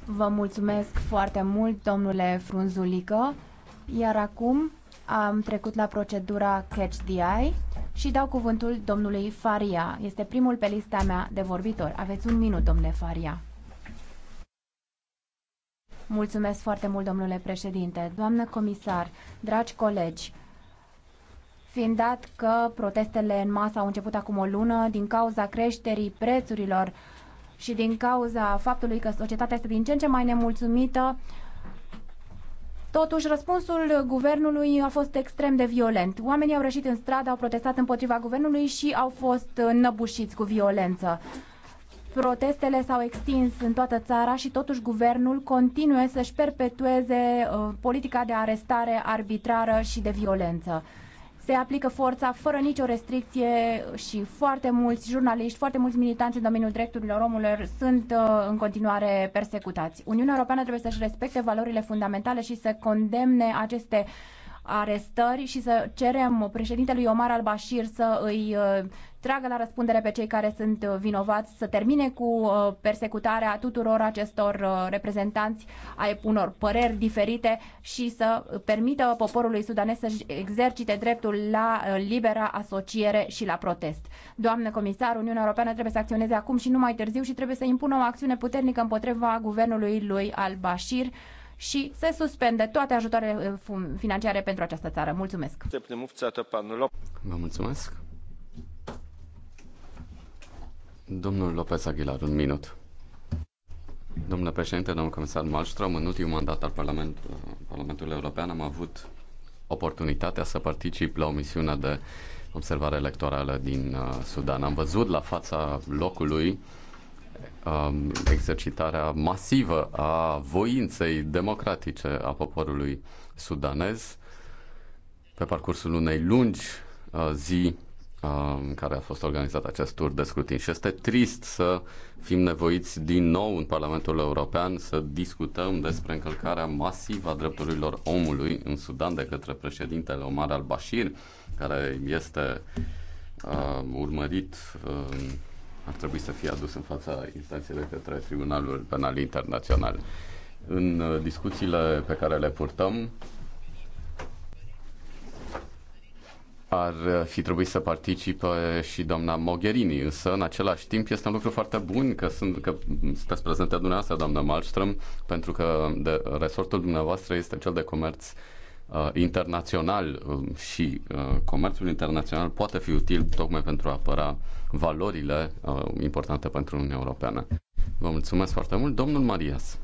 Vă mulțumesc foarte mult, domnule Frunzulică. Iar acum am trecut la procedura Catch the Eye și dau cuvântul domnului Faria. Este primul pe lista mea de vorbitor. Aveți un minut, domnule Faria. Mulțumesc foarte mult, domnule președinte. Doamnă comisar, dragi colegi, fiind dat că protestele în masă au început acum o lună din cauza creșterii prețurilor și din cauza faptului că societatea este din ce în ce mai nemulțumită, uh, Totuși, răspunsul guvernului a fost extrem de violent. Oamenii au rășit în stradă, au protestat împotriva guvernului și au fost năbușiți cu violență. Protestele s-au extins în toată țara și totuși guvernul continuă să-și perpetueze uh, politica de arestare arbitrară și de violență se aplică forța fără nicio restricție și foarte mulți jurnaliști, foarte mulți militanți în domeniul drepturilor omului sunt uh, în continuare persecutați. Uniunea Europeană trebuie să-și respecte valorile fundamentale și să condemne aceste uh, arestări și să cerem președintelui Omar al-Bashir să îi uh, tragă la răspundere pe cei care sunt uh, vinovați, să termine cu uh, persecutarea tuturor acestor reprezentanți ai unor păreri diferite și să permită poporului sudanez să exercite dreptul la libera asociere și la protest. Doamnă comisar, Uniunea Europeană trebuie să acționeze acum și nu mai târziu și trebuie să impună o acțiune puternică împotriva guvernului lui al-Bashir și se suspende toate ajutoarele uh, financiare pentru această țară. Mulțumesc! Vă mulțumesc! Domnul Lopez Aguilar, un minut. Domnule președinte, domnul comisar Malmström, în ultimul mandat al Parlament, uh, Parlamentului European am avut oportunitatea să particip la o misiune de observare electorală din uh, Sudan. Am văzut la fața locului Um, exercitarea masivă a voinței democratice a poporului sudanez pe parcursul unei lungi uh, zi um, în care a fost organizat acest tur de scrutin. Și este trist să fim nevoiți din nou în Parlamentul European să discutăm despre încălcarea masivă a drepturilor omului în Sudan de către președintele Omar al-Bashir, care este uh, urmărit uh, ar trebui să fie adus în fața instanței de către Tribunalul Penal Internațional. În uh, discuțiile pe care le purtăm, ar uh, fi trebuit să participe și doamna Mogherini, însă în același timp este un lucru foarte bun că, sunt, că sunteți prezente dumneavoastră, doamna Malmström, pentru că de, resortul dumneavoastră este cel de comerț uh, internațional um, și uh, comerțul internațional poate fi util tocmai pentru a apăra uh, valorile uh, importante pentru Uniunea Europeană. Vă mulțumesc foarte mult, domnul Marias.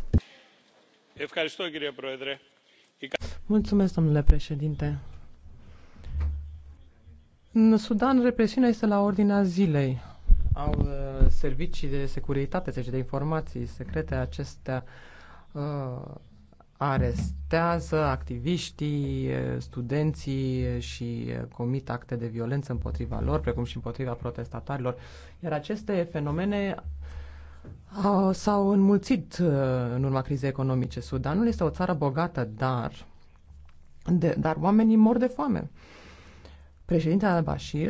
Mulțumesc, domnule președinte. În Sudan, represiunea este la ordinea zilei. Au uh, servicii de securitate, deci de informații secrete acestea. Uh, arestează activiștii, studenții și comit acte de violență împotriva lor, precum și împotriva protestatarilor. Iar aceste fenomene s-au înmulțit uh, în urma crizei economice. Sudanul este o țară bogată, dar, de, dar oamenii mor de foame. Președintele al-Bashir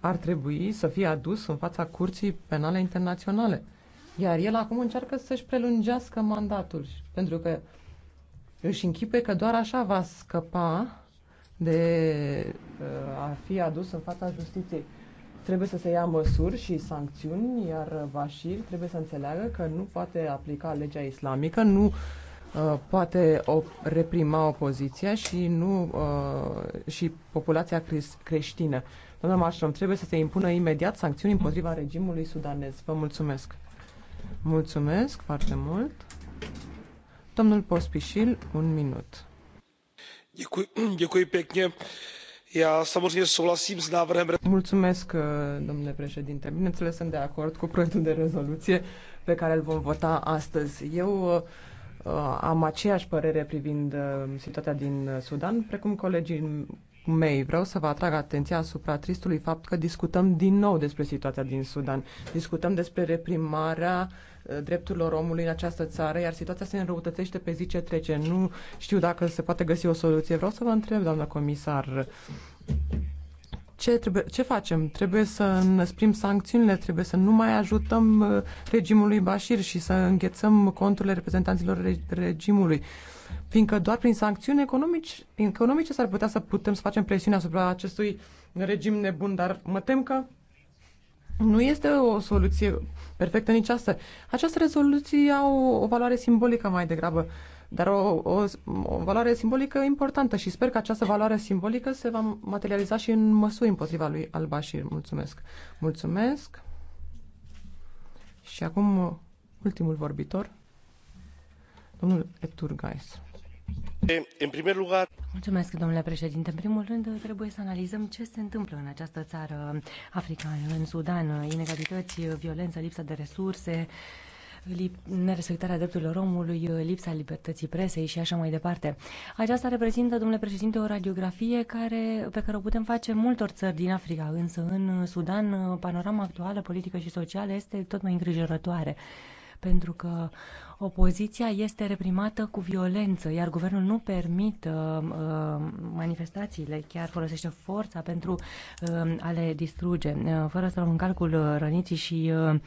ar trebui să fie adus în fața Curții Penale Internaționale iar el acum încearcă să-și prelungească mandatul, pentru că își închipe că doar așa va scăpa de uh, a fi adus în fața justiției. Trebuie să se ia măsuri și sancțiuni, iar Bashir trebuie să înțeleagă că nu poate aplica legea islamică, nu uh, poate op- reprima opoziția și, nu, uh, și populația creștină. Doamna Marșom, trebuie să se impună imediat sancțiuni împotriva regimului sudanez. Vă mulțumesc! Mulțumesc foarte mult. Domnul Pospișil, un minut. Děkuji pěkně. Já samozřejmě souhlasím s návrhem. Mulțumesc, uh, domnule președinte. Bineînțeles, sunt de acord cu proiectul de rezoluție pe care îl vom vota astăzi. Eu uh, am aceeași părere privind uh, situația din Sudan, precum colegii mei. Vreau să vă atrag atenția asupra tristului fapt că discutăm din nou despre situația din Sudan. Discutăm despre reprimarea uh, drepturilor omului în această țară, iar situația se înrăutățește pe zi ce trece. Nu știu dacă se poate găsi o soluție. Vreau să vă întreb, doamna comisar, ce, trebuie, ce facem? Trebuie să năsprim sancțiunile, trebuie să nu mai ajutăm uh, regimul lui Bashir și să înghețăm conturile reprezentanților regimului. Fiindcă doar prin sancțiuni economici, economice s-ar putea să putem să facem presiune asupra acestui regim nebun, dar mă tem că nu este o soluție perfectă nici asta. Această rezoluție au o valoare simbolică mai degrabă. Uh, dar o, o, o valoare simbolică importantă și sper că această valoare simbolică se va materializa și în măsuri împotriva lui Albașir. Mulțumesc! Mulțumesc! Și acum ultimul vorbitor, domnul în primul Lugar... Mulțumesc, domnule președinte. În primul rând, trebuie să analizăm ce se întâmplă în această țară africană, în Sudan, inegalități, violență, lipsa de resurse, nerespectarea drepturilor omului, lipsa libertății presei și așa mai departe. Aceasta reprezintă, domnule președinte, o radiografie care, pe care o putem face multor țări din Africa, însă în Sudan panorama actuală politică și socială este tot mai îngrijorătoare pentru că opoziția este reprimată cu violență, iar guvernul nu permite uh, manifestațiile, chiar folosește forța pentru uh, a le distruge, uh, fără să luăm în calcul răniții și uh,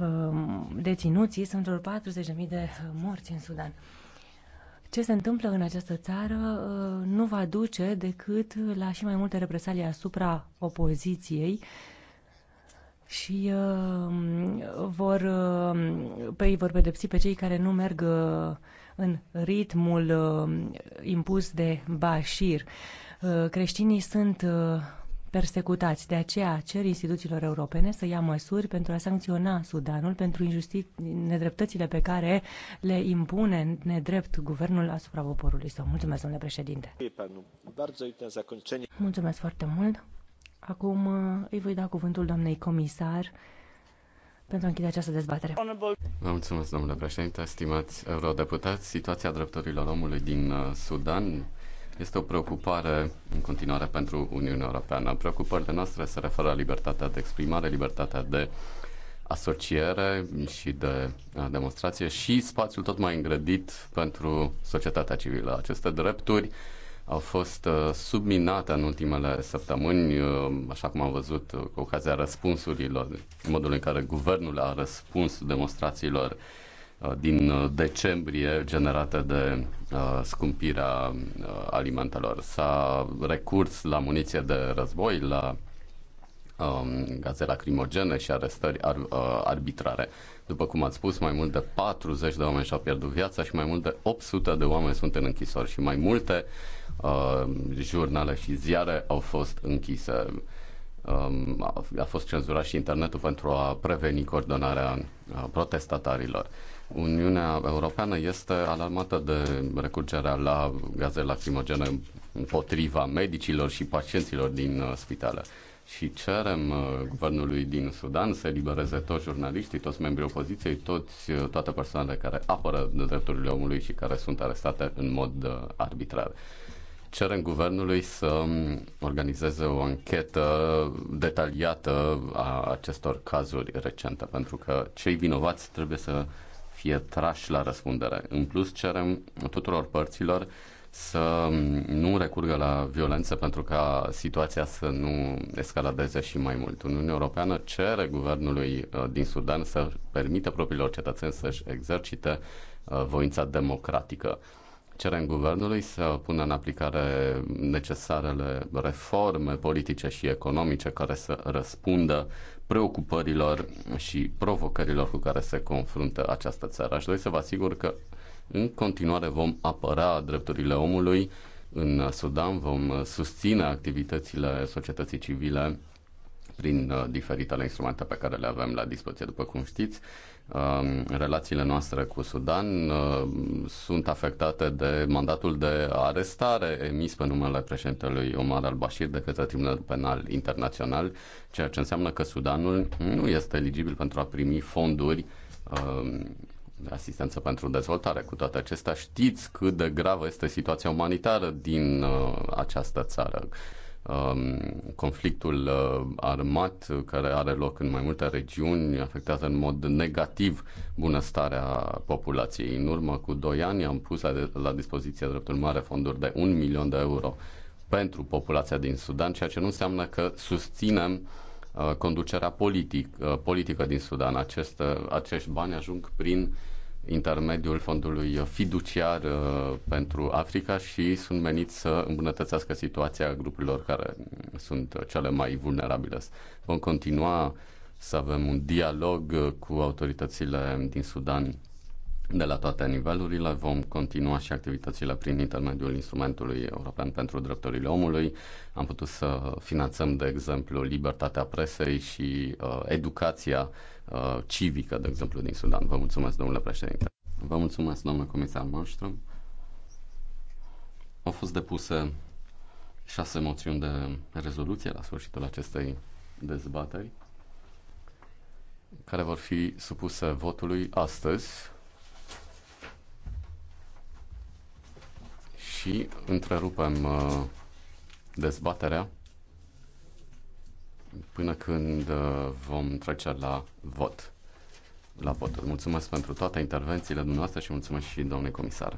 Um, deținuții sunt vreo 40.000 de uh, morți în Sudan. Ce se întâmplă în această țară uh, nu va duce decât la și mai multe represalii asupra opoziției și uh, vor, pe ei vor pedepsi pe cei care nu merg în ritmul impus de Bashir. Creștinii sunt persecutați. De aceea cer instituțiilor europene să ia măsuri pentru a sancționa Sudanul pentru nedreptățile pe care le impune nedrept guvernul asupra poporului său. Mulțumesc, domnule președinte. Mulțumesc foarte mult. Acum uh, îi voi da cuvântul doamnei comisar pentru a închide această dezbatere. Vă mulțumesc, domnule președinte, stimați eurodeputați. Situația drepturilor omului din uh, Sudan este o preocupare în continuare pentru Uniunea Europeană. Preocupările noastre se referă la libertatea de exprimare, libertatea de asociere și de uh, demonstrație și spațiul tot mai îngrădit pentru societatea civilă. Aceste drepturi au fost uh, subminate în ultimele săptămâni, uh, așa cum am văzut cu ocazia răspunsurilor, modul în care guvernul a răspuns demonstrațiilor Uh, din uh, decembrie generate de uh, scumpirea alimentelor. S-a recurs la muniție de război, la um, gaze lacrimogene și arestări ar, arbitrare. După cum ați spus, mai mult de 40 de oameni și-au pierdut viața și mai mult de 800 de oameni sunt în închisori și mai multe uh, jurnale și ziare au fost închise. Um, a, a fost cenzurat și internetul pentru a preveni coordonarea uh, protestatarilor. Uniunea Europeană este alarmată de recurgerea la gaze lacrimogene împotriva medicilor și pacienților din uh, spitale și cerem uh, guvernului din Sudan să elibereze toți jurnaliștii, toți membrii opoziției, toți, uh, toate persoanele care apără drepturile omului și care sunt arestate în mod arbitrar. Cerem guvernului să um, organizeze o anchetă detaliată a acestor cazuri recente, pentru că cei vinovați trebuie să fie trași la răspundere. În plus, cerem tuturor părților să nu recurgă la violență pentru ca situația să nu escaladeze și mai mult. Uniunea Europeană cere guvernului uh, din Sudan să permită propriilor cetățeni să-și exercite uh, voința democratică. Cerem guvernului să pună în aplicare necesarele reforme politice și economice care să răspundă preocupărilor și provocărilor cu care se confruntă această țară. Aș dori să vă asigur că în continuare vom apăra drepturile omului în Sudan, vom susține activitățile societății civile prin uh, diferitele instrumente pe care le avem la dispoziție, după cum știți, Um, relațiile noastre cu Sudan um, sunt afectate de mandatul de arestare emis pe numele președintelui Omar al-Bashir de către Tribunalul Penal Internațional, ceea ce înseamnă că Sudanul nu este eligibil pentru a primi fonduri um, de asistență pentru dezvoltare. Cu toate acestea, știți cât de gravă este situația umanitară din uh, această țară. Um, conflictul uh, armat uh, care are loc în mai multe regiuni afectează în mod negativ bunăstarea populației. În urmă cu doi ani am pus la, la dispoziție dreptul mare fonduri de un milion de euro pentru populația din Sudan, ceea ce nu înseamnă că susținem uh, conducerea politic, politică din Sudan. Aceste, acești bani ajung prin intermediul fondului fiduciar uh, pentru Africa și sunt meniți să îmbunătățească situația grupurilor care sunt cele mai vulnerabile. Vom continua să avem un dialog uh, cu autoritățile din Sudan de la toate nivelurile. Vom continua și activitățile prin intermediul instrumentului european pentru drepturile omului. Am putut să finanțăm, de exemplu, libertatea presei și uh, educația Uh, civică, de exemplu, din Sudan. Vă mulțumesc, domnule președinte. Vă mulțumesc, domnule comisar Malmström. Au fost depuse șase moțiuni de rezoluție la sfârșitul acestei dezbateri, care vor fi supuse votului astăzi. Și întrerupem uh, dezbaterea până când uh, vom trece la vot. La votul. Mulțumesc pentru toate intervențiile dumneavoastră și mulțumesc și domnului comisar.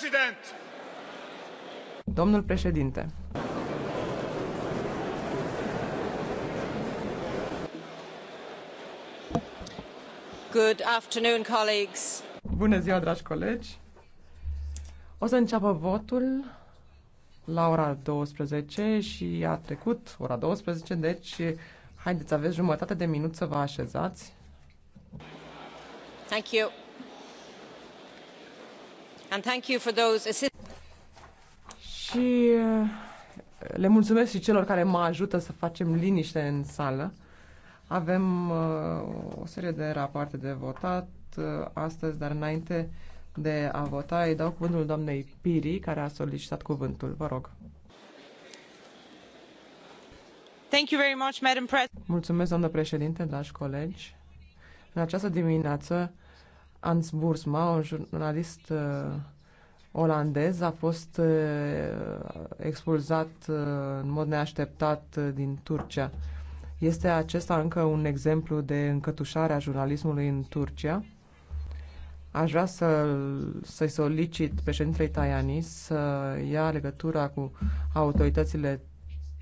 President! Domnul președinte. Good afternoon, colleagues. Bună ziua, dragi colegi. O să înceapă votul la ora 12 și a trecut ora 12, deci haideți, aveți jumătate de minut să vă așezați. Thank you. Și uh, le mulțumesc și celor care mă ajută să facem liniște în sală. Avem uh, o serie de rapoarte de votat uh, astăzi, dar înainte de a vota, îi dau cuvântul doamnei Piri, care a solicitat cuvântul. Vă rog. Thank you very much, Madam Mulțumesc, doamnă președinte, dragi colegi. În această dimineață, Hans Bursma, un jurnalist uh, olandez, a fost uh, expulzat uh, în mod neașteptat uh, din Turcia. Este acesta încă un exemplu de încătușare a jurnalismului în Turcia. Aș vrea să, să-i solicit președintelui Tajani să ia legătura cu autoritățile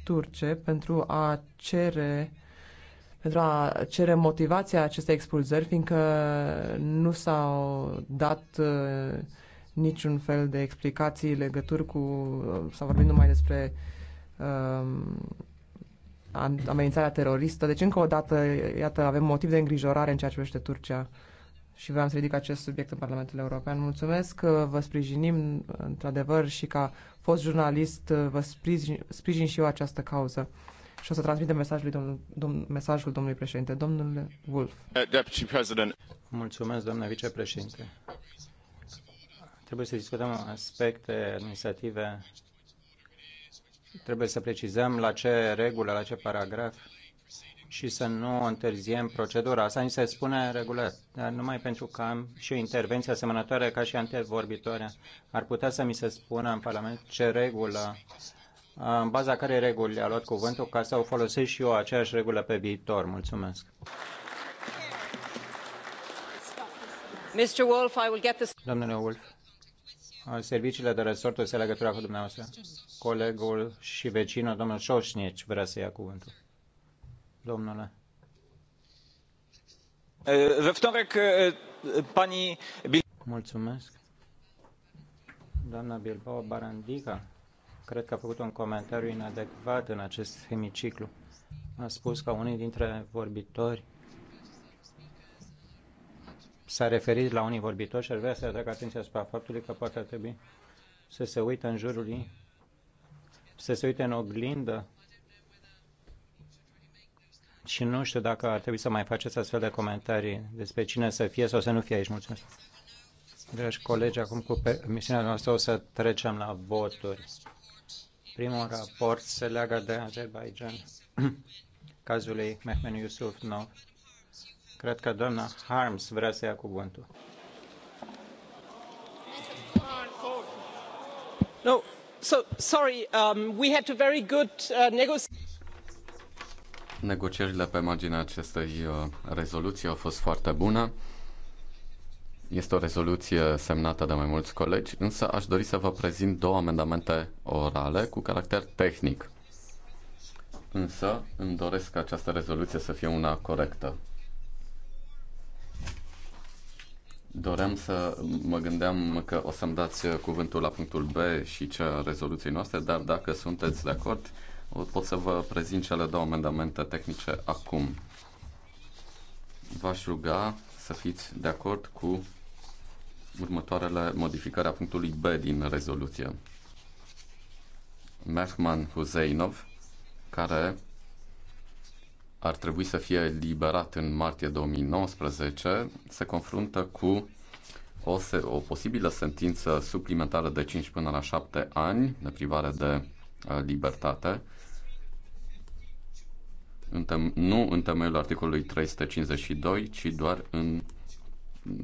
turce pentru a cere uh, pentru a cere motivația acestei expulzări, fiindcă nu s-au dat uh, niciun fel de explicații, legături cu... Uh, s-a vorbit numai despre uh, amenințarea teroristă. Deci, încă o dată, iată, avem motiv de îngrijorare în ceea ce privește Turcia și vreau să ridic acest subiect în Parlamentul European. Mulțumesc că uh, vă sprijinim, într-adevăr, și ca fost jurnalist vă sprijin, sprijin și eu această cauză și o să transmitem mesajul, domn, domn, mesajul domnului președinte. Domnule Wolf. Uh, Mulțumesc, domnule vicepreședinte. Trebuie să discutăm aspecte administrative. Trebuie să precizăm la ce regulă, la ce paragraf și să nu întârziem procedura. Asta ni se spune regulat, dar numai pentru că am și o intervenție asemănătoare ca și antevorbitoarea. Ar putea să mi se spună în Parlament ce regulă în baza care reguli a luat cuvântul ca să o folosesc și eu aceeași regulă pe viitor. Mulțumesc. Mr. Wolf, I will get this... Domnule Wolf, serviciile de resort se legătura cu dumneavoastră. Colegul și vecinul, domnul Șoșnici, vrea să ia cuvântul. Domnule. We wtorek pani... Mulțumesc. Doamna Bilbao Barandica cred că a făcut un comentariu inadecvat în acest hemiciclu. A spus că unii dintre vorbitori s-a referit la unii vorbitori și ar vrea să atrag atenția asupra faptului că poate ar trebui să se uită în jurul ei, să se uite în oglindă și nu știu dacă ar trebui să mai faceți astfel de comentarii despre cine să fie sau să nu fie aici. Mulțumesc. Dragi colegi, acum cu misiunea noastră o să trecem la voturi. Primul raport se leagă de Azerbaijan, cazul lui Yusuf Nov. Cred că doamna Harms vrea să ia cuvântul. No, so, sorry, um, we had a very good uh, negotiation. Negocierile pe marginea acestei uh, rezoluții au fost foarte bune. Este o rezoluție semnată de mai mulți colegi, însă aș dori să vă prezint două amendamente orale cu caracter tehnic. Însă îmi doresc ca această rezoluție să fie una corectă. Doream să mă gândeam că o să-mi dați cuvântul la punctul B și ce rezoluției noastre, dar dacă sunteți de acord, pot să vă prezint cele două amendamente tehnice acum. V-aș ruga să fiți de acord cu următoarele modificări a punctului B din rezoluție. Mehman Huseinov, care ar trebui să fie liberat în martie 2019, se confruntă cu o, se, o posibilă sentință suplimentară de 5 până la 7 ani de privare de uh, libertate în tem- nu în temeiul articolului 352, ci doar în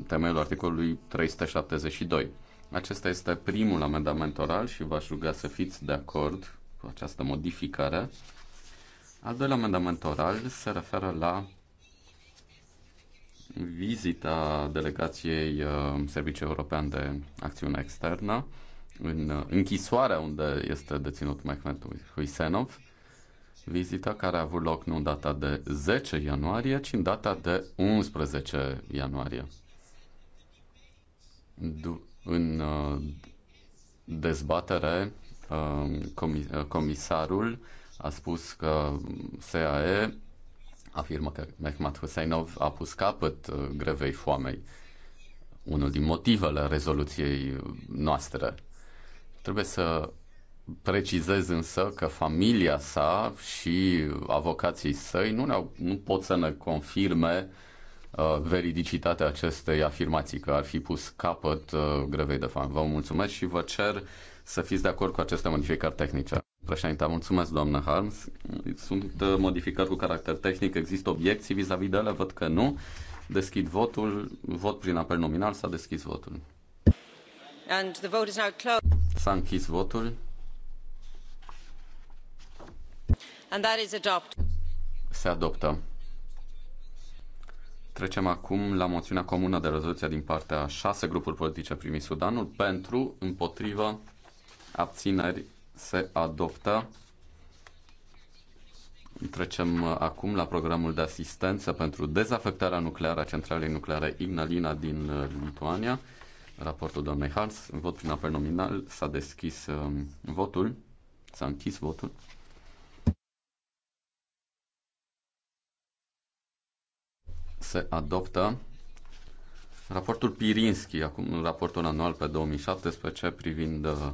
temeiul articolului 372. Acesta este primul amendament oral și v-aș ruga să fiți de acord cu această modificare. Al doilea amendament oral se referă la vizita delegației uh, Serviciului European de Acțiune Externă în uh, închisoarea unde este deținut Mehmet Huisenov Vizita care a avut loc nu în data de 10 ianuarie, ci în data de 11 ianuarie. Du- în uh, dezbatere, um, uh, comisarul a spus că SAE afirmă că Mehmet Husseinov a pus capăt uh, grevei foamei. Unul din motivele rezoluției noastre. Trebuie să Precizez însă că familia sa și avocații săi nu, ne-au, nu pot să ne confirme uh, veridicitatea acestei afirmații că ar fi pus capăt uh, grevei de fan. Vă mulțumesc și vă cer să fiți de acord cu aceste modificări tehnice. Președinte, mulțumesc, doamnă Harms. Sunt uh, modificări cu caracter tehnic. Există obiecții vis-a-vis -vis de ele? Văd că nu. Deschid votul. Vot prin apel nominal. S-a deschis votul. S-a închis votul. Se adoptă. Trecem acum la moțiunea comună de rezoluție din partea a șase grupuri politice primi Sudanul pentru, împotriva, abțineri se adoptă. Trecem acum la programul de asistență pentru dezafectarea nucleară a centralei nucleare Ignalina din uh, Lituania. Raportul doamnei Harz, vot prin apel nominal, s-a deschis um, votul, s-a închis votul. se adoptă raportul Pirinski, acum raportul anual pe 2017 privind uh,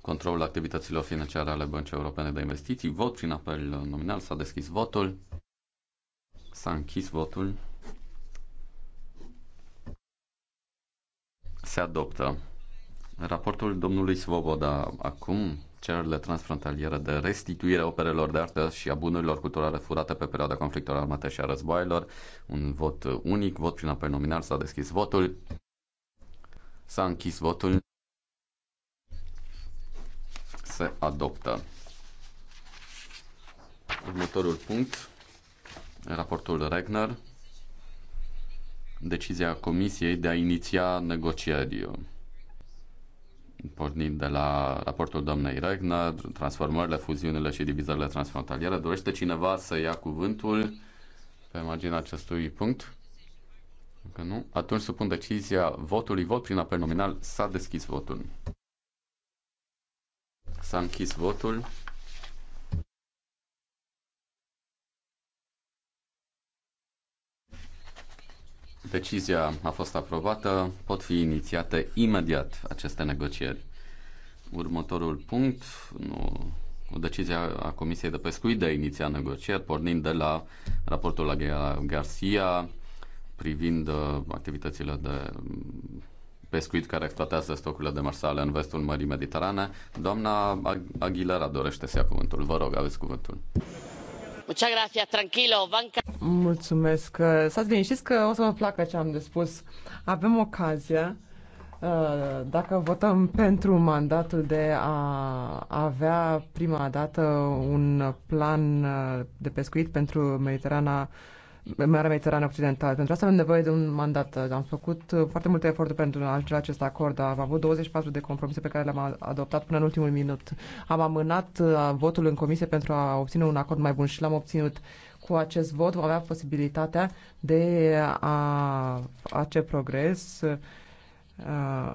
controlul activităților financiare ale Băncii Europene de Investiții. Vot prin apel nominal, s-a deschis votul, s-a închis votul. Se adoptă. Raportul domnului Svoboda acum cererile transfrontaliere de restituire a operelor de artă și a bunurilor culturale furate pe perioada conflictelor armate și a războaielor. Un vot unic, vot prin apel nominal, s-a deschis votul. S-a închis votul. Se adoptă. Următorul punct, raportul Regner, decizia Comisiei de a iniția negocieri pornind de la raportul doamnei Regner, transformările, fuziunile și divizările transfrontaliere. Dorește cineva să ia cuvântul pe marginea acestui punct? Dacă nu, atunci supun decizia votului. Vot prin apel nominal. S-a deschis votul. S-a închis votul. decizia a fost aprobată, pot fi inițiate imediat aceste negocieri. Următorul punct, nu, o decizie a Comisiei de Pescuit de a iniția negocieri, pornind de la raportul la Garcia privind uh, activitățile de pescuit care exploatează stocurile marsale în vestul Mării Mediterane. Doamna Aguilera dorește să ia cuvântul. Vă rog, aveți cuvântul. Mulțumesc. Stați știți că o să vă placă ce am de spus. Avem ocazia, uh, dacă votăm pentru mandatul de a avea prima dată un plan uh, de pescuit pentru Mediterana Marea Mediterană Occidentală. Pentru asta avem nevoie de un mandat. Am făcut foarte multe eforturi pentru a ajunge la acest acord. Am avut 24 de compromise pe care le-am adoptat până în ultimul minut. Am amânat uh, votul în comisie pentru a obține un acord mai bun și l-am obținut. Cu acest vot vom avea posibilitatea de a face progres uh,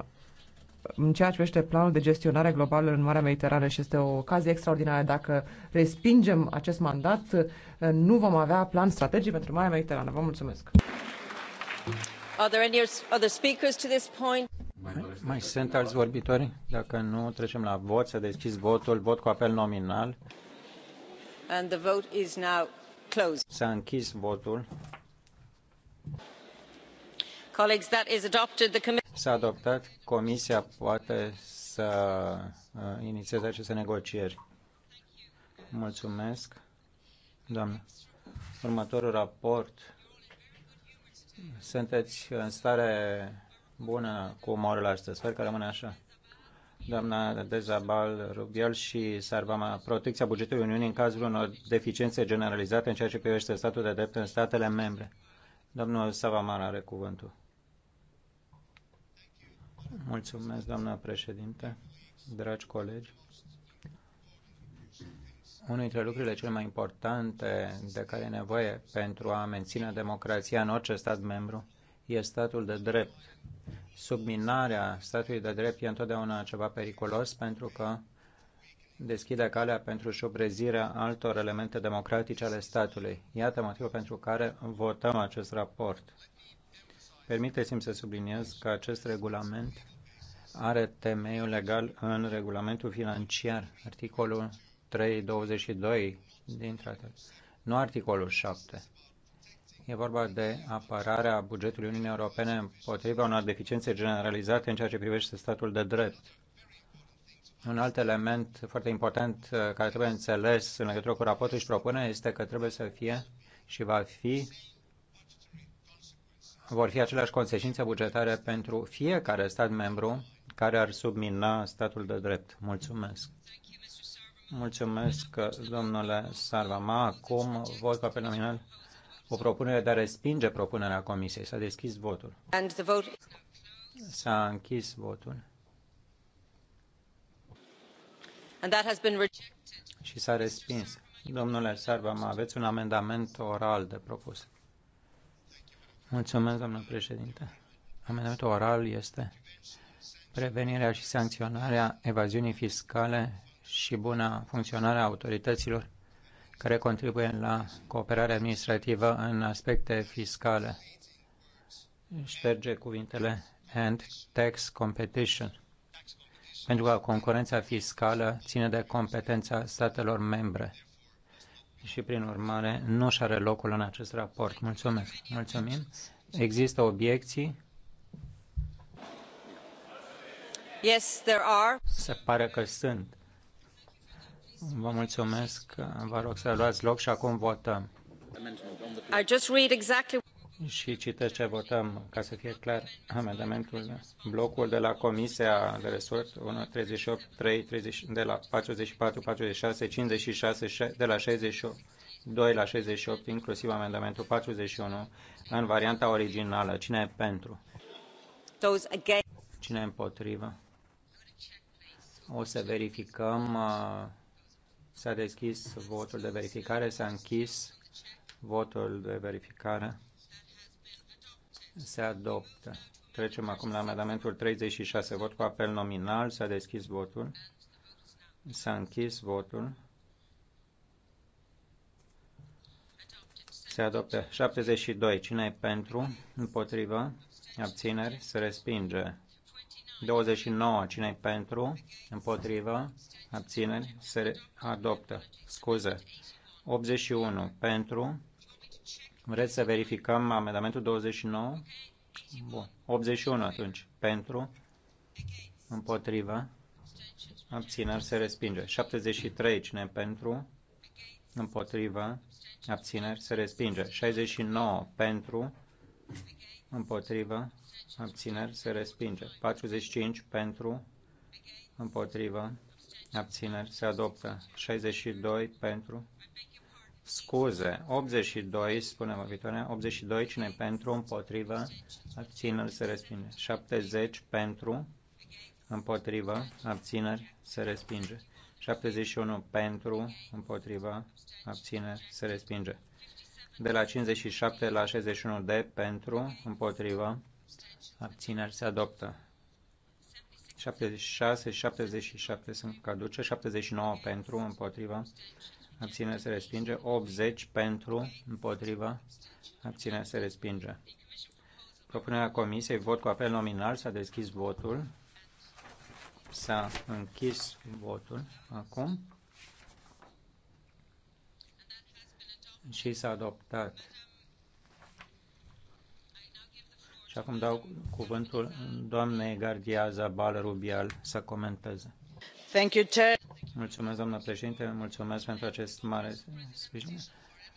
în ceea ce privește planul de gestionare globală în Marea Mediterană și este o ocazie extraordinară. Dacă respingem acest mandat, nu vom avea plan strategic pentru Marea Mediterană. Vă mulțumesc! Are there any other speakers to this point? Mai, sunt alți vorbitori? Dacă nu, trecem la vot. Să deschis votul. Vot cu apel nominal. And the vote is now closed. S-a închis votul. S-a adoptat. Comisia poate să uh, inițieze aceste negocieri. Mulțumesc, doamnă. Următorul raport. Sunteți în stare bună cu umorul astăzi. Sper că rămâne așa. Doamna Dezabal Rubial și Sarvama, protecția bugetului Uniunii în cazul unor deficiențe generalizate în ceea ce privește statul de drept în statele membre. Domnul Savamar are cuvântul. Mulțumesc, doamna președinte, dragi colegi. Unul dintre lucrurile cele mai importante de care e nevoie pentru a menține democrația în orice stat membru e statul de drept. Subminarea statului de drept e întotdeauna ceva periculos pentru că deschide calea pentru șubrezirea altor elemente democratice ale statului. Iată motivul pentru care votăm acest raport. Permiteți-mi să subliniez că acest regulament are temeiul legal în regulamentul financiar, articolul 322 din tratat, nu articolul 7. E vorba de apărarea bugetului Uniunii Europene împotriva unor deficiențe generalizate în ceea ce privește statul de drept. Un alt element foarte important uh, care trebuie înțeles în legătură cu raportul și propunerea este că trebuie să fie și va fi vor fi aceleași consecințe bugetare pentru fiecare stat membru care ar submina statul de drept. Mulțumesc. Mulțumesc, domnule Sarvama. Acum vot pe nominal o propunere de a respinge propunerea Comisiei. S-a deschis votul. S-a închis votul. Și s-a respins. Domnule Sarvama, aveți un amendament oral de propus. Mulțumesc, doamnă președinte. Amendamentul oral este prevenirea și sancționarea evaziunii fiscale și buna funcționare a autorităților care contribuie la cooperarea administrativă în aspecte fiscale. Șterge cuvintele and tax competition, pentru că concurența fiscală ține de competența statelor membre și, prin urmare, nu și are locul în acest raport. Mulțumesc. Mulțumim. Există obiecții? Yes, there are. Se pare că sunt. Vă mulțumesc. Vă rog să luați loc și acum votăm. I just read exactly și citesc ce votăm, ca să fie clar, amendamentul, blocul de la Comisia de Resort 1, 38, 3, 30, de la 44, 46, 56, de la 68, 2 la 68, inclusiv amendamentul 41, în varianta originală. Cine e pentru? Cine e împotrivă? O să verificăm. Uh, s-a deschis votul de verificare, s-a închis votul de verificare. Se adoptă. Trecem acum la amendamentul 36. Vot cu apel nominal. S-a deschis votul. S-a închis votul. Se adoptă. 72. Cine e pentru? Împotrivă? Abțineri? Se respinge. 29. Cine e pentru? Împotrivă? Abțineri? Se adoptă. Scuze. 81. Pentru? Vreți să verificăm amendamentul 29? Bun. 81 atunci. Pentru. Împotriva. Abțineri se respinge. 73 cine pentru. Împotriva. Abțineri se respinge. 69 pentru. Împotriva. Abțineri se respinge. 45 pentru. Împotriva. Abțineri se adoptă. 62 pentru scuze. 82, spune vorbitoarea, 82, cine pentru, împotrivă, abțineri, se respinge. 70, pentru, împotrivă, abțineri, se respinge. 71, pentru, împotrivă, abțineri, se respinge. De la 57 la 61 de, pentru, împotrivă, abțineri, se adoptă. 76, 77 sunt caduce, 79 pentru, împotrivă, abține se respinge, 80 pentru, împotriva, abține se respinge. Propunerea comisiei, vot cu apel nominal, s-a deschis votul, s-a închis votul acum și s-a adoptat. Și acum dau cuvântul doamnei Gardiaza Balrubial Rubial să comenteze. Thank you, Chair. Mulțumesc, doamnă președinte, mulțumesc pentru acest mare sprijin.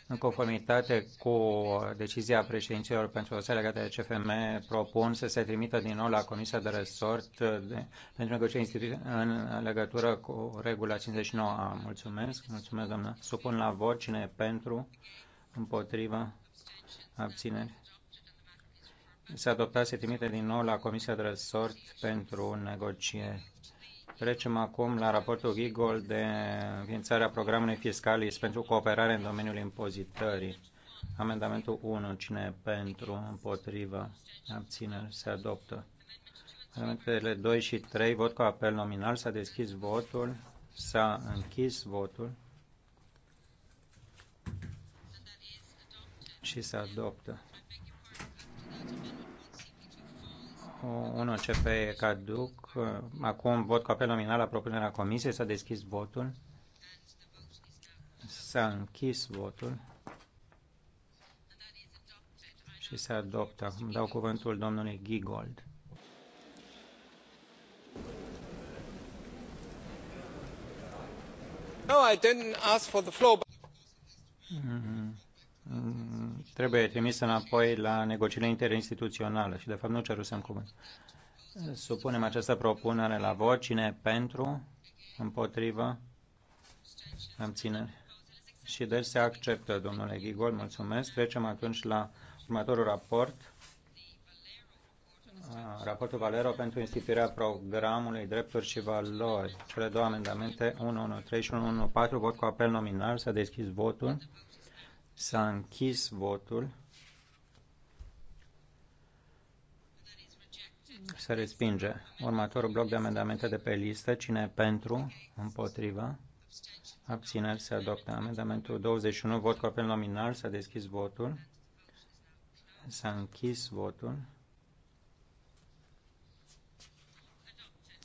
În conformitate cu decizia președinților pentru o legată de CFM, propun să se trimită din nou la Comisia de Resort de, pentru negocieri în legătură cu regula 59A. Mulțumesc, mulțumesc, doamnă. Supun la vot cine e pentru, împotrivă, abțineri. Se adoptat, se trimite din nou la Comisia de Resort pentru negocieri. Trecem acum la raportul Gigol de înființarea programului fiscalis pentru cooperare în domeniul impozitării. Amendamentul 1. Cine pentru, împotrivă, abțineri, se adoptă. Amendamentele 2 și 3. Vot cu apel nominal. S-a deschis votul. S-a închis votul. Și se adoptă. 1 CP e caduc, Uh, acum vot cu apel nominal la propunerea comisiei. S-a deschis votul. S-a închis votul. Și se adoptă. Acum dau cuvântul domnului Gigold. No, I didn't ask for the floor. Mm-hmm. Mm-hmm. trebuie trimis înapoi la negocierile interinstituționale și de fapt nu cerusem cuvântul. Supunem această propunere la vot. Cine pentru? Împotrivă? Abținere. Și deci se acceptă, domnule Ghigol. Mulțumesc. Trecem atunci la următorul raport. Raportul Valero pentru instituirea programului Drepturi și Valori. Cele două amendamente, 113 și 114, vot cu apel nominal. S-a deschis votul. S-a închis votul. Se respinge. Următorul bloc de amendamente de pe listă. Cine pentru? Împotriva? Abțineri se adoptă. Amendamentul 21, vot cu apel nominal. S-a deschis votul. S-a închis votul.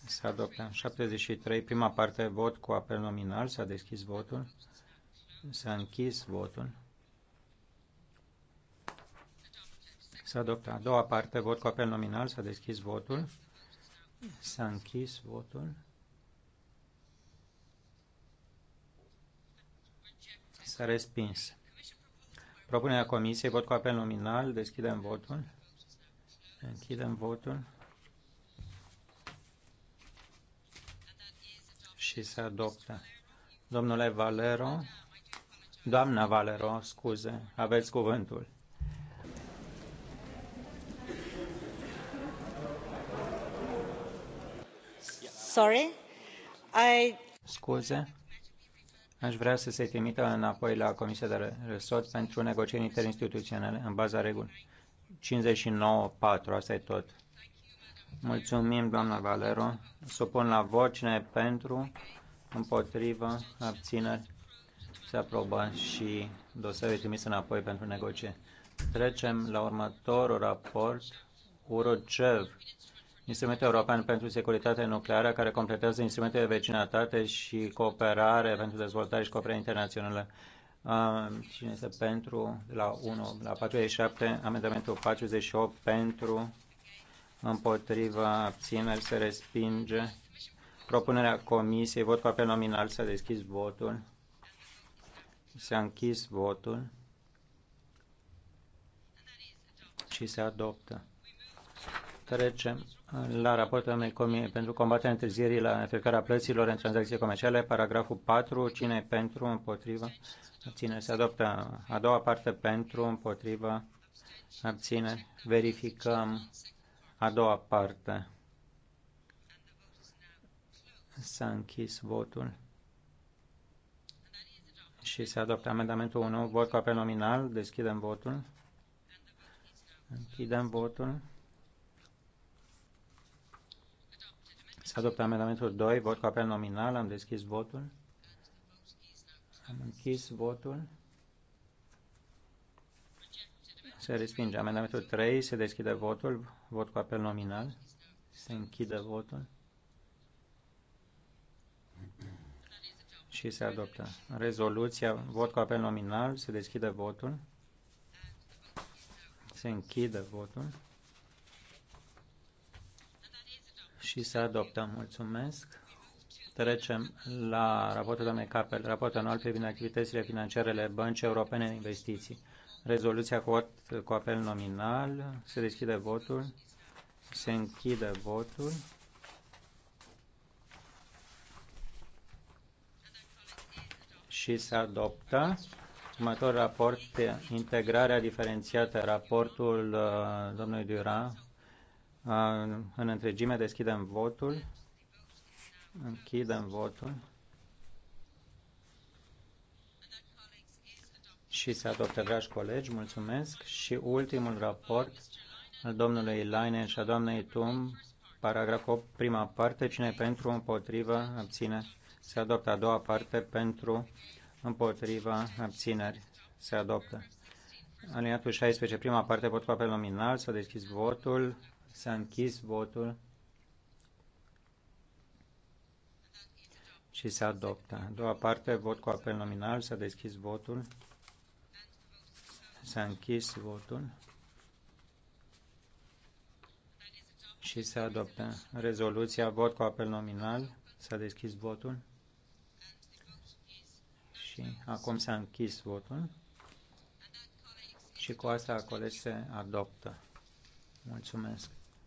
Se adoptă. 73, prima parte, vot cu apel nominal. S-a deschis votul. S-a închis votul. Să adopte. a doua parte, vot cu apel nominal, s-a deschis votul. S-a închis votul. S-a respins. Propunerea comisiei, vot cu apel nominal, deschidem votul. Închidem votul. Și se adoptă. Domnule Valero, doamna Valero, scuze, aveți cuvântul. sorry. I... Scuze. Aș vrea să se trimită înapoi la Comisia de Resort pentru negocieri interinstituționale în baza regulii 59.4. Asta e tot. Mulțumim, doamna Valero. Supun la vot cine pentru, împotrivă, abțineri. Se aprobă și dosarul e trimis înapoi pentru negocieri. Trecem la următorul raport, UROCEV, Instrumentul European pentru Securitate Nucleară, care completează instrumentele de vecinătate și cooperare pentru dezvoltare și cooperare internațională. Cine este pentru? La 1, la 47, amendamentul 48, pentru, împotriva, abțineri, se respinge. Propunerea comisiei, vot cu apel nominal, s-a deschis votul. S-a închis votul și se adoptă. Trecem la raportul pentru combaterea întârzierii la efectuarea plăților în tranzacții comerciale, paragraful 4, cine pentru, împotriva, abține, se adoptă. A doua parte, pentru, împotriva, abține, verificăm a doua parte. S-a închis votul și se adoptă amendamentul 1, vot cu apel nominal, deschidem votul, închidem votul. Se adoptă amendamentul 2, vot cu apel nominal. Am deschis votul. Am închis votul. Se respinge. Amendamentul 3, se deschide votul. Vot cu apel nominal. Se închide votul. Și se adoptă. Rezoluția, vot cu apel nominal, se deschide votul. Se închide votul. și se adoptă. Mulțumesc. Trecem la raportul doamnei Capel, raportul anual privind activitățile financiare ale Băncii Europene de Investiții. Rezoluția cu, cu apel nominal. Se deschide votul. Se închide votul. Și se adoptă. Următor raport, integrarea diferențiată, raportul uh, domnului Duran, în întregime deschidem votul. Închidem votul. Și se adoptă, dragi colegi, mulțumesc. Și ultimul raport al domnului Laine și a doamnei Tum, paragraf 8, prima parte, cine pentru, împotrivă, abține. Se adoptă a doua parte, pentru, împotriva, abțineri. Se adoptă. Aliniatul 16, prima parte, vot pe nominal, s-a deschis votul. S-a închis votul și se adoptă. A doua parte, vot cu apel nominal. S-a deschis votul. S-a închis votul. și se adoptă rezoluția vot cu apel nominal. S-a deschis votul și acum s-a închis votul și cu asta, colegi, se adoptă. Mulțumesc!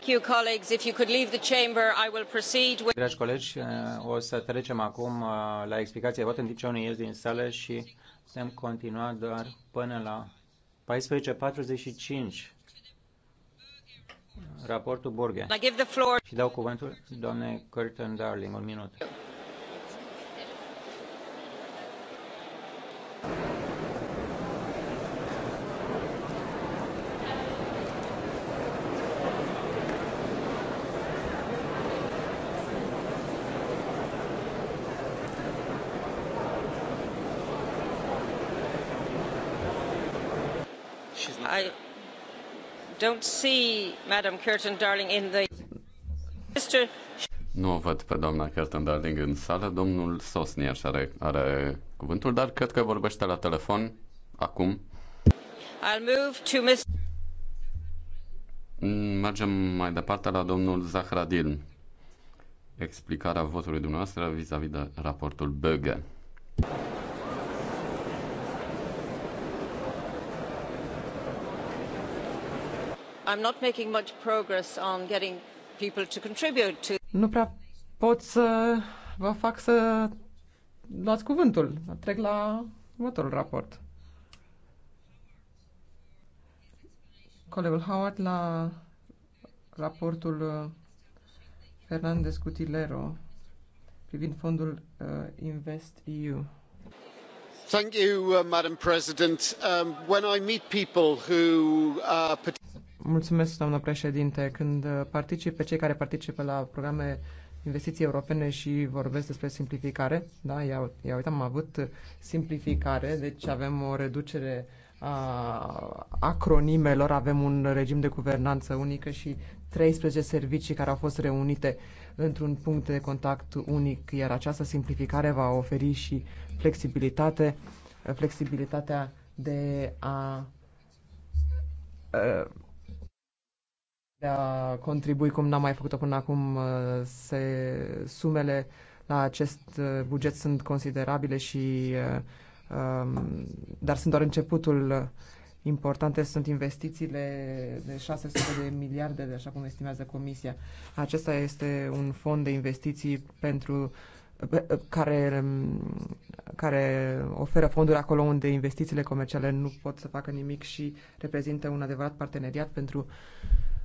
Dragi colegi, uh, o să trecem acum uh, la explicații. de vot în timp ce unii ies din sală și putem continua doar până la 14.45. Raportul Borghe. Și dau cuvântul doamnei Curtin Darling, un minut. Nu o văd pe doamna Curtin Darling în sală. Domnul Sosnier are, are cuvântul, dar cred că vorbește la telefon acum. I'll move to Mr. Mergem mai departe la domnul Zahradil. Explicarea votului dumneavoastră vis-a-vis -vis de raportul Böge. Nu prea pot să vă fac să luați cuvântul. Trec la următorul raport. Colegul Howard la raportul uh, Fernandez Cutilero privind fondul uh, Invest EU. Thank you, uh, Madam President. Um, when I meet people who uh, Mulțumesc, doamnă președinte. Când uh, particip, pe cei care participă la programe investiții europene și vorbesc despre simplificare, da, ia, ia uite, am avut simplificare, deci avem o reducere a acronimelor, avem un regim de guvernanță unică și 13 servicii care au fost reunite într-un punct de contact unic, iar această simplificare va oferi și flexibilitate, flexibilitatea de a uh, a contribui, cum n-am mai făcut-o până acum, uh, se, sumele la acest uh, buget sunt considerabile și uh, um, dar sunt doar începutul importante sunt investițiile de 600 de miliarde, de așa cum estimează Comisia. Acesta este un fond de investiții pentru care, um, care oferă fonduri acolo unde investițiile comerciale nu pot să facă nimic și reprezintă un adevărat parteneriat pentru uh,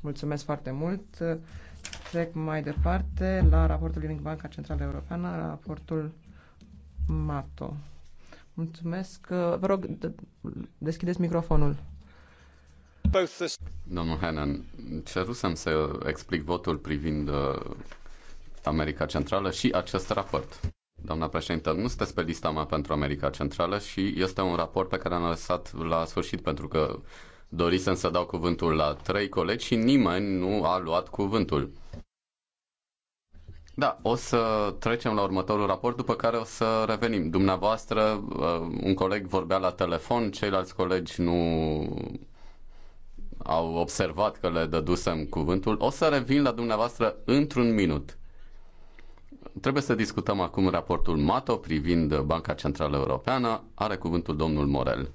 Mulțumesc foarte mult. Trec mai departe la raportul din Banca Centrală Europeană, raportul MATO. Mulțumesc. Vă rog, deschideți microfonul. Domnul Hennan, cerusem să explic votul privind uh, America Centrală și acest raport. Doamna președintă, nu sunteți pe lista mea pentru America Centrală și este un raport pe care l-am lăsat la sfârșit pentru că dorisem să dau cuvântul la trei colegi și nimeni nu a luat cuvântul. Da, o să trecem la următorul raport, după care o să revenim. Dumneavoastră, uh, un coleg vorbea la telefon, ceilalți colegi nu au observat că le dădusem cuvântul. O să revin la dumneavoastră într-un minut. Trebuie să discutăm acum raportul MATO privind Banca Centrală Europeană. Are cuvântul domnul Morel.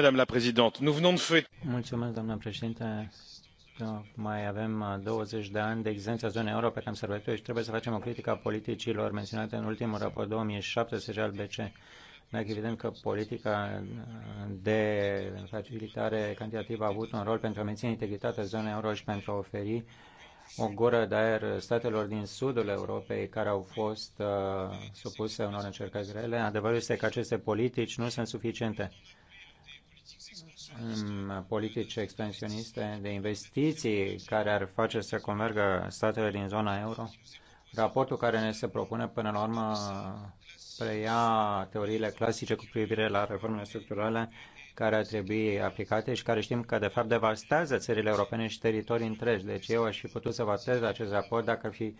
doamnă președintă mai avem uh, douăzeci de ani de a zonei euro pe care am sărbătorit și trebuie să facem o critică a politicilor menționate în ultimul raport 2017 al BCE. Dacă evident că politica de facilitare cantitativă a avut un rol pentru a menține integritatea zonei euro și pentru a oferi o gură de aer statelor din sudul Europei care au fost uh, supuse unor încercări grele. Adevărul este că aceste politici nu sunt suficiente politici expansioniste de investiții care ar face să convergă statele din zona euro. Raportul care ne se propune până la urmă preia teoriile clasice cu privire la reformele structurale care ar trebui aplicate și care știm că de fapt devastează țările europene și teritorii întregi. Deci eu aș fi putut să vă acest raport dacă ar fi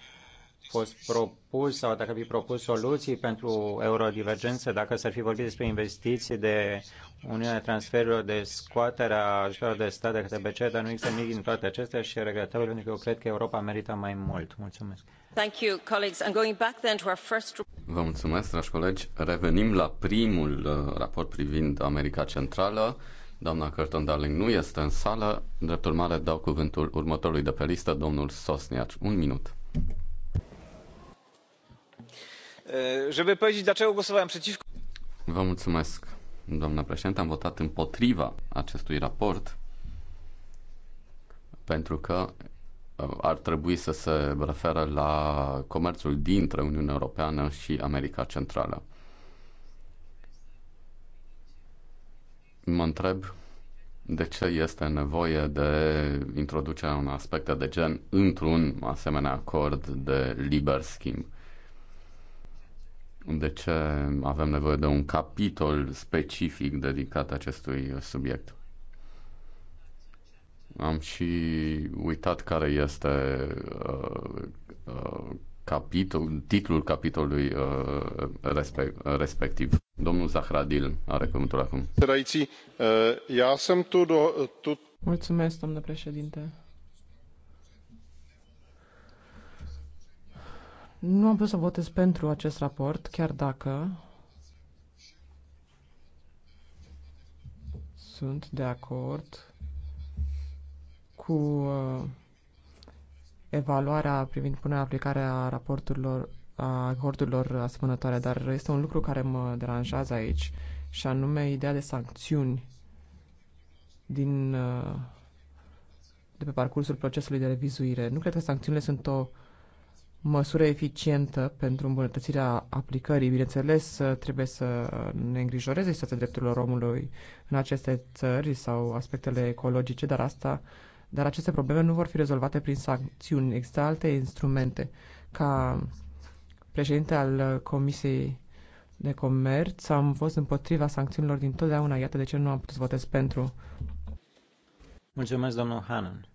fost propus sau dacă fi propus soluții pentru eurodivergență, dacă s-ar fi vorbit despre investiții de Uniunea Transferurilor, de scoaterea ajutorilor de stat de către BCE, dar nu există nimic din toate acestea și e regretabil pentru că eu cred că Europa merită mai mult. Mulțumesc. Thank you, colleagues. I'm going back then to our first... Vă mulțumesc, dragi colegi. Revenim la primul uh, raport privind America Centrală. Doamna Curtin Darling nu este în sală. Drept urmare, dau cuvântul următorului de pe listă, domnul Sosniac. Un minut. Żeby powiedzieć, dlaczego głosowałem przeciwko. Vă mulțumesc, doamna președinte. Am votat împotriva acestui raport pentru că ar trebui să se referă la comerțul dintre Uniunea Europeană și America Centrală. Mă întreb de ce este nevoie de introducerea unui aspect de gen într-un asemenea acord de liber schimb de ce avem nevoie de un capitol specific dedicat acestui subiect. Am și uitat care este uh, uh, capitol, titlul capitolului uh, respectiv. Domnul Zahradil are cuvântul acum. Uh, Mulțumesc, domnule președinte. Nu am putut să votez pentru acest raport, chiar dacă sunt de acord cu uh, evaluarea privind punerea aplicarea raporturilor a acordurilor asemănătoare, dar este un lucru care mă deranjează aici, și anume ideea de sancțiuni din, uh, de pe parcursul procesului de revizuire. Nu cred că sancțiunile sunt o măsură eficientă pentru îmbunătățirea aplicării. Bineînțeles, trebuie să ne îngrijoreze situația drepturilor omului în aceste țări sau aspectele ecologice, dar asta dar aceste probleme nu vor fi rezolvate prin sancțiuni. Există alte instrumente. Ca președinte al Comisiei de Comerț am fost împotriva sancțiunilor din totdeauna. Iată de ce nu am putut să votez pentru. Mulțumesc, domnul Hanan.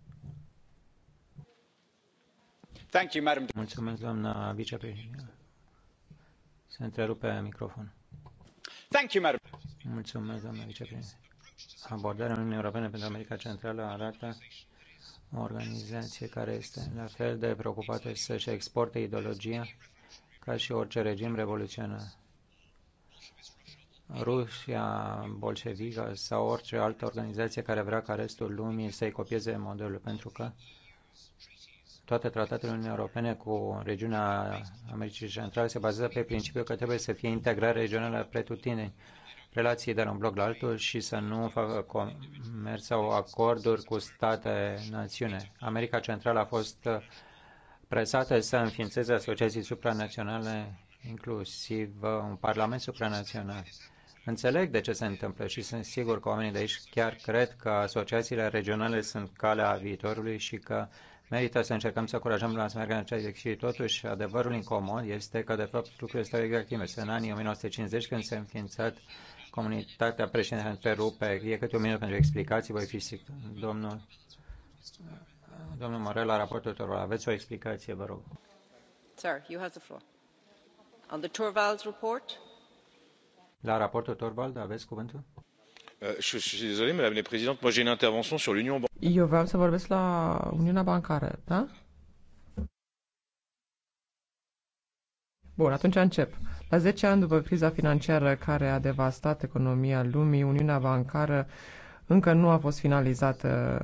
Mulțumesc, vicepreședintă. Se întrerupe microfonul. Mulțumesc, doamna vicepreședintă. Abordarea Uniunii Europene pentru America Centrală arată o organizație care este la fel de preocupată să-și exporte ideologia ca și orice regim revoluționar. Rusia bolșevică sau orice altă organizație care vrea ca restul lumii să-i copieze modelul, pentru că toate tratatele Uniunii Europene cu regiunea Americii Centrale se bazează pe principiul că trebuie să fie integrare regională pretutine relații de la un bloc la altul și să nu facă comerț sau acorduri cu state națiune. America Centrală a fost uh, presată să înființeze asociații supranaționale, inclusiv uh, un parlament supranațional. Înțeleg de ce se întâmplă și sunt sigur că oamenii de aici chiar cred că asociațiile regionale sunt calea viitorului și că Merită să încercăm să curajăm la să meargă în acea direcție și totuși adevărul incomod este că de fapt lucrurile stau exact invers. În anii 1950 când s-a înființat comunitatea președintă în Peru pe e câte un minut pentru explicații, voi fi domnul Domnul Morel, la raportul Torval, aveți o explicație, vă rog. Sir, you have the floor. On the Torvalds report? La raportul Torvald aveți cuvântul? Eu vreau să vorbesc la Uniunea Bancară, da? Bun, atunci încep. La 10 ani după criza financiară care a devastat economia lumii, Uniunea Bancară încă nu a fost finalizată.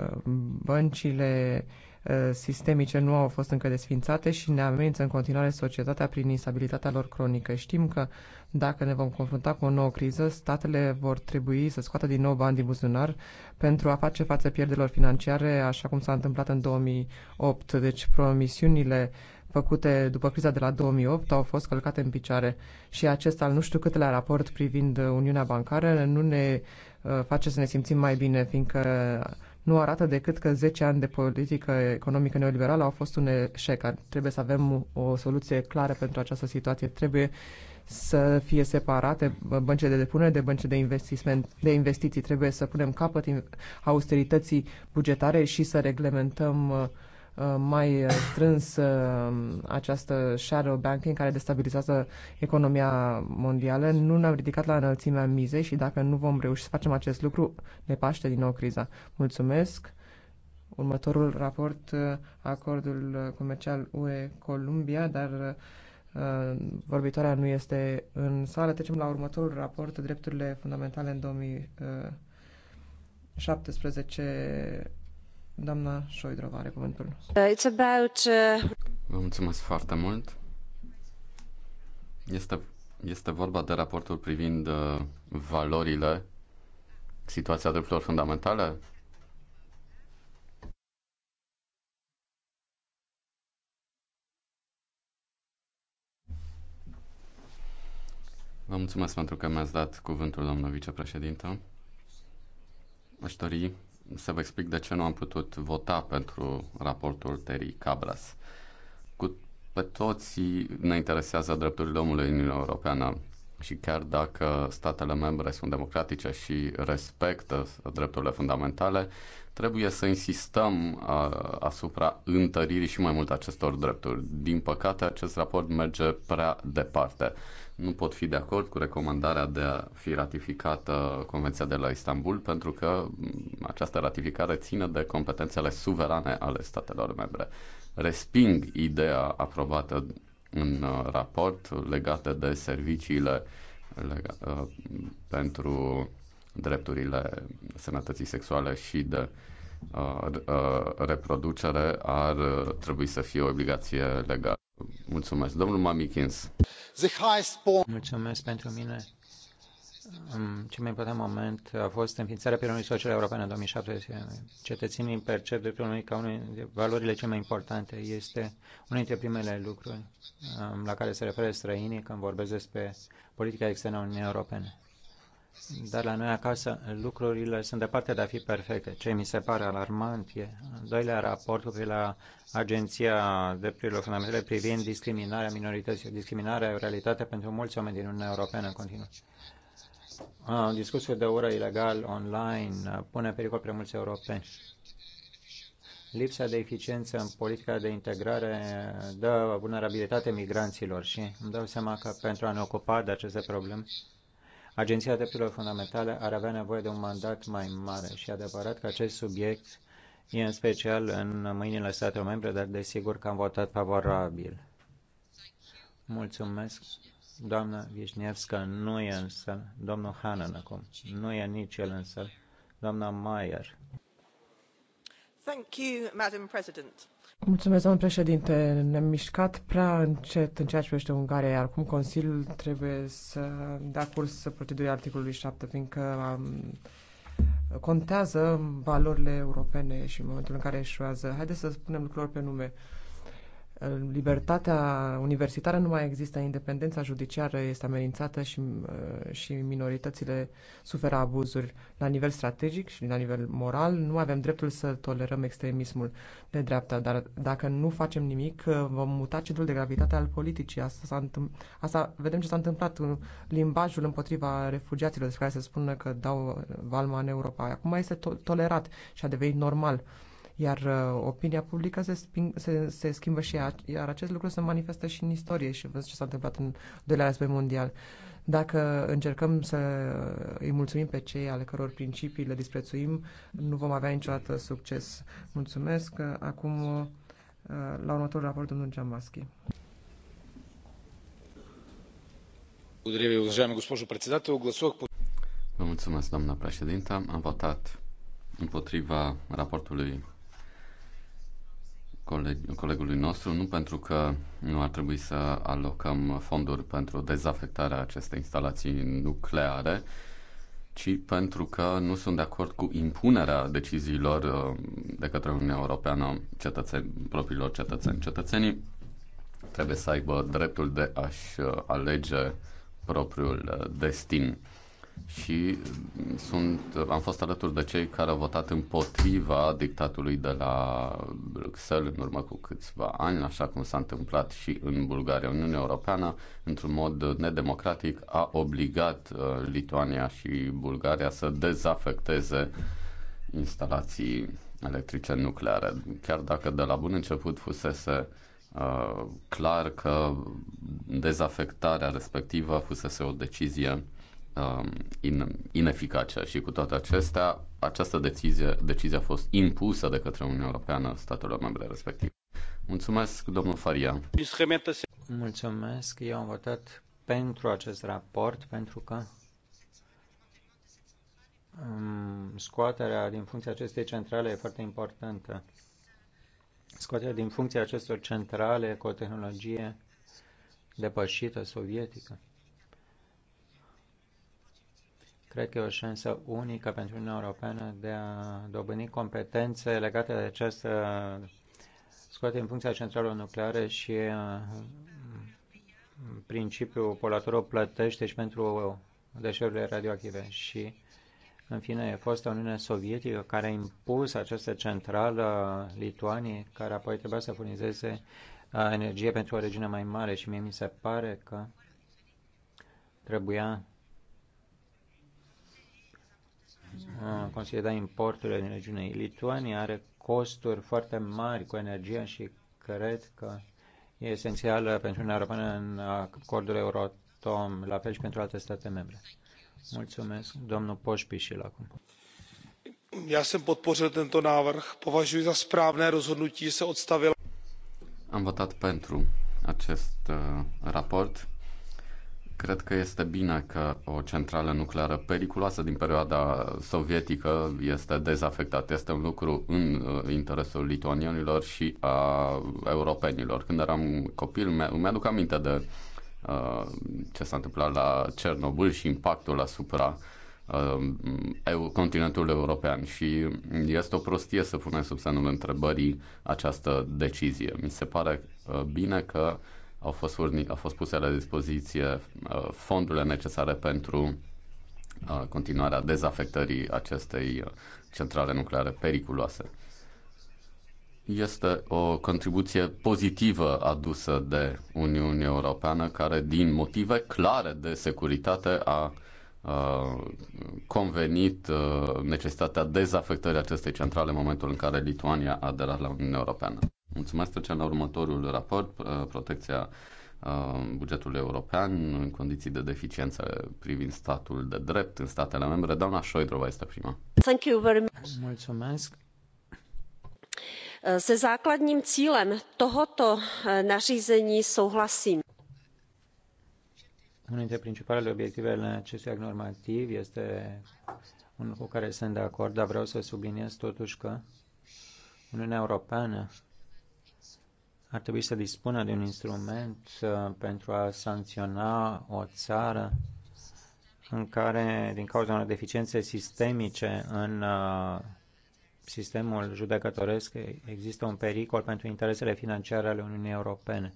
Băncile uh, Uh, sistemice nu au fost încă desfințate și ne amenință în continuare societatea prin instabilitatea lor cronică. Știm că dacă ne vom confrunta cu o nouă criză, statele vor trebui să scoată din nou bani din buzunar pentru a face față pierderilor financiare, așa cum s-a întâmplat în 2008. Deci promisiunile făcute după criza de la 2008 au fost călcate în picioare și acesta nu știu la raport privind Uniunea Bancară nu ne uh, face să ne simțim mai bine, fiindcă nu arată decât că 10 ani de politică economică neoliberală au fost un eșec. Trebuie să avem o soluție clară pentru această situație. Trebuie să fie separate băncile de depunere de băncile de, investiment, de investiții. Trebuie să punem capăt austerității bugetare și să reglementăm uh, Uh, mai uh, strâns uh, această shadow banking care destabilizează economia mondială. Nu ne-am ridicat la înălțimea mizei și dacă nu vom reuși să facem acest lucru, ne paște din nou criza. Mulțumesc! Următorul raport, acordul comercial UE-Columbia, dar vorbitoarea nu este în sală. Trecem la următorul raport, drepturile fundamentale în 2017 Doamna Șoidrova are cuvântul. Uh, it's about... Uh, Vă mulțumesc foarte mult. Este, este vorba de raportul privind uh, valorile, situația drepturilor fundamentale, Vă mulțumesc pentru că mi-ați dat cuvântul, doamnă vicepreședintă. Aș dori să vă explic de ce nu am putut vota pentru raportul Terry Cabras. Cu, pe toți ne interesează drepturile omului în Uniunea Europeană și chiar dacă statele membre sunt democratice și respectă drepturile fundamentale, trebuie să insistăm asupra întăririi și mai mult acestor drepturi. Din păcate, acest raport merge prea departe. Nu pot fi de acord cu recomandarea de a fi ratificată Convenția de la Istanbul, pentru că această ratificare ține de competențele suverane ale statelor membre resping ideea aprobată în uh, raport legate de serviciile lega, uh, pentru drepturile sănătății sexuale și de uh, reproducere ar trebui să fie o obligație legală. Mulțumesc. Domnul Mamikins. Mulțumesc pentru mine cel mai important moment a fost înființarea Piramidei Sociale Europene în 2007. Cetățenii percep dreptul unui ca unul dintre valorile cele mai importante. Este unul dintre primele lucruri um, la care se referă străinii când vorbesc despre politica externă a Uniunii Europene. Dar la noi acasă lucrurile sunt departe de a fi perfecte. Ce mi se pare alarmant e doilea raport cu la Agenția Drepturilor Fundamentale privind discriminarea minorităților. Discriminarea e o realitate pentru mulți oameni din Uniunea Europeană în continuu discursul de ură ilegal online uh, pune în pericol prea mulți europeni. Lipsa de eficiență în politica de integrare uh, dă vulnerabilitate migranților și îmi dau seama că pentru a ne ocupa de aceste probleme, Agenția Drepturilor Fundamentale ar avea nevoie de un mandat mai mare și adevărat că acest subiect e în special în mâinile statelor membre, dar desigur că am votat favorabil. Mulțumesc. Doamna Vișnievska nu e în sală. Domnul Hanan acum. Nu e nici el în sală. Doamna Mayer. Thank you, Madam President. Mulțumesc, domnul președinte. Ne-am mișcat prea încet în ceea ce privește Ungaria, iar acum Consiliul trebuie să dea curs să procedurii articolului 7, fiindcă um, contează valorile europene și în momentul în care eșuează. Haideți să spunem lucrurile pe nume. Uh, libertatea universitară nu mai există, independența judiciară este amenințată și, uh, și minoritățile suferă abuzuri la nivel strategic și la nivel moral. Nu avem dreptul să tolerăm extremismul de dreapta, dar dacă nu facem nimic, uh, vom muta centrul de gravitate al politicii. Asta, s-a Asta vedem ce s-a întâmplat în limbajul împotriva refugiaților, despre care se spune că dau uh, valma în Europa. Acum este to- tolerat și a devenit normal. Uh, iar uh, opinia publică se, sping, se, se schimbă și ea, iar acest lucru se manifestă și în istorie și văd ce s-a întâmplat în doilea război mondial. Dacă încercăm să îi mulțumim pe cei ale căror principii le disprețuim, nu vom avea niciodată succes. Mulțumesc. Acum, uh, la următorul raport, domnul Giambaschi. Vă mulțumesc, doamna președintă. Am votat împotriva raportului colegului nostru, nu pentru că nu ar trebui să alocăm fonduri pentru dezafectarea acestei instalații nucleare, ci pentru că nu sunt de acord cu impunerea deciziilor uh, de către Uniunea Europeană cetățeni, propriilor cetățeni. Cetățenii trebuie să aibă dreptul de a-și uh, alege propriul uh, destin și mm, sunt, am fost alături de cei care au votat împotriva dictatului de la Bruxelles în urmă cu câțiva ani, așa cum s-a întâmplat și în Bulgaria. Uniunea Europeană, într-un mod nedemocratic, a obligat uh, Lituania și Bulgaria să dezafecteze instalații electrice nucleare. Chiar dacă de la bun început fusese uh, clar că dezafectarea respectivă fusese o decizie Um, ineficace și cu toate acestea, această decizie, decizie a fost impusă de către Uniunea Europeană statelor membre respective. Mulțumesc, domnul Faria. Mulțumesc, eu am votat pentru acest raport, pentru că um, scoaterea din funcția acestei centrale e foarte importantă. Scoaterea din funcția acestor centrale cu o tehnologie depășită sovietică Cred că e o șansă unică pentru Uniunea Europeană de a dobândi competențe legate de această scoate în funcția centralelor nucleare și uh, principiul polatorul plătește și pentru deșeurile radioactive. Și, în fine, e o Uniune Sovietică care a impus această centrală Lituaniei, care apoi trebuia să furnizeze uh, energie pentru o regiune mai mare și mie mi se pare că trebuia a considera importurile din regiune. Lituania are costuri foarte mari cu energia și cred că e esențială pentru Uniunea Europeană în acordul Eurotom, la fel și pentru alte state membre. Mulțumesc, domnul Poșpișil, acum. Já jsem podpořil tento návrh. Považuji za správné rozhodnutí se odstavila. Am votat pentru acest uh, raport Cred că este bine că o centrală nucleară periculoasă din perioada sovietică este dezafectată. Este un lucru în uh, interesul lituanienilor și a europenilor. Când eram copil, mi-aduc aminte de uh, ce s-a întâmplat la Cernobâl și impactul asupra uh, continentul european și este o prostie să punem sub semnul întrebării această decizie. Mi se pare bine că uh, au fost, urni, au fost puse la dispoziție uh, fondurile necesare pentru uh, continuarea dezafectării acestei uh, centrale nucleare periculoase. Este o contribuție pozitivă adusă de Uniunea Europeană, care, din motive clare de securitate, a, convenit necesitatea dezafectării acestei centrale în momentul în care Lituania a aderat la Uniunea Europeană. Mulțumesc trecem la următorul raport, protecția bugetului european în condiții de deficiență privind statul de drept în statele membre. Doamna Șoidrova este prima. Thank you very much. Mulțumesc. Se základním cílem tohoto nařízení souhlasím. Unul dintre principalele obiective ale acestui act normativ este unul cu care sunt de acord, dar vreau să subliniez totuși că Uniunea Europeană ar trebui să dispună de un instrument uh, pentru a sancționa o țară în care, din cauza unor deficiențe sistemice în uh, sistemul judecătoresc, există un pericol pentru interesele financiare ale Uniunii Europene.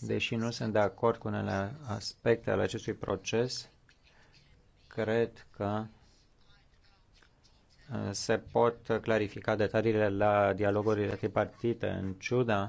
Deși nu sunt de acord cu unele aspecte ale acestui proces, cred că uh, se pot clarifica detaliile la dialogurile tripartite, în ciuda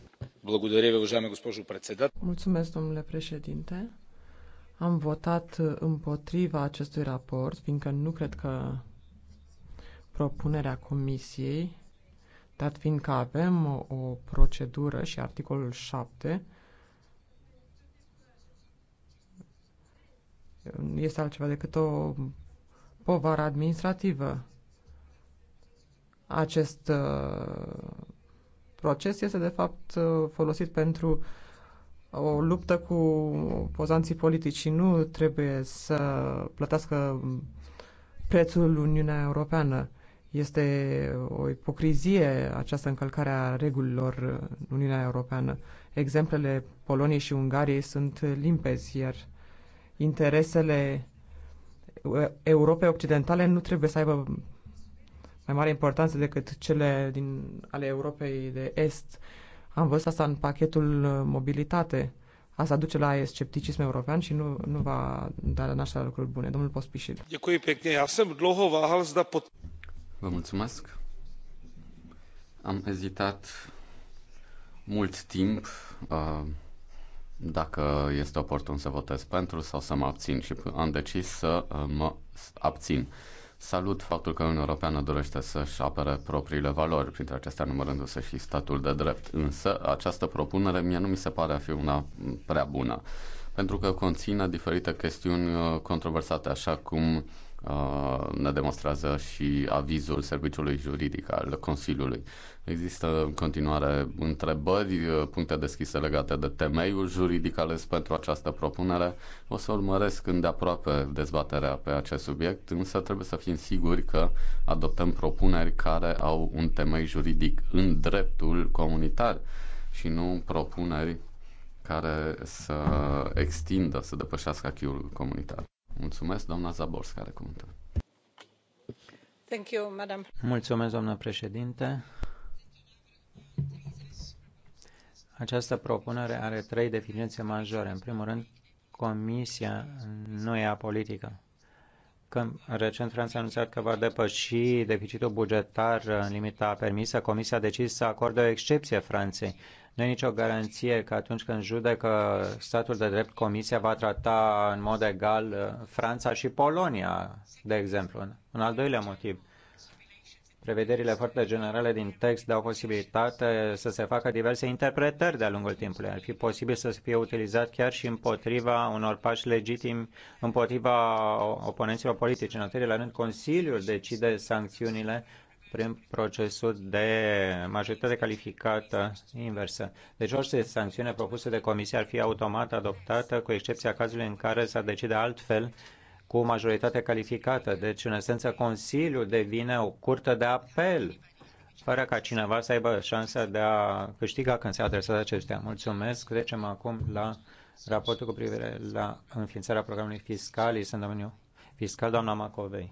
Mulțumesc, domnule președinte. Am votat împotriva acestui raport, fiindcă nu cred că propunerea Comisiei, dat fiindcă avem o procedură și articolul 7, este altceva decât o povară administrativă. Acest proces este de fapt uh, folosit pentru o luptă cu pozanții politici și nu trebuie să plătească prețul Uniunea Europeană. Este o ipocrizie această încălcare a regulilor Uniunea Europeană. Exemplele Poloniei și Ungariei sunt limpezi, iar interesele Europei Occidentale nu trebuie să aibă mai mare importanță decât cele din, ale Europei de Est. Am văzut asta în pachetul mobilitate. Asta duce la scepticism european și nu, nu va da naștere lucruri bune. Domnul Pospișil. Vă mulțumesc. Am ezitat mult timp uh, dacă este oportun să votez pentru sau să mă abțin și am decis să mă abțin. Salut faptul că Uniunea Europeană dorește să-și apere propriile valori, printre acestea numărându-se și statul de drept. Însă, această propunere mie nu mi se pare a fi una prea bună, pentru că conține diferite chestiuni uh, controversate, așa cum Uh, ne demonstrează și avizul serviciului juridic al Consiliului. Există în continuare întrebări, uh, puncte deschise legate de temeiul juridic ales pentru această propunere. O să urmăresc îndeaproape dezbaterea pe acest subiect, însă trebuie să fim siguri că adoptăm propuneri care au un temei juridic în dreptul comunitar și nu propuneri care să extindă, să depășească achiul comunitar. Mulțumesc, doamna Zaborska, are cuvântul. Thank you, madam. Mulțumesc, doamna președinte. Această propunere are trei definiții majore. În primul rând, Comisia nu e apolitică. Când recent Franța a anunțat că va depăși deficitul bugetar în limita permisă, Comisia a decis să acorde o excepție Franței nu e nicio garanție că atunci când judecă statul de drept, Comisia va trata în mod egal uh, Franța și Polonia, de exemplu. Un al doilea motiv. Prevederile foarte generale din text dau posibilitate să se facă diverse interpretări de-a lungul timpului. Ar fi posibil să fie utilizat chiar și împotriva unor pași legitimi, împotriva oponenților politici. În al rând, Consiliul decide sancțiunile prin procesul de majoritate calificată inversă. Deci orice sancțiune propusă de comisie ar fi automat adoptată, cu excepția cazului în care s-ar decide altfel cu majoritate calificată. Deci, în esență, Consiliul devine o curte de apel fără ca cineva să aibă șansa de a câștiga când se adresează acestea. Mulțumesc. Trecem acum la raportul cu privire la înființarea programului fiscal, Este în domeniul fiscal, doamna Macovei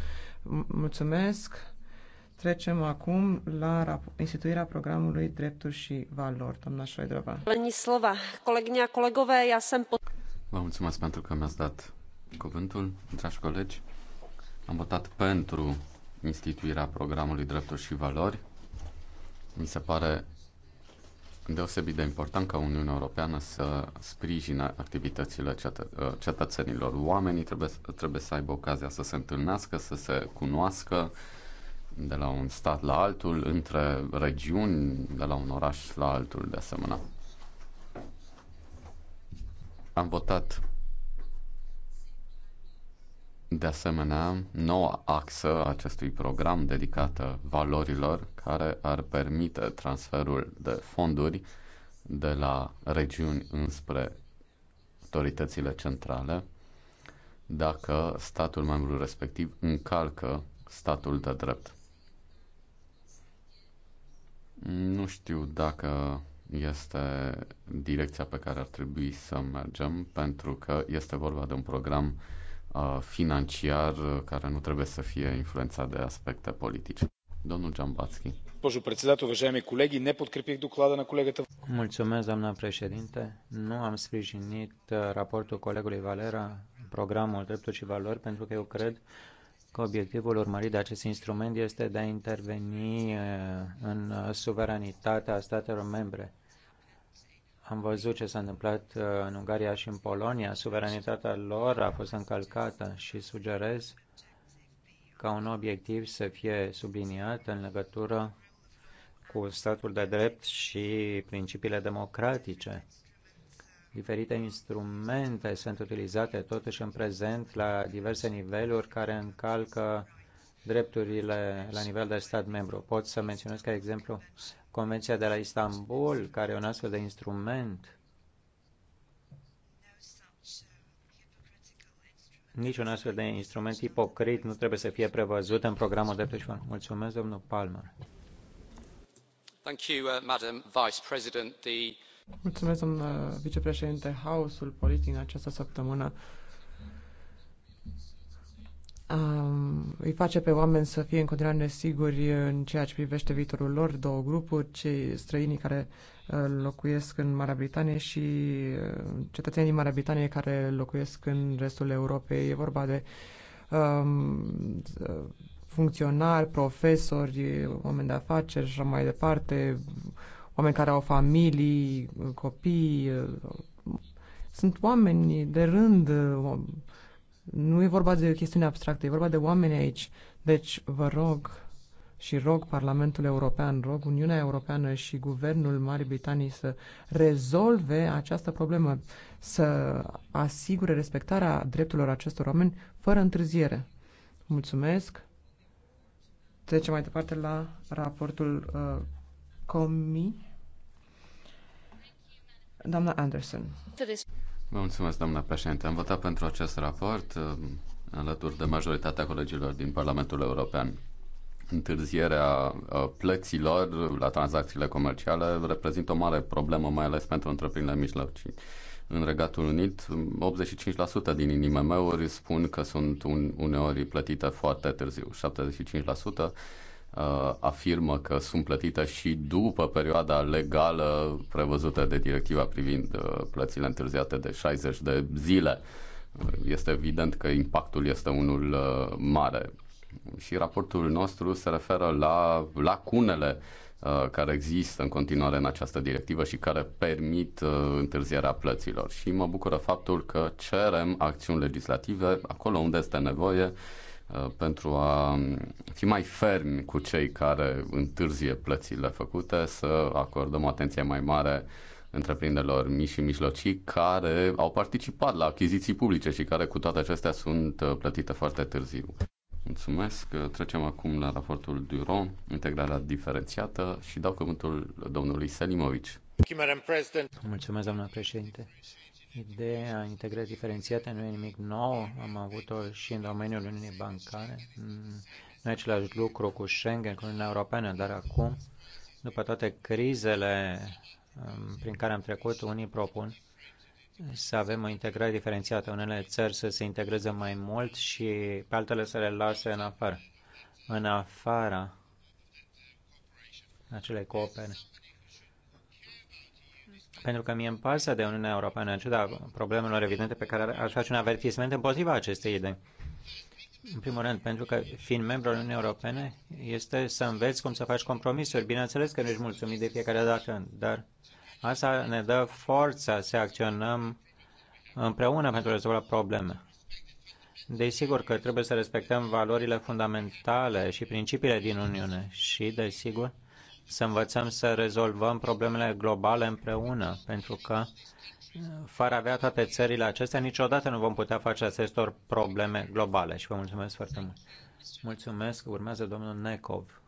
Mulțumesc. Trecem acum la instituirea programului Drepturi și Valori. Doamna Șoedrova. slova. Colegnia, colegove, ja sem... Vă mulțumesc pentru că mi-ați dat cuvântul, dragi colegi. Am votat pentru instituirea programului Drepturi și Valori. Mi se pare deosebit de important ca Uniunea Europeană să sprijine activitățile ă, cetățenilor. Oamenii trebuie, trebuie să aibă ocazia să se întâlnească, să se cunoască de la un stat la altul, între regiuni, de la un oraș la altul, de asemenea. Am votat de asemenea, noua axă acestui program dedicată valorilor care ar permite transferul de fonduri de la regiuni înspre autoritățile centrale dacă statul membru respectiv încalcă statul de drept. Nu știu dacă este direcția pe care ar trebui să mergem, pentru că este vorba de un program Uh, financiar uh, care nu trebuie să fie influențat de aspecte politice. Domnul Giambatski. Mulțumesc, doamna președinte. Nu am sprijinit uh, raportul colegului Valera, programul Drepturi și Valori, pentru că eu cred că obiectivul urmărit de acest instrument este de a interveni în suveranitatea statelor membre am văzut ce s-a întâmplat uh, în Ungaria și în Polonia. Suveranitatea lor a fost încălcată și sugerez ca un obiectiv să fie subliniat în legătură cu statul de drept și principiile democratice. Diferite instrumente sunt utilizate totuși în prezent la diverse niveluri care încalcă drepturile la nivel de stat membru. Pot să menționez ca exemplu Convenția de la Istanbul, care e un astfel de instrument. Niciun astfel de instrument ipocrit nu trebuie să fie prevăzut în programul de și Mulțumesc, domnul Palmer. Uh, Mulțumesc, domnule vicepreședinte. Haosul politic în această săptămână îi face pe oameni să fie în continuare nesiguri în ceea ce privește viitorul lor, două grupuri, cei străinii care uh, locuiesc în Marea Britanie și uh, cetățenii din Marea Britanie care locuiesc în restul Europei. E vorba de um, funcționari, profesori, oameni de afaceri și așa mai departe, oameni care au familii, copii, uh, sunt oameni de rând, nu e vorba de o chestiune abstractă, e vorba de oameni aici. Deci, vă rog și rog Parlamentul European, rog Uniunea Europeană și Guvernul Marii Britanii să rezolve această problemă, să asigure respectarea drepturilor acestor oameni fără întârziere. Mulțumesc. Trecem mai departe la raportul uh, Comi. Doamna Anderson. Vă mulțumesc, doamna președinte. Am votat pentru acest raport uh, alături de majoritatea colegilor din Parlamentul European. Întârzierea uh, plăților la tranzacțiile comerciale reprezintă o mare problemă, mai ales pentru întreprinderile mijlocii. În Regatul Unit, 85% din IMM-uri spun că sunt uneori plătite foarte târziu, 75% Uh, afirmă că sunt plătite și după perioada legală prevăzută de directiva privind uh, plățile întârziate de 60 de zile. Uh, este evident că impactul este unul mare. Și raportul nostru se referă la lacunele care există în continuare în această directivă și care permit întârzierea plăților. Și mă bucură faptul că cerem acțiuni legislative acolo unde este nevoie Uh, pentru a fi mai fermi cu cei care întârzie plățile făcute, să acordăm atenție mai mare întreprinderilor mici și mijlocii care au participat la achiziții publice și care cu toate acestea sunt uh, plătite foarte târziu. Mulțumesc. Trecem acum la raportul Duro, integrarea diferențiată și dau cuvântul domnului Selimovici. Mulțumesc, doamna președinte. Ideea integrării diferențiate nu e nimic nou, am avut-o și în domeniul Uniunii Bancare. Nu e același lucru cu Schengen, cu Uniunea Europeană, dar acum, după toate crizele um, prin care am trecut, unii propun să avem o integrare diferențiată. Unele țări să se integreze mai mult și pe altele să le lase în afară. În afara acelei coopere pentru că mie îmi pasă de Uniunea Europeană, în ciuda problemelor evidente pe care aș face un avertisment împotriva acestei idei. În primul rând, pentru că fiind membru al Uniunii Europene, este să înveți cum să faci compromisuri. Bineînțeles că nu ești mulțumit de fiecare dată, dar asta ne dă forța să acționăm împreună pentru a rezolva probleme. Desigur că trebuie să respectăm valorile fundamentale și principiile din Uniune și, desigur, să învățăm să rezolvăm problemele globale împreună, pentru că uh, fără avea toate țările acestea, niciodată nu vom putea face acestor probleme globale. Și vă mulțumesc foarte mult. Mulțumesc. Urmează domnul Nekov.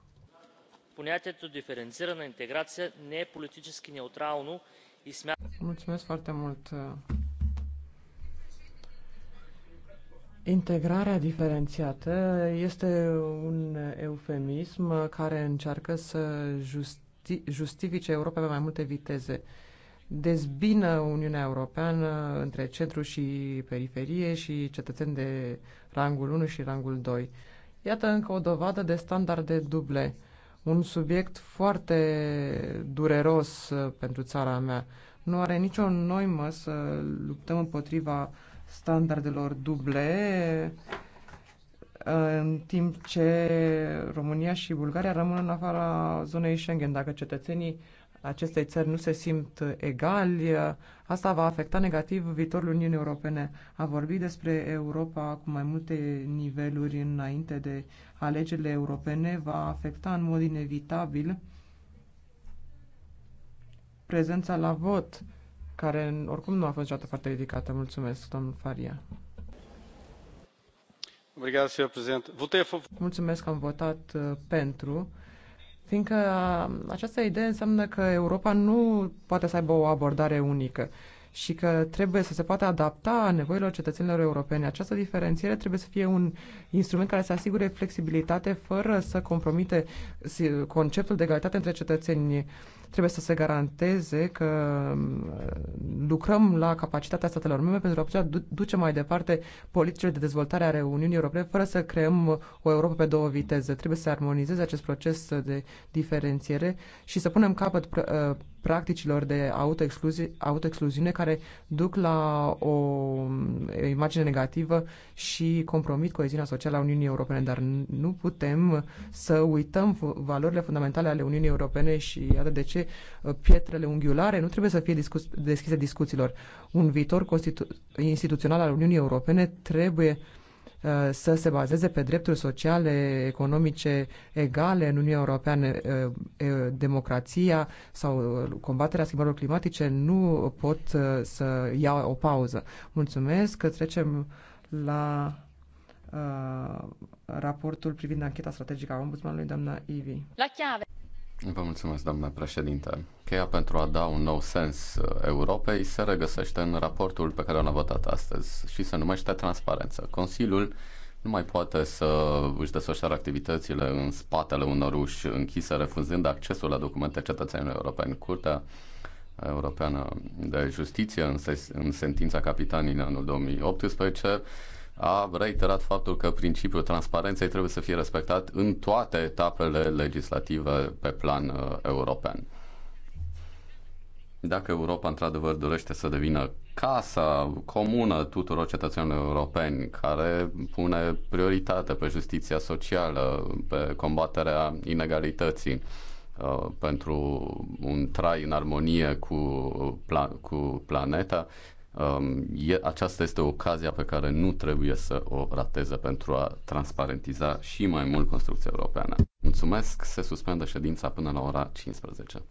Puneați o интеграция în integrație политически неутрално и Mulțumesc foarte mult. Uh, Integrarea diferențiată este un eufemism care încearcă să justi- justifice Europa pe mai multe viteze. Dezbină Uniunea Europeană între centru și periferie și cetățeni de rangul 1 și rangul 2. Iată încă o dovadă de standarde duble, un subiect foarte dureros pentru țara mea. Nu are nicio noimă să luptăm împotriva standardelor duble, în timp ce România și Bulgaria rămân în afara zonei Schengen. Dacă cetățenii acestei țări nu se simt egali, asta va afecta negativ viitorul Uniunii Europene. A vorbit despre Europa cu mai multe niveluri înainte de alegerile europene va afecta în mod inevitabil prezența la vot care oricum nu a fost niciodată foarte ridicată. Mulțumesc, domnul Faria. Mulțumesc că am votat uh, pentru, fiindcă uh, această idee înseamnă că Europa nu poate să aibă o abordare unică și că trebuie să se poată adapta nevoilor cetățenilor europene. Această diferențiere trebuie să fie un instrument care să asigure flexibilitate fără să compromite uh, conceptul de egalitate între cetățeni. Trebuie să se garanteze că mm, lucrăm la capacitatea statelor membre pentru a putea duce mai departe politicile de dezvoltare ale Uniunii Europene fără să creăm o Europa pe două viteze. Trebuie să armonizeze acest proces de diferențiere și să punem capăt uh, practicilor de autoexcluzie, autoexcluziune care duc la o mm, imagine negativă și compromit coeziunea socială a Uniunii Europene, dar nu putem să uităm valorile fundamentale ale Uniunii Europene și iată de ce Uh, pietrele unghiulare nu trebuie să fie discus- deschise discuțiilor. Un viitor instituțional al Uniunii Europene trebuie uh, să se bazeze pe drepturi sociale, economice egale în Uniunea Europeană. Uh, democrația sau combaterea schimbărilor climatice nu pot să ia o pauză. Mulțumesc că trecem la uh, raportul privind ancheta strategică a ombudsmanului, doamna Ivi. La chiave! Vă mulțumesc, doamna președinte. Cheia pentru a da un nou sens uh, Europei se regăsește în raportul pe care l a votat astăzi și se numește Transparență. Consiliul nu mai poate să își desfășoare activitățile în spatele unor uși închise, refuzând accesul la documente cetățenilor europeni. Curtea Europeană de Justiție, în, ses- în sentința capitanii în anul 2018, a reiterat faptul că principiul transparenței trebuie să fie respectat în toate etapele legislative pe plan uh, european. Dacă Europa într-adevăr dorește să devină casa comună tuturor cetățenilor europeni, care pune prioritate pe justiția socială, pe combaterea inegalității, uh, pentru un trai în armonie cu, plan- cu planeta, Um, e, aceasta este ocazia pe care nu trebuie să o rateze pentru a transparentiza și mai mult construcția europeană. Mulțumesc, se suspendă ședința până la ora 15.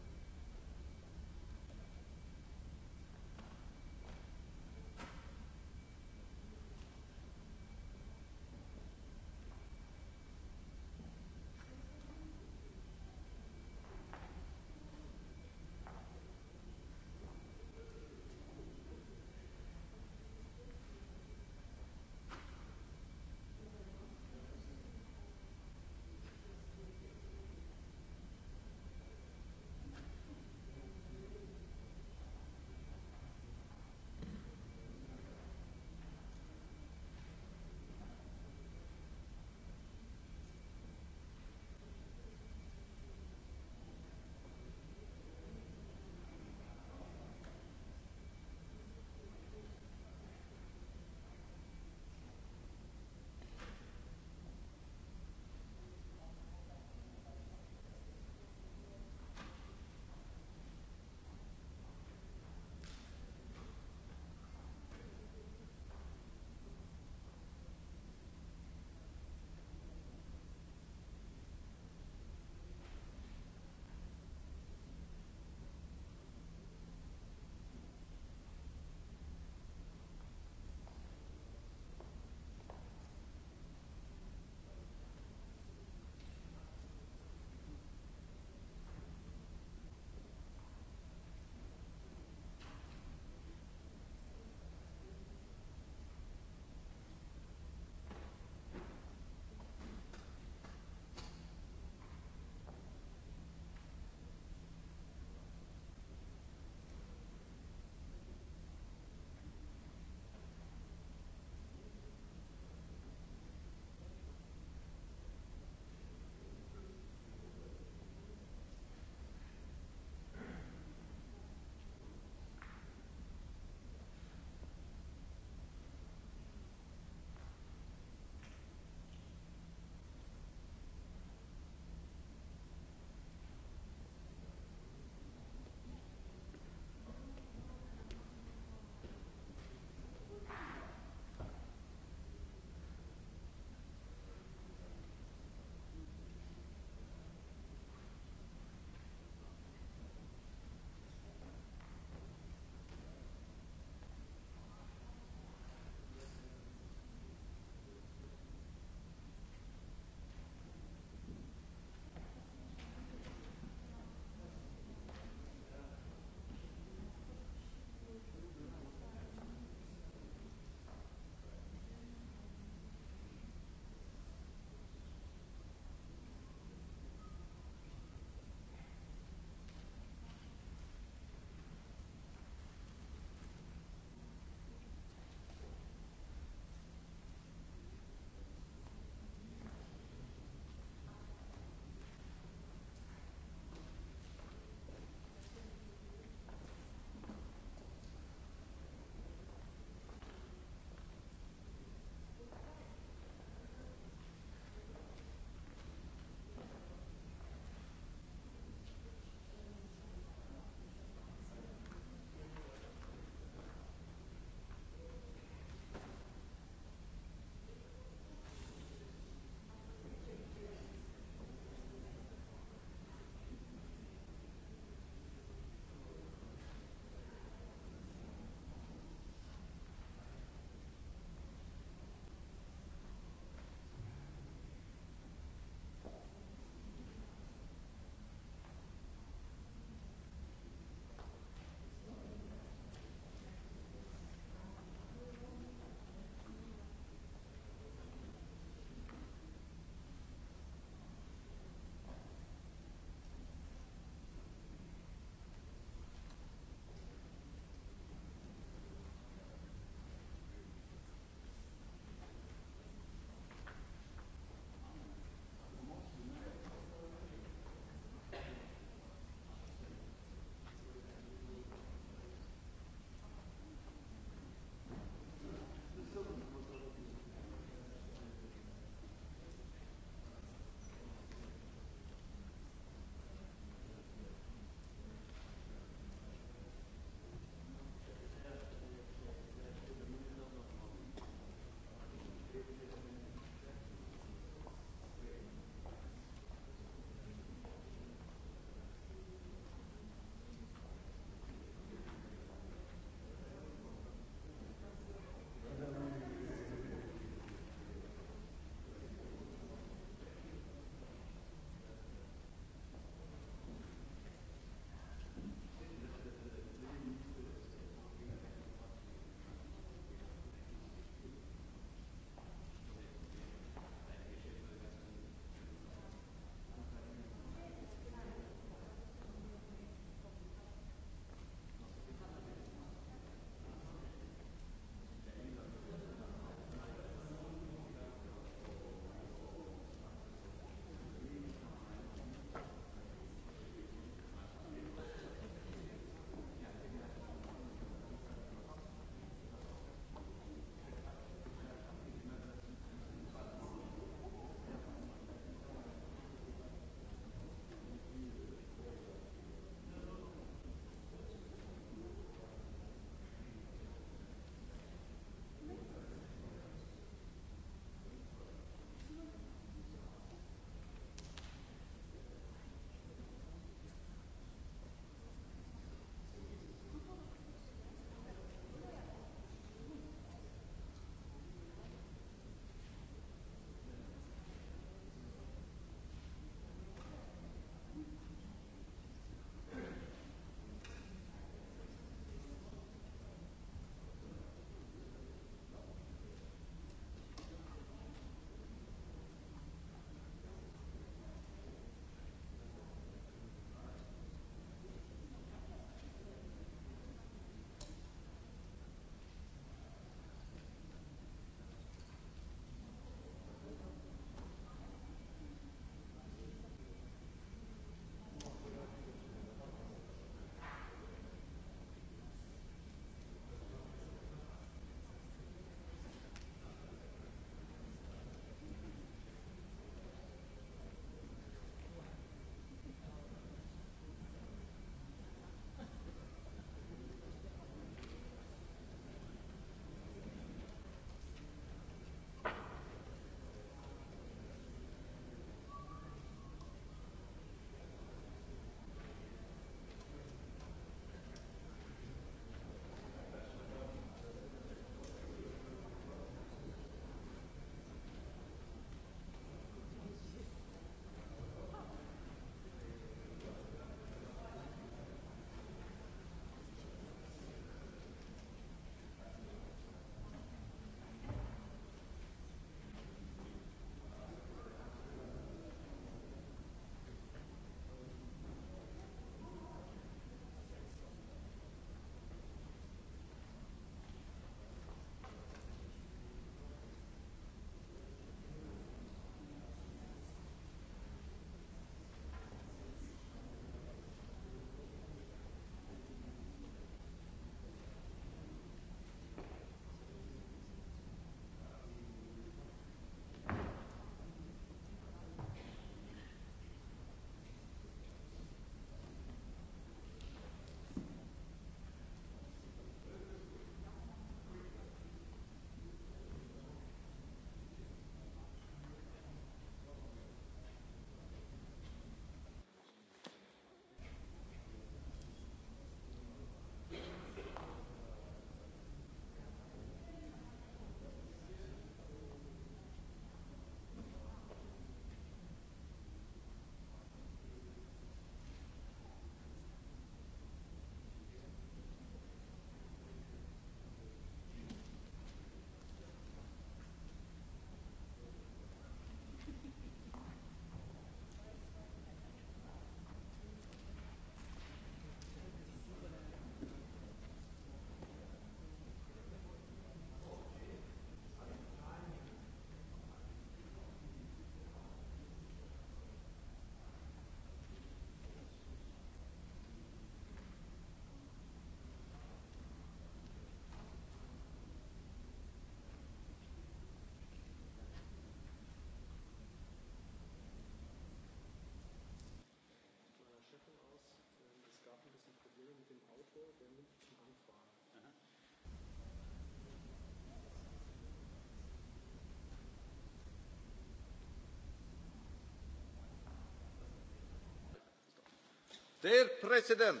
Der Präsident.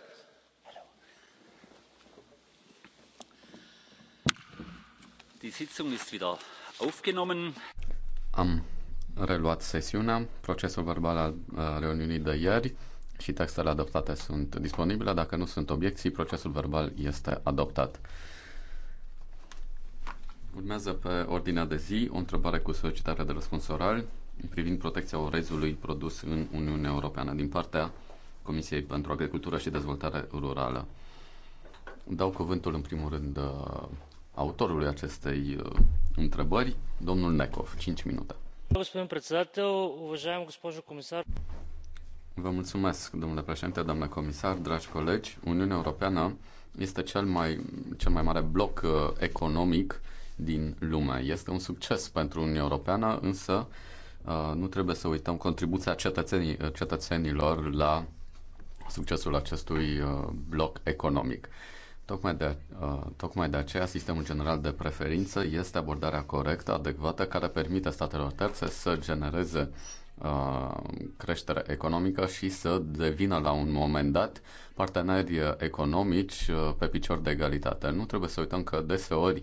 Die Sitzung ist wieder aufgenommen. Am reluat sesiunea, procesul verbal al uh, reuniunii de ieri și textele adoptate sunt disponibile. Dacă nu sunt obiecții, procesul verbal este adoptat. Urmează pe ordinea de zi o întrebare cu solicitare de răspuns oral privind protecția orezului produs în Uniunea Europeană din partea Comisiei pentru Agricultură și Dezvoltare Rurală. Dau cuvântul în primul rând uh, autorului acestei uh, întrebări, domnul Necov, 5 minute. Vă mulțumesc, domnule președinte, doamnă comisar, dragi colegi. Uniunea Europeană este cel mai, cel mai mare bloc uh, economic din lume. Este un succes pentru Uniunea Europeană, însă nu trebuie să uităm contribuția cetățenilor la succesul acestui uh, bloc economic. Tocmai de, uh, tocmai de aceea, sistemul general de preferință este abordarea corectă, adecvată, care permite statelor terțe să genereze uh, creștere economică și să devină la un moment dat parteneri economici pe picior de egalitate. Nu trebuie să uităm că deseori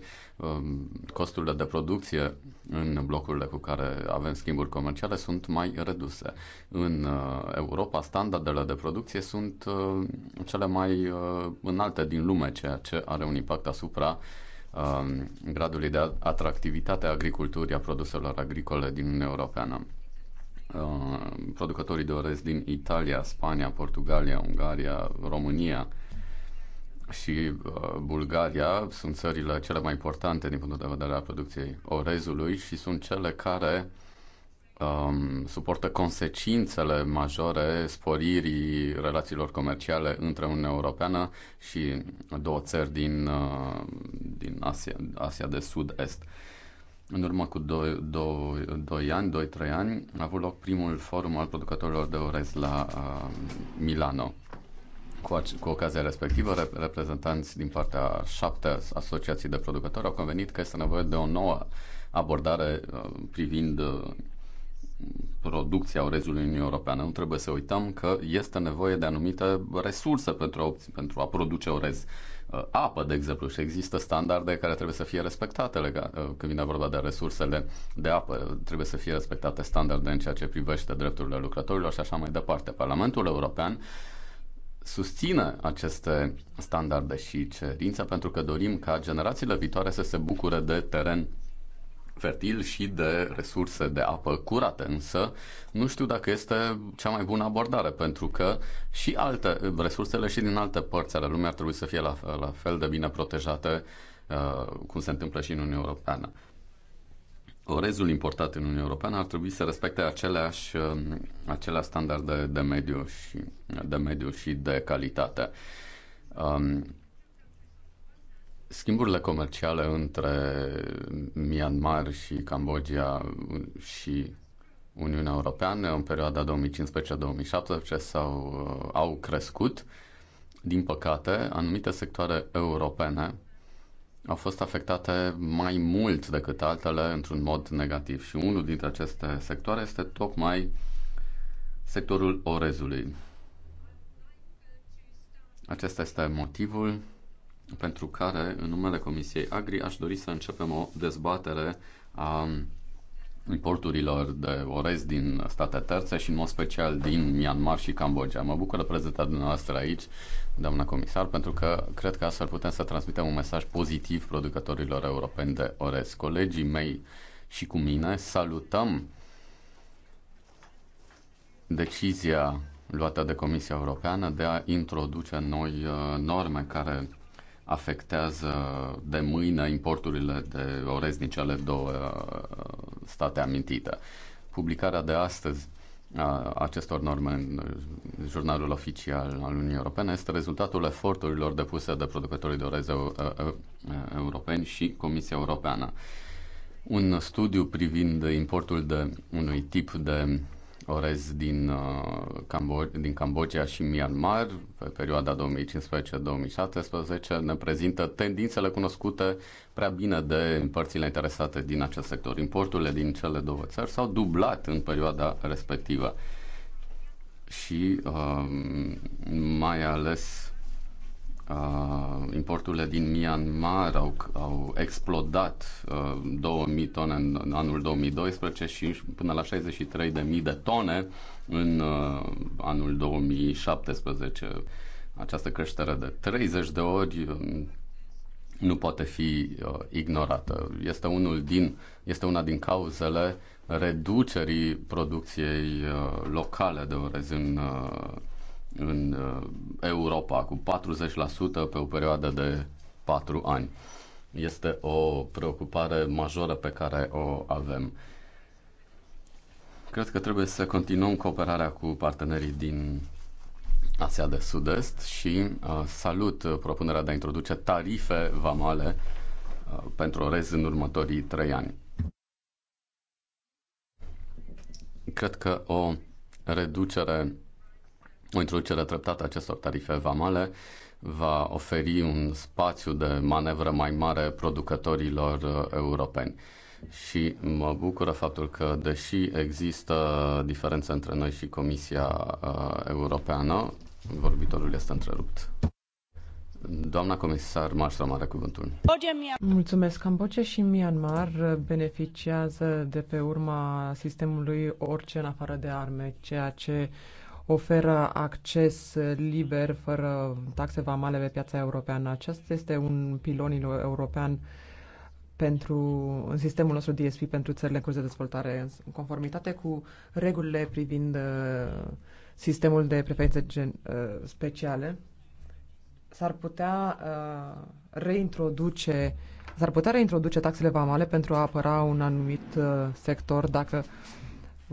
costurile de producție în blocurile cu care avem schimburi comerciale sunt mai reduse. În uh, Europa, standardele de producție sunt uh, cele mai uh, înalte din lume, ceea ce are un impact asupra gradului de atractivitate a agriculturii, a produselor agricole din Uniunea Europeană. Producătorii de orez din Italia, Spania, Portugalia, Ungaria, România, și uh, Bulgaria sunt țările cele mai importante din punctul de vedere al producției orezului și sunt cele care um, suportă consecințele majore sporirii relațiilor comerciale între Uniunea Europeană și două țări din, uh, din Asia, Asia de Sud-Est. În urmă cu 2 ani, 2-3 ani, a avut loc primul forum al producătorilor de orez la uh, Milano. Cu, cu ocazia respectivă, reprezentanți din partea șapte asociații de producători au convenit că este nevoie de o nouă abordare uh, privind uh, producția orezului Uniunii Europeană. Nu trebuie să uităm că este nevoie de anumite resurse pentru a, pentru a produce orez. Uh, apă, de exemplu, și există standarde care trebuie să fie respectate lega, când vine vorba de resursele de apă. Trebuie să fie respectate standarde în ceea ce privește drepturile lucrătorilor și așa mai departe. Parlamentul European susține aceste standarde și cerințe pentru că dorim ca generațiile viitoare să se bucure de teren fertil și de resurse de apă curate, însă nu știu dacă este cea mai bună abordare, pentru că și alte resursele și din alte părți ale lumii ar trebui să fie la, la fel de bine protejate uh, cum se întâmplă și în Uniunea Europeană orezul importat în Uniunea Europeană ar trebui să respecte aceleași, um, aceleași standarde de mediu și de, mediu și de calitate. Um, schimburile comerciale între Myanmar și Cambodgia și Uniunea Europeană în perioada 2015-2017 s-au, uh, au crescut. Din păcate, anumite sectoare europene au fost afectate mai mult decât altele într-un mod negativ și unul dintre aceste sectoare este tocmai sectorul orezului. Acesta este motivul pentru care, în numele Comisiei Agri, aș dori să începem o dezbatere a importurilor de orez din state terțe și în mod special din Myanmar și Cambodgia. Mă bucură prezentarea dumneavoastră aici doamna comisar, pentru că cred că astfel putem să transmitem un mesaj pozitiv producătorilor europeni de orez. Colegii mei și cu mine salutăm decizia luată de Comisia Europeană de a introduce noi uh, norme care afectează de mâine importurile de orez din cele două uh, state amintite. Publicarea de astăzi acestor norme în jurnalul oficial al Uniunii Europene este rezultatul eforturilor depuse de producătorii de orez europeni și Comisia Europeană. Un studiu privind importul de unui tip de orez din, uh, din Cambodgia și Myanmar pe perioada 2015-2017 ne prezintă tendințele cunoscute prea bine de părțile interesate din acest sector. Importurile din cele două țări s-au dublat în perioada respectivă și uh, mai ales Uh, importurile din Myanmar au, au explodat uh, 2000 tone în, în anul 2012 și până la 63.000 de tone în uh, anul 2017. Această creștere de 30 de ori um, nu poate fi uh, ignorată. Este, unul din, este una din cauzele reducerii producției uh, locale de orez în uh, în uh, Europa cu 40% pe o perioadă de 4 ani. Este o preocupare majoră pe care o avem. Cred că trebuie să continuăm cooperarea cu partenerii din Asia de Sud-Est și uh, salut uh, propunerea de a introduce tarife vamale uh, pentru orez în următorii trei ani. Cred că o reducere o introducere treptată a acestor tarife vamale va oferi un spațiu de manevră mai mare producătorilor uh, europeni. Și mă bucură faptul că, deși există diferențe între noi și Comisia uh, Europeană, vorbitorul este întrerupt. Doamna comisar Marșram are cuvântul. Mulțumesc. Cambodgia și Myanmar beneficiază de pe urma sistemului orice în afară de arme, ceea ce uh, oferă acces liber, fără taxe vamale pe piața europeană. Acest este un pilon european pentru în sistemul nostru DSP pentru țările în curs de dezvoltare, în conformitate cu regulile privind uh, sistemul de preferințe gen, uh, speciale, s-ar putea uh, reintroduce s-ar putea reintroduce taxele vamale pentru a apăra un anumit uh, sector dacă uh,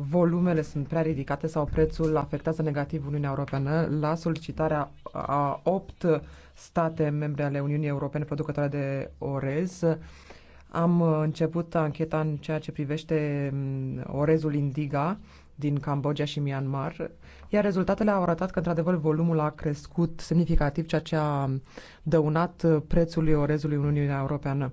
volumele sunt prea ridicate sau prețul afectează negativ Uniunea Europeană. La solicitarea a opt state membre ale Uniunii Europene producătoare de orez, am început ancheta în ceea ce privește mm, orezul indiga din Cambodgia și Myanmar, iar rezultatele au arătat că, într-adevăr, volumul a crescut semnificativ, ceea ce a dăunat prețului orezului în Uniunea Europeană.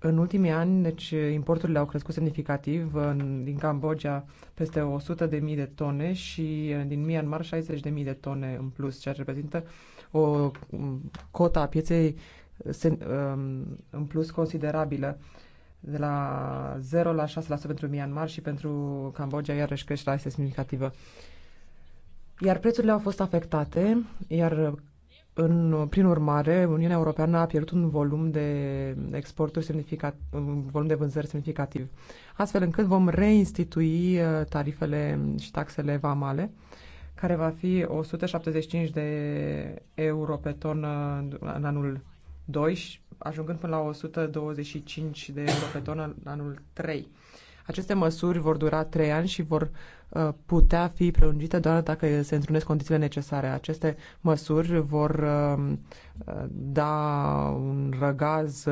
În ultimii ani, deci, importurile au crescut semnificativ în, din Cambodgia peste 100.000 de tone și din Myanmar 60.000 de tone în plus, ceea ce reprezintă o um, cota a pieței sen, um, în plus considerabilă de la 0 la 6% pentru Myanmar și pentru Cambodgia iarăși creșterea este semnificativă. Iar prețurile au fost afectate, iar în, prin urmare, Uniunea Europeană a pierdut un volum de exporturi semnificativ, un volum de vânzări semnificativ, astfel încât vom reinstitui uh, tarifele și taxele vamale, care va fi 175 de euro pe tonă în anul 2, ajungând până la 125 de euro pe tonă în anul 3. Aceste măsuri vor dura 3 ani și vor Uh, putea fi prelungită doar dacă se întrunesc condițiile necesare. Aceste măsuri vor uh, uh, da un răgaz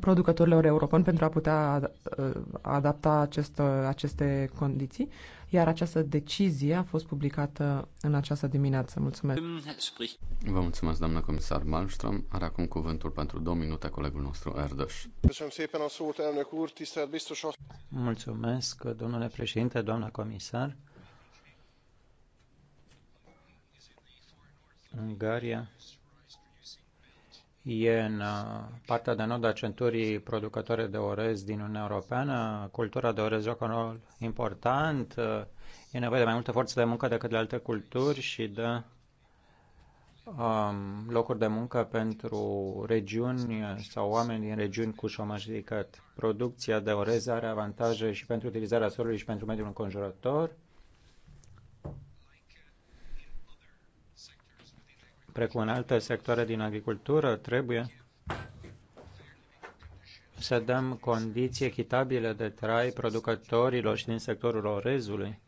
producătorilor europeni pentru a putea adapta acest, aceste condiții iar această decizie a fost publicată în această dimineață. Mulțumesc! Vă mulțumesc, doamna comisar Malmström. Are acum cuvântul pentru două minute colegul nostru Erdős. Mulțumesc, domnule președinte, doamna comisar. Ungaria e în uh, partea de nord a centurii producătoare de orez din Uniunea Europeană. Cultura de orez joacă un rol important. Uh, e nevoie de mai multă forță de muncă decât de alte culturi și de um, locuri de muncă pentru regiuni sau oameni din regiuni cu șomaj ridicat. Producția de orez are avantaje și pentru utilizarea solului și pentru mediul înconjurător precum în alte sectoare din agricultură, trebuie să dăm condiții echitabile de trai producătorilor și din sectorul orezului.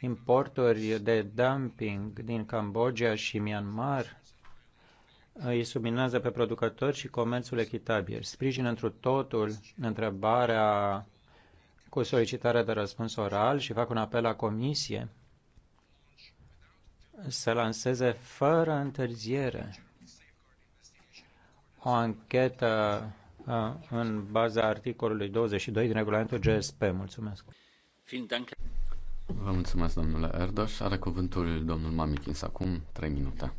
Importuri de dumping din Cambodgia și Myanmar îi subminează pe producători și comerțul echitabil. Sprijin întru totul întrebarea cu solicitarea de răspuns oral și fac un apel la comisie să lanseze fără întârziere o anchetă uh, în baza articolului 22 din regulamentul GSP. Mulțumesc. Vă mulțumesc, domnule Erdos. Are cuvântul domnul Mamichins acum 3 minute.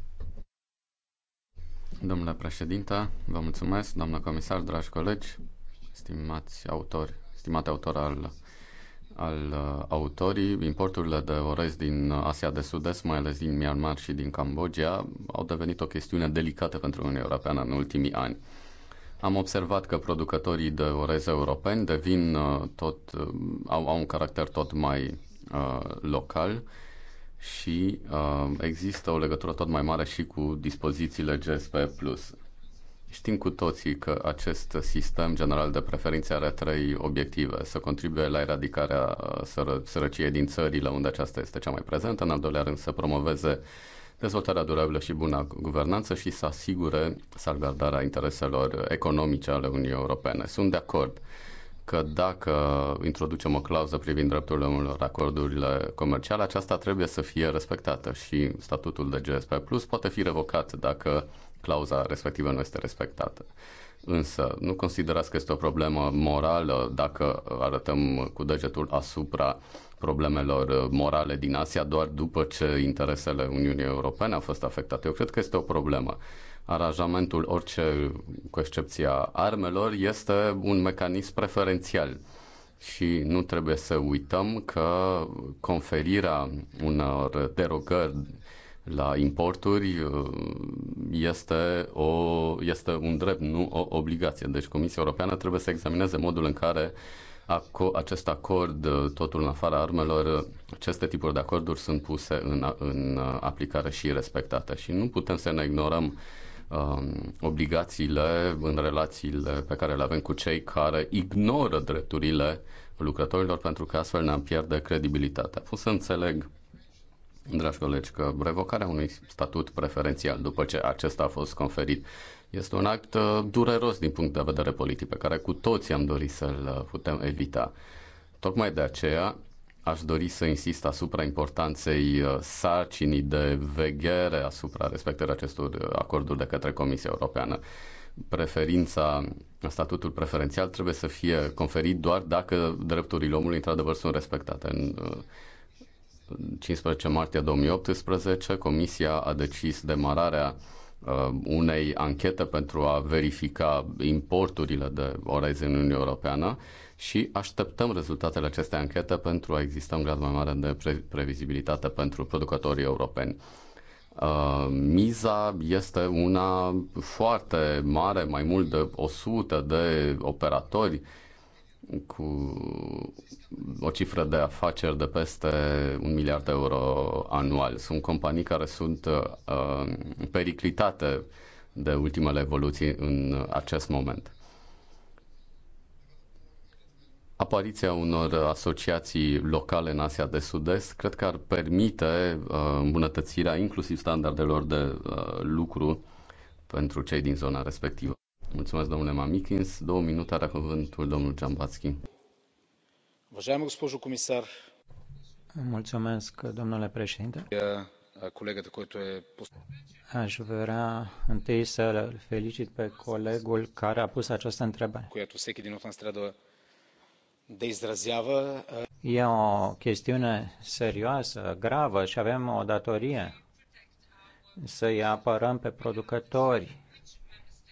Domnule președinte, vă mulțumesc, doamnă comisar, dragi colegi, stimați autori, stimate autor al al uh, autorii, importurile de orez din Asia de Sud-Est, mai ales din Myanmar și din Cambodgia, au devenit o chestiune delicată pentru Uniunea Europeană în ultimii ani. Am observat că producătorii de orez europeni devin uh, tot, uh, au, au un caracter tot mai uh, local și uh, există o legătură tot mai mare și cu dispozițiile GSP+. Știm cu toții că acest sistem general de preferințe are trei obiective. Să contribuie la eradicarea uh, sără- sărăciei din țările unde aceasta este cea mai prezentă, în al doilea rând să promoveze dezvoltarea durabilă și bună guvernanță și să asigure salvgardarea intereselor economice ale Uniunii Europene. Sunt de acord că dacă introducem o clauză privind drepturile unor acordurile comerciale, aceasta trebuie să fie respectată și statutul de GSP Plus poate fi revocat dacă clauza respectivă nu este respectată. Însă, nu considerați că este o problemă morală dacă arătăm cu degetul asupra problemelor morale din Asia doar după ce interesele Uniunii Europene au fost afectate? Eu cred că este o problemă. Aranjamentul, orice cu excepția armelor, este un mecanism preferențial și nu trebuie să uităm că conferirea unor derogări la importuri uh, este, o, este un drept, nu o obligație. Deci Comisia Europeană trebuie să examineze modul în care aco- acest acord, uh, totul în afara armelor, uh, aceste tipuri de acorduri sunt puse în, în aplicare și respectate. Și nu putem să ne ignorăm um, obligațiile în relațiile pe care le avem cu cei care ignoră drepturile lucrătorilor pentru că astfel ne-am pierde credibilitatea. Pot să înțeleg dragi colegi, că revocarea unui statut preferențial după ce acesta a fost conferit este un act uh, dureros din punct de vedere politic, pe care cu toții am dorit să-l uh, putem evita. Tocmai de aceea aș dori să insist asupra importanței uh, sarcinii de veghere asupra respectării acestor acorduri de către Comisia Europeană. Preferința, statutul preferențial trebuie să fie conferit doar dacă drepturile omului într-adevăr sunt respectate în 15 martie 2018, Comisia a decis demararea uh, unei anchete pentru a verifica importurile de orez în Uniunea Europeană și așteptăm rezultatele acestei anchete pentru a exista un grad mai mare de pre- previzibilitate pentru producătorii europeni. Uh, miza este una foarte mare, mai mult de 100 de operatori cu o cifră de afaceri de peste un miliard de euro anual. Sunt companii care sunt uh, periclitate de ultimele evoluții în acest moment. Apariția unor asociații locale în Asia de Sud-Est cred că ar permite uh, îmbunătățirea inclusiv standardelor de uh, lucru pentru cei din zona respectivă. Mulțumesc, domnule Mamikins. Două minute are cuvântul domnul Ciambatski. Уважаема госпожо комисар. Mulțumesc, domnule președinte. Colegă de който е... Aș vrea întâi să felicit pe colegul care a pus această întrebare. Която всеки din от în stradă да изразява. E o chestiune serioasă, gravă și avem o datorie să-i apărăm pe producători,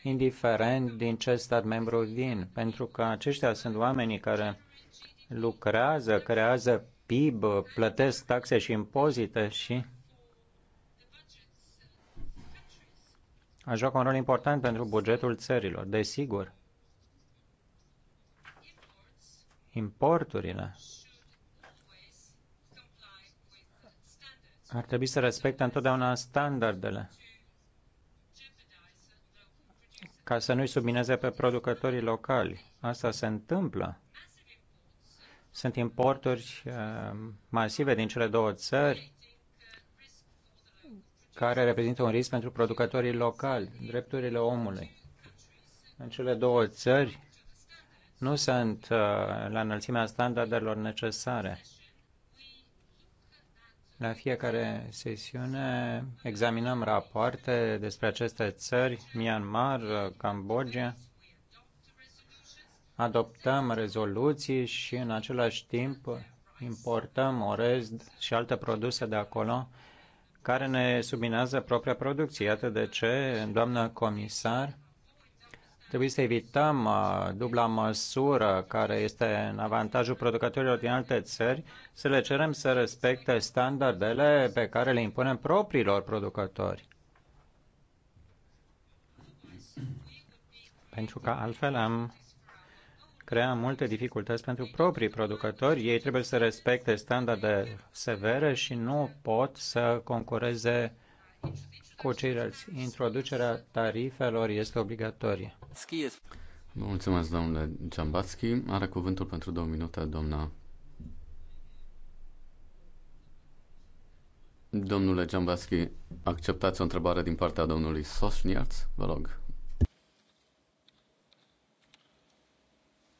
indiferent din ce stat membru vin, pentru că aceștia sunt oamenii care lucrează, creează PIB, plătesc taxe și impozite și joacă un rol important pentru bugetul țărilor. Desigur, importurile ar trebui să respecte întotdeauna standardele ca să nu-i submineze pe producătorii locali. Asta se întâmplă. Sunt importuri uh, masive din cele două țări care reprezintă un risc pentru producătorii locali, drepturile omului. În cele două țări nu sunt uh, la înălțimea standardelor necesare. La fiecare sesiune examinăm rapoarte despre aceste țări, Myanmar, Cambodgia. Adoptăm rezoluții și în același timp importăm orez și alte produse de acolo care ne subminează propria producție. Iată de ce, doamnă comisar, Trebuie să evităm uh, dubla măsură care este în avantajul producătorilor din alte țări, să le cerem să respecte standardele pe care le impunem propriilor producători. Pentru că altfel am crea multe dificultăți pentru proprii producători. Ei trebuie să respecte standarde severe și nu pot să concureze cu ceilalți. Introducerea tarifelor este obligatorie. Mulțumesc, domnule Giambatski. Are cuvântul pentru două minute, doamna. Domnule Giambatski, acceptați o întrebare din partea domnului Sosniarț? Vă rog.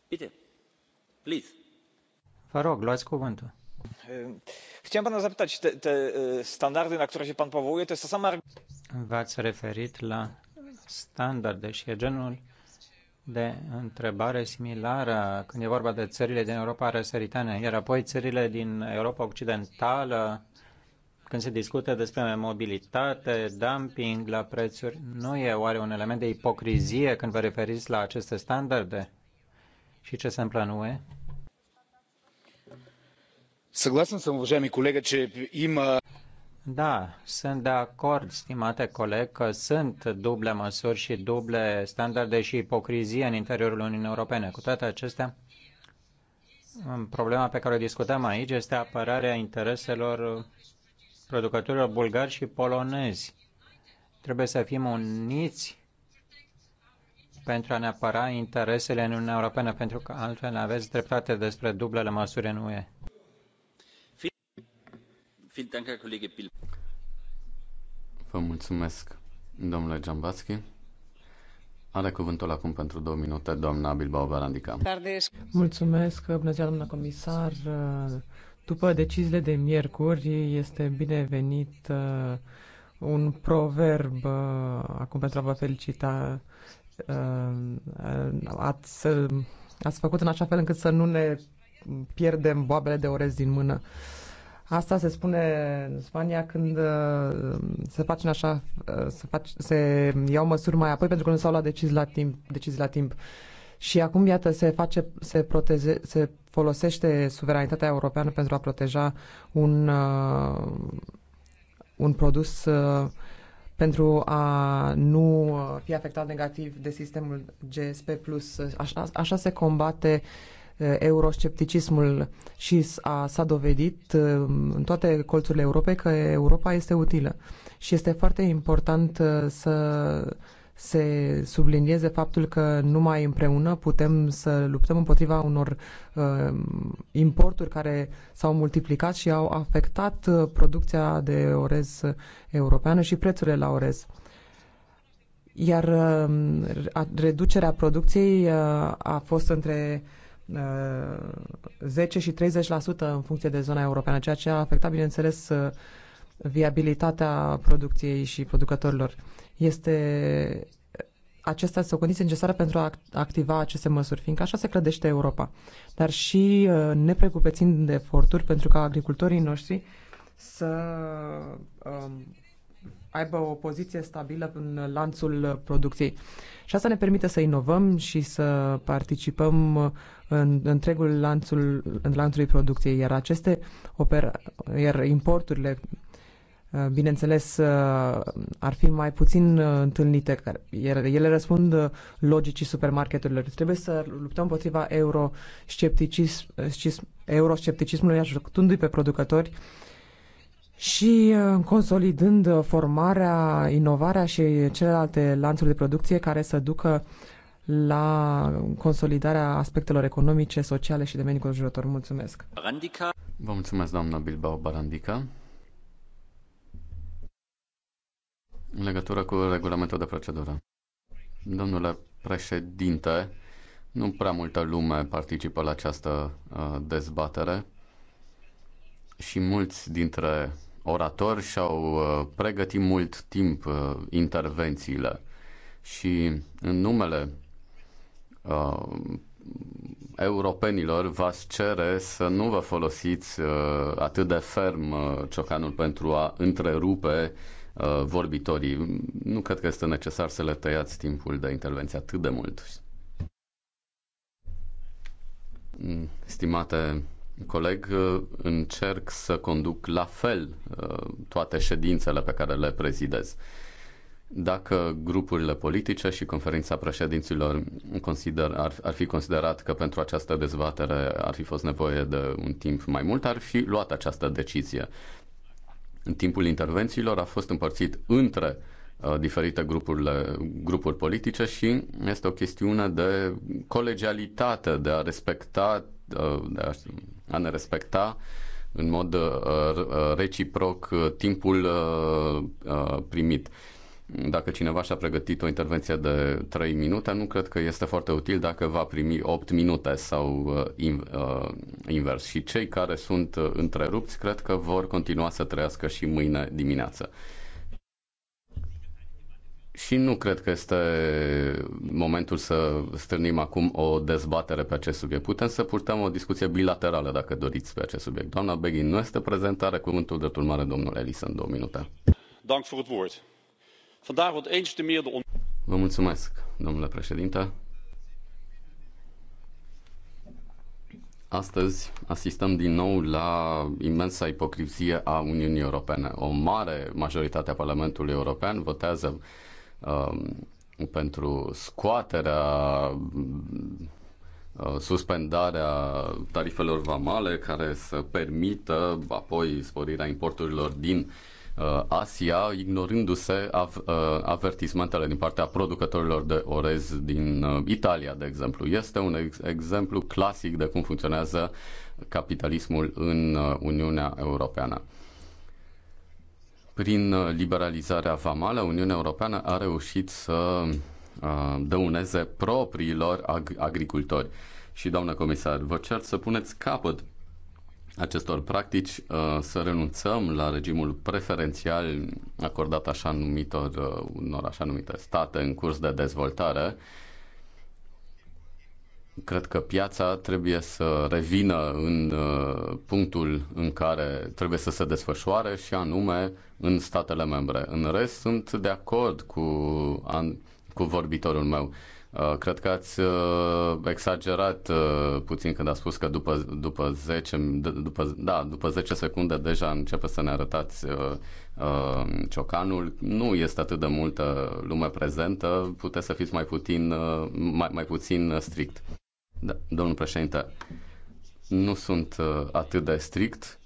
Bine. Please. Vă rog, luați cuvântul. Chciałem pana zapytać, te, te standardy, na które się pan powołuje, to jest to sama... V-ați referit la standarde și e genul de întrebare similară când e vorba de țările din Europa răsăritană, iar apoi țările din Europa Occidentală, când se discută despre mobilitate, dumping la prețuri, nu e oare un element de ipocrizie când vă referiți la aceste standarde și ce se întâmplă în UE? Съгласен съм, уважаеми колега, че има da, sunt de acord, stimate coleg, că sunt duble măsuri și duble standarde și ipocrizie în interiorul Uniunii Europene. Cu toate acestea, problema pe care o discutăm aici este apărarea intereselor producătorilor bulgari și polonezi. Trebuie să fim uniți pentru a ne apăra interesele în Uniunea Europeană, pentru că altfel aveți dreptate despre dublele măsuri în UE mulțumesc, domnule Giambatski. Are cuvântul acum pentru două minute doamna Bilbao Barandica. Mulțumesc, bună ziua, doamna comisar. După deciziile de miercuri, este binevenit uh, un proverb uh, acum pentru a vă felicita. Uh, ați, ați făcut în așa fel încât să nu ne pierdem boabele de orez din mână. Asta se spune în Spania când uh, se face în așa, uh, se, face, se iau măsuri mai apoi pentru că nu s-au luat decizii la timp. Decizii la timp. Și acum, iată, se face, se, proteze, se folosește suveranitatea europeană pentru a proteja un, uh, un produs uh, pentru a nu uh, fi afectat negativ de sistemul GSP+. Așa, așa se combate uh, Eh, euroscepticismul și a, s-a dovedit eh, în toate colțurile Europei că Europa este utilă. Și este foarte important eh, să se sublinieze faptul că numai împreună putem să luptăm împotriva unor uh, importuri care s-au multiplicat și au afectat producția de orez europeană și prețurile la orez iar reducerea producției a fost între 10 uh, și 30% în funcție de zona europeană, ceea ce a afectat, bineînțeles, uh, viabilitatea producției și producătorilor. Este acestea sunt o condiție necesară pentru a activa aceste măsuri, fiindcă așa se clădește Europa. Dar și uh, ne precupețind de eforturi pentru ca agricultorii noștri să um, aibă o poziție stabilă în lanțul producției. Și asta ne permite să inovăm și să participăm în întregul lanțul, în lanțului producției, iar aceste opera, iar importurile uh, bineînțeles, uh, ar fi mai puțin uh, întâlnite, iar ele răspund logicii supermarketurilor. Trebuie să luptăm împotriva euroscepticism, euroscepticismului, ajutându-i pe producători și consolidând formarea, inovarea și celelalte lanțuri de producție care să ducă la consolidarea aspectelor economice, sociale și de mediul conjurător. Mulțumesc! Barandica. Vă mulțumesc, doamna Bilbao Barandica. În legătură cu regulamentul de procedură. Domnule președinte, nu prea multă lume participă la această uh, dezbatere și mulți dintre oratori și-au uh, pregătit mult timp uh, intervențiile și în numele uh, europenilor v-ați cere să nu vă folosiți uh, atât de ferm uh, ciocanul pentru a întrerupe uh, vorbitorii. Nu cred că este necesar să le tăiați timpul de intervenție atât de mult. Mm, stimate coleg, uh, încerc să conduc la fel uh, toate ședințele pe care le prezidez dacă grupurile politice și conferința președinților consider, ar, ar fi considerat că pentru această dezbatere ar fi fost nevoie de un timp mai mult, ar fi luat această decizie. În timpul intervențiilor a fost împărțit între uh, diferite grupurile, grupuri politice și este o chestiune de colegialitate, de a respecta, uh, de a, a ne respecta în mod uh, reciproc timpul primit dacă cineva și-a pregătit o intervenție de 3 minute, nu cred că este foarte util dacă va primi 8 minute sau uh, uh, invers. Și cei care sunt uh, întrerupți, cred că vor continua să trăiască și mâine dimineață. Și nu cred că este momentul să strânim acum o dezbatere pe acest subiect. Putem să purtăm o discuție bilaterală, dacă doriți, pe acest subiect. Doamna Beghin nu este prezentare, cuvântul de urmare, domnul Elisa, în două minute. Dank voor het woord. Vă mulțumesc, domnule președinte. Astăzi asistăm din nou la imensa ipocrizie a Uniunii Europene. O mare majoritate a Parlamentului European votează um, pentru scoaterea, uh, suspendarea tarifelor vamale care să permită apoi sporirea importurilor din uh, Uh, Asia, ignorându-se uh, avertismentele din partea producătorilor de orez din uh, Italia, de exemplu. Este un ex- exemplu clasic de cum funcționează capitalismul în Uniunea Europeană. Prin liberalizarea vamală, Uniunea Europeană a reușit să dăuneze propriilor ag- agricultori. Și, doamnă comisar, vă cer să puneți capăt acestor practici, uh, să renunțăm la regimul preferențial acordat așa numitor, uh, unor așa numite state în curs de dezvoltare. Cred că piața trebuie să revină în uh, punctul în care trebuie să se desfășoare și anume în statele membre. În rest, sunt de acord cu, cu vorbitorul meu Uh, cred că ați uh, exagerat uh, puțin când a spus că după, după, 10, după, da, după 10 secunde deja începe să ne arătați ciocanul. Nu este atât de multă lume prezentă, puteți să fiți mai puțin, mai, mai puțin strict. Da, domnul președinte, nu sunt atât de strict.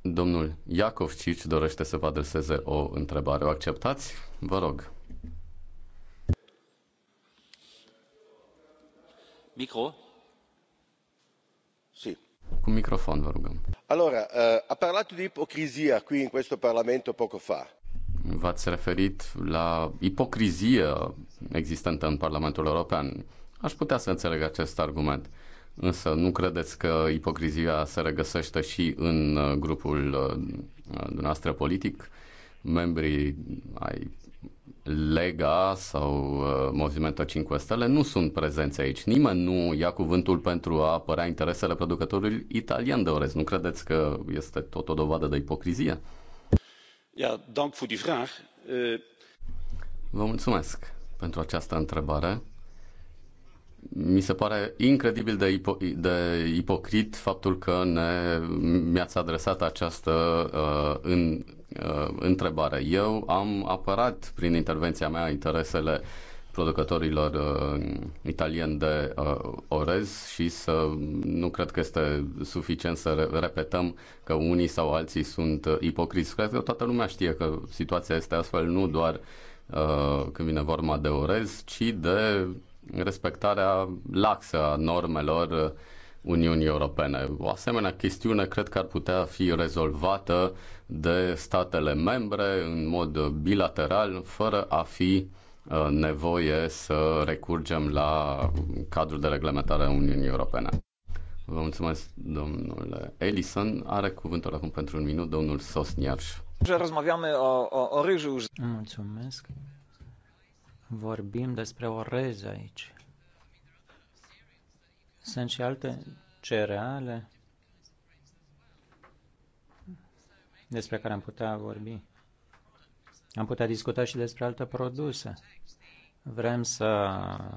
Domnul Iacov Cici dorește să vă adreseze o întrebare. O acceptați? Vă rog. a eh, parlato di ipocrisia qui in questo parlamento poco fa. v-ați referit la ipocrizie existentă în Parlamentul European. Aș putea să înțeleg acest argument. Însă nu credeți că ipocrizia se regăsește și în eh, grupul eh, dumneavoastră politic? Membrii ai Lega sau uh, Movimentul 5 Stele nu sunt prezenți aici. Nimeni nu ia cuvântul pentru a apărea interesele producătorului italian de orez. Nu credeți că este tot o dovadă de ipocrizie? Ja, dank voor die vraag. Uh... Vă mulțumesc pentru această întrebare mi se pare incredibil de, ipo- de ipocrit faptul că ne, mi-ați adresat această uh, în, uh, întrebare. Eu am apărat prin intervenția mea interesele producătorilor uh, italieni de uh, orez și să nu cred că este suficient să re- repetăm că unii sau alții sunt uh, ipocriți. Cred că toată lumea știe că situația este astfel nu doar uh, când vine vorba de orez, ci de respectarea laxă a normelor Uniunii Europene. O asemenea chestiune cred că ar putea fi rezolvată de statele membre în mod bilateral, fără a fi uh, nevoie să recurgem la cadrul de reglementare a Uniunii Europene. Vă mulțumesc, domnule Ellison. Are cuvântul acum pentru un minut domnul Sosniarș. o, o, o Mulțumesc. Vorbim despre o aici. Sunt și alte cereale despre care am putea vorbi. Am putea discuta și despre alte produse. Vrem să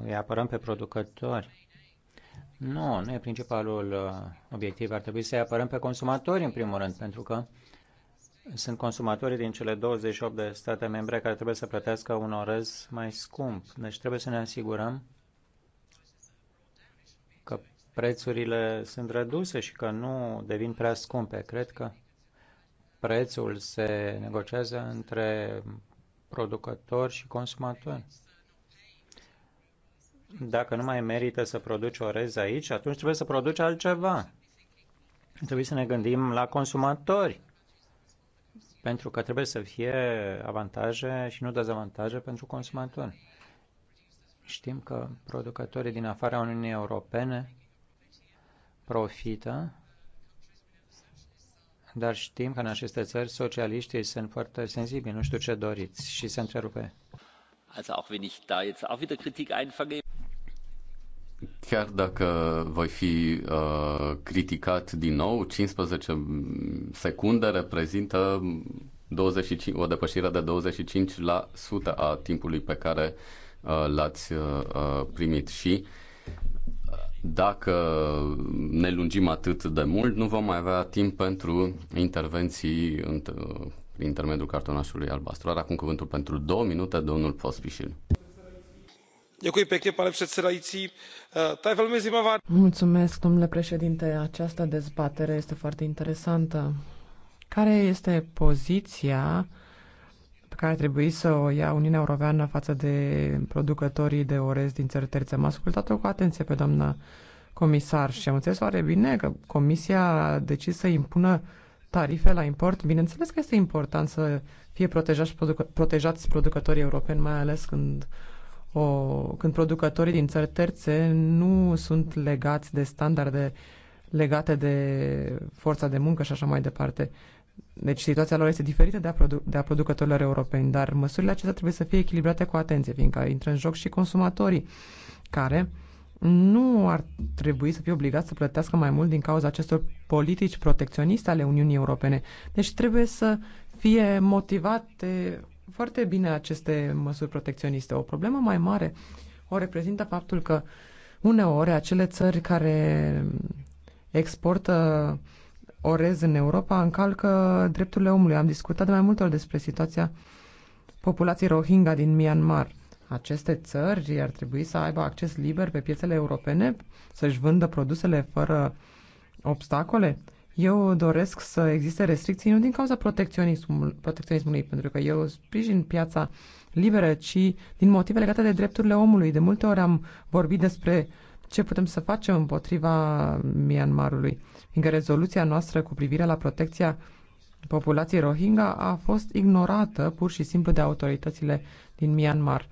îi apărăm pe producători. Nu, nu e principalul uh, obiectiv. Ar trebui să îi apărăm pe consumatori, în primul rând, pentru că sunt consumatorii din cele 28 de state membre care trebuie să plătească un orez mai scump. Deci trebuie să ne asigurăm că prețurile sunt reduse și că nu devin prea scumpe. Cred că prețul se negociază între producători și consumatori. Dacă nu mai merită să produci orez aici, atunci trebuie să produci altceva. Trebuie să ne gândim la consumatori pentru că trebuie să fie avantaje și nu dezavantaje pentru consumator. Știm că producătorii din afara Uniunii Europene profită, dar știm că în aceste țări socialiștii sunt foarte sensibili, nu știu ce doriți și se întrerupe. Also auch wenn ich da jetzt auch wieder Kritik einfange. Chiar dacă voi fi uh, criticat din nou, 15 secunde reprezintă 25, o depășire de 25% a timpului pe care uh, l-ați uh, uh primit și uh, dacă ne lungim atât de mult, nu vom mai avea timp pentru intervenții în, uh, prin intermediul cartonașului albastru. Ar acum cuvântul pentru două minute domnul Pospișil. Eh, Mulțumesc, domnule președinte. Această dezbatere este foarte interesantă. Care este poziția pe care trebuie să o ia Uniunea Europeană față de producătorii de orez din țări terțe? Am ascultat-o cu atenție pe doamna comisar și am înțeles oare bine că Comisia a decis să impună tarife la import. Bineînțeles că este important să fie protejați, protejați producătorii europeni, mai ales când uh, o, când producătorii din țări terțe nu sunt legați de standarde legate de forța de muncă și așa mai departe. Deci situația lor este diferită de a, produ- de a producătorilor europeni, dar măsurile acestea trebuie să fie echilibrate cu atenție, fiindcă intră în joc și consumatorii, care nu ar trebui să fie obligați să plătească mai mult din cauza acestor politici protecționiste ale Uniunii Europene. Deci trebuie să fie motivate foarte bine aceste măsuri protecționiste. O problemă mai mare o reprezintă faptul că uneori acele țări care exportă orez în Europa încalcă drepturile omului. Am discutat de mai multe ori despre situația populației Rohingya din Myanmar. Aceste țări ar trebui să aibă acces liber pe piețele europene, să-și vândă produsele fără obstacole eu doresc să existe restricții nu din cauza protecționismul, protecționismului, pentru că eu sprijin piața liberă, ci din motive legate de drepturile omului. De multe ori am vorbit despre ce putem să facem împotriva Myanmarului, fiindcă rezoluția noastră cu privire la protecția populației Rohingya a fost ignorată pur și simplu de autoritățile din Myanmar.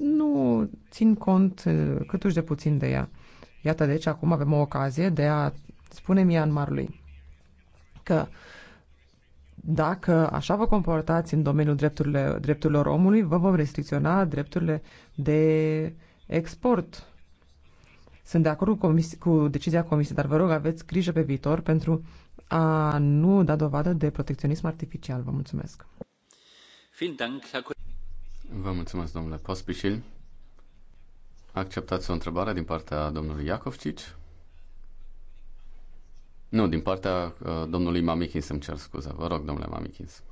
Nu țin cont eh, câtuși de puțin de ea. Iată, deci, acum avem o ocazie de a spune Myanmarului că dacă așa vă comportați în domeniul drepturile, drepturilor omului, vă vom restricționa drepturile de export. Sunt de acord cu, comis- cu decizia comisiei, dar vă rog, aveți grijă pe viitor pentru a nu da dovadă de protecționism artificial. Vă mulțumesc. Vă mulțumesc, domnule Pospișil. Acceptați o întrebare din partea domnului Iacovcici? Nu, din partea uh, domnului Mamichins îmi cer scuze. Vă rog, domnule Mamichins.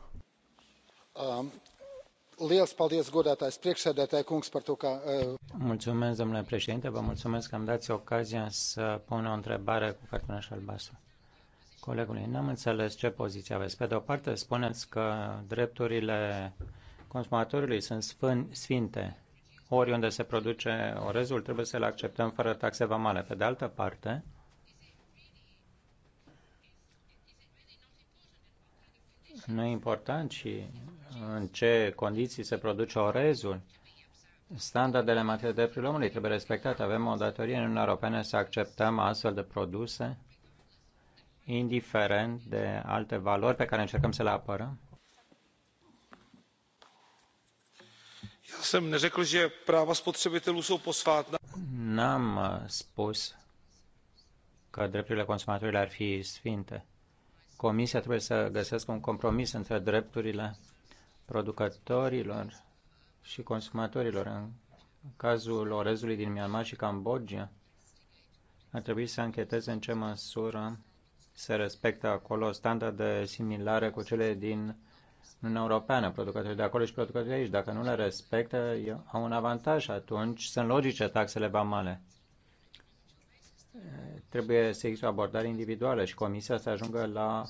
Um. Liels paldies, godātais priekšsēdētāji, kungs, par to, ka... Uh, mulțumesc, domnule președinte, vă mulțumesc că îmi dați ocazia să pun o întrebare cu cartonaș albastru. Colegului, n-am înțeles ce poziție aveți. Pe de o parte, spuneți că drepturile consumatorului sunt sfinte. Oriunde se produce orezul, trebuie să le acceptăm fără taxe vamale. Pe de altă parte, Nu e important și în ce condiții se produce orezul. Standardele în materie de drepturile omului trebuie respectate. Avem o datorie în Uniunea Europeană să acceptăm astfel de produse, indiferent de alte valori pe care încercăm să le apărăm. Já jsem neřekl, že práva spotřebitelů jsou posvátná. N-am uh, spus că drepturile consumatorilor ar fi sfinte. Comisia trebuie să găsească un compromis între drepturile producătorilor și consumatorilor. În cazul orezului din Myanmar și Cambodgia, ar trebui să încheteze în ce măsură se respectă acolo standarde similare cu cele din Uniunea Europeană, producătorii de acolo și producătorii de aici. Dacă nu le respectă, au un avantaj atunci, sunt logice taxele vamale trebuie să există o abordare individuală și comisia să ajungă la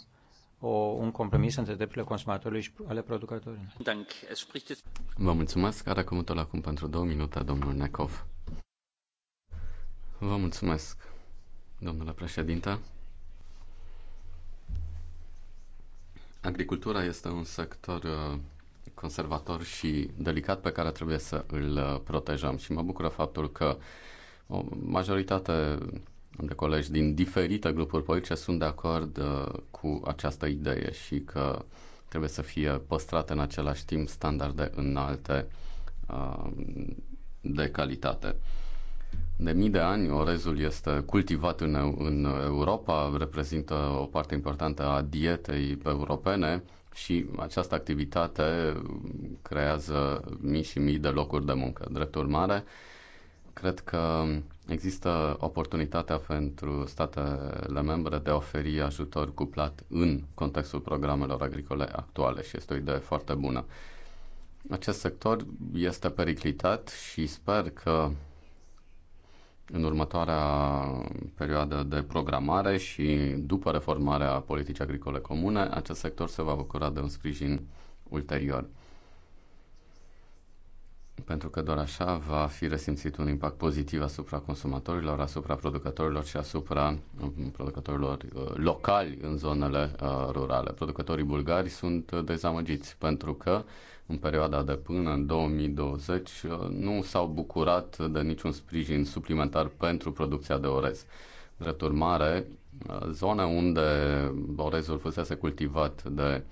o, un compromis între drepturile consumatorului și ale producătorilor. Vă mulțumesc. Are tot acum pentru două minute, domnul Necov. Vă mulțumesc, domnule președinte. Agricultura este un sector uh, conservator și delicat pe care trebuie să îl uh, protejăm și mă bucură faptul că o majoritate de colegi din diferite grupuri politice sunt de acord uh, cu această idee și că trebuie să fie păstrate în același timp standarde înalte uh, de calitate. De mii de ani orezul este cultivat în, în Europa, reprezintă o parte importantă a dietei europene și această activitate creează mii și mii de locuri de muncă. Drept urmare, uh, Cred că există oportunitatea pentru statele membre de a oferi ajutor cuplat în contextul programelor agricole actuale și este o idee foarte bună. Acest sector este periclitat și sper că în următoarea perioadă de programare și după reformarea politicii agricole comune, acest sector se va bucura de un sprijin ulterior pentru că doar așa va fi resimțit un impact pozitiv asupra consumatorilor, asupra producătorilor și asupra uh, producătorilor uh, locali în zonele uh, rurale. Producătorii bulgari sunt dezamăgiți pentru că în perioada de până în 2020 nu s-au bucurat de niciun sprijin suplimentar pentru producția de orez. Drept urmare, zone unde orezul fusese cultivat de,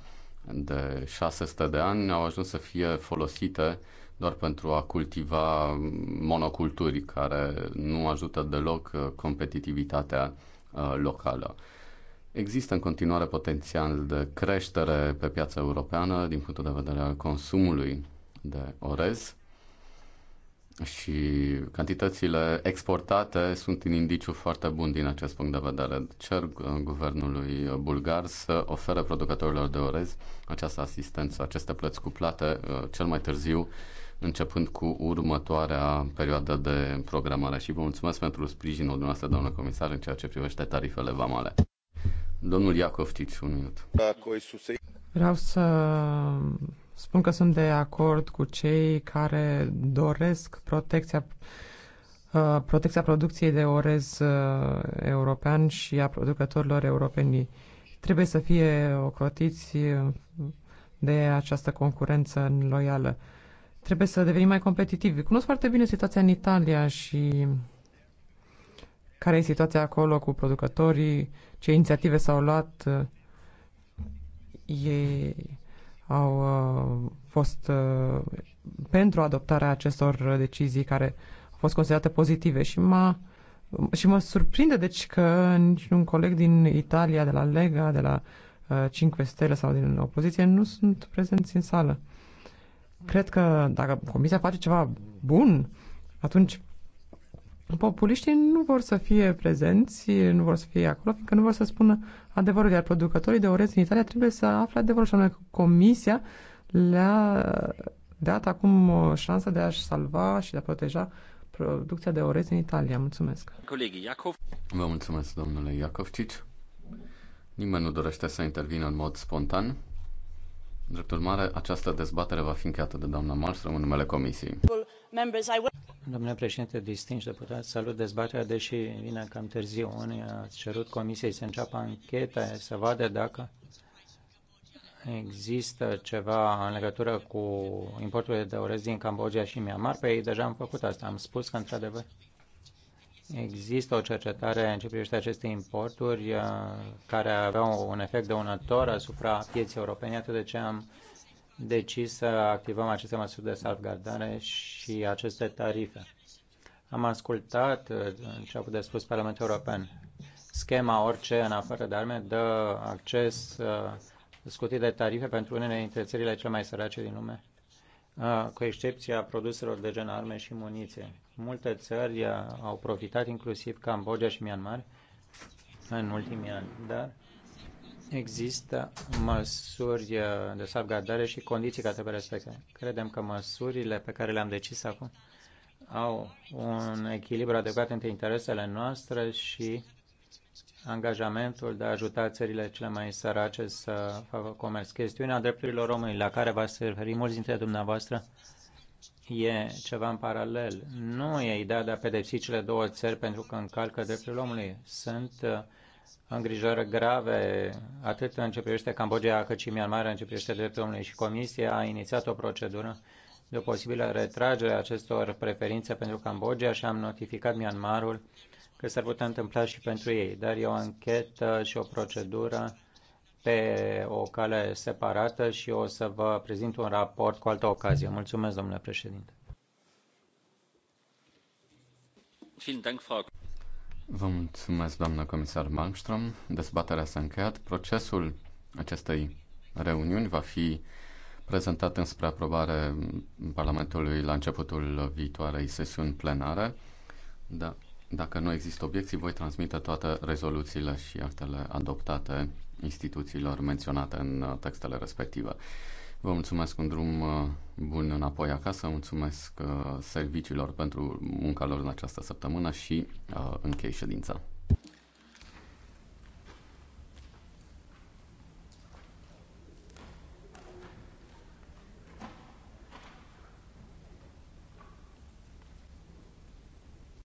de 600 de ani au ajuns să fie folosite doar pentru a cultiva monoculturi care nu ajută deloc uh, competitivitatea uh, locală. Există în continuare potențial de creștere pe piața europeană din punctul de vedere al consumului de orez și cantitățile exportate sunt un indiciu foarte bun din acest punct de vedere. Cer uh, guvernului bulgar să ofere producătorilor de orez această asistență, aceste plăți cuplate cel mai târziu începând cu următoarea perioadă de programare. Și vă mulțumesc pentru sprijinul dumneavoastră, doamnă comisar, în ceea ce privește tarifele vamale. Domnul Iacov Cici, un minut. Vreau să spun că sunt de acord cu cei care doresc protecția uh, protecția producției de orez uh, european și a producătorilor europeni. Trebuie să fie ocrotiți de această concurență loială. Trebuie să devenim mai competitivi. Cunosc foarte bine situația în Italia și care e situația acolo cu producătorii, ce inițiative s-au luat. Ei au uh, fost uh, pentru adoptarea acestor decizii care au fost considerate pozitive și m-a și mă surprinde deci că niciun coleg din Italia, de la Lega, de la uh, 5 Stele sau din opoziție nu sunt prezenți în sală. Cred că dacă Comisia face ceva bun, atunci populiștii nu vor să fie prezenți, nu vor să fie acolo, fiindcă nu vor să spună adevărul, iar producătorii de orez în Italia trebuie să afle adevărul și anume că Comisia le-a dat acum o uh, șansă de a-și salva și de a proteja producția de orez în Italia. Mulțumesc. Colegii Iacov. Vă mulțumesc, domnule Iacovcici. Nimeni nu dorește să intervină în mod spontan. Drept urmare, această dezbatere va fi încheiată de doamna Malmström în numele Comisiei. Domnule președinte, distinși deputați, salut dezbaterea, deși vine cam târziu. Unii a cerut Comisiei să înceapă ancheta, să vadă dacă există ceva în legătură cu importurile de orez din Cambodgia și Myanmar. Pe ei deja am făcut asta. Am spus că, într-adevăr, Există o cercetare în ce privește aceste importuri uh, care aveau un efect dăunător asupra pieței europene, atât de ce am decis să activăm aceste măsuri de salvgardare și aceste tarife. Am ascultat uh, ce a putut spus Parlamentul European. Schema orice în afară de arme dă acces uh, scutit de tarife pentru unele dintre țările cele mai sărace din lume cu excepția produselor de gen arme și muniție. Multe țări au profitat, inclusiv Cambodgia și Myanmar, în ultimii ani, dar există măsuri de salvgardare și condiții care trebuie respectate. Credem că măsurile pe care le-am decis acum au un echilibru adecvat între interesele noastre și angajamentul de a ajuta țările cele mai sărace să facă comerț. Chestiunea drepturilor omului la care v-ați referit mulți dintre dumneavoastră e ceva în paralel. Nu e ideea de a pedepsi cele două țări pentru că încalcă drepturile omului. Sunt uh, îngrijorări grave atât în ce privește Cambodgia cât și Myanmar în ce privește drepturile omului și Comisia a inițiat o procedură de o posibilă retragere a acestor preferințe pentru Cambodgia și am notificat Myanmarul că s-ar putea întâmpla și pentru ei, dar e o anchetă și o procedură pe o cale separată și o să vă prezint un raport cu altă ocazie. Mulțumesc, domnule președinte. Vă mulțumesc, doamnă comisar Malmström. Dezbaterea s-a încheiat. Procesul acestei reuniuni va fi prezentat înspre aprobare Parlamentului la începutul viitoarei sesiuni plenare. Da. Dacă nu există obiecții, voi transmite toate rezoluțiile și actele adoptate instituțiilor menționate în uh, textele respective. Vă mulțumesc un drum uh, bun înapoi acasă, mulțumesc uh, serviciilor pentru munca lor în această săptămână și închei ședința.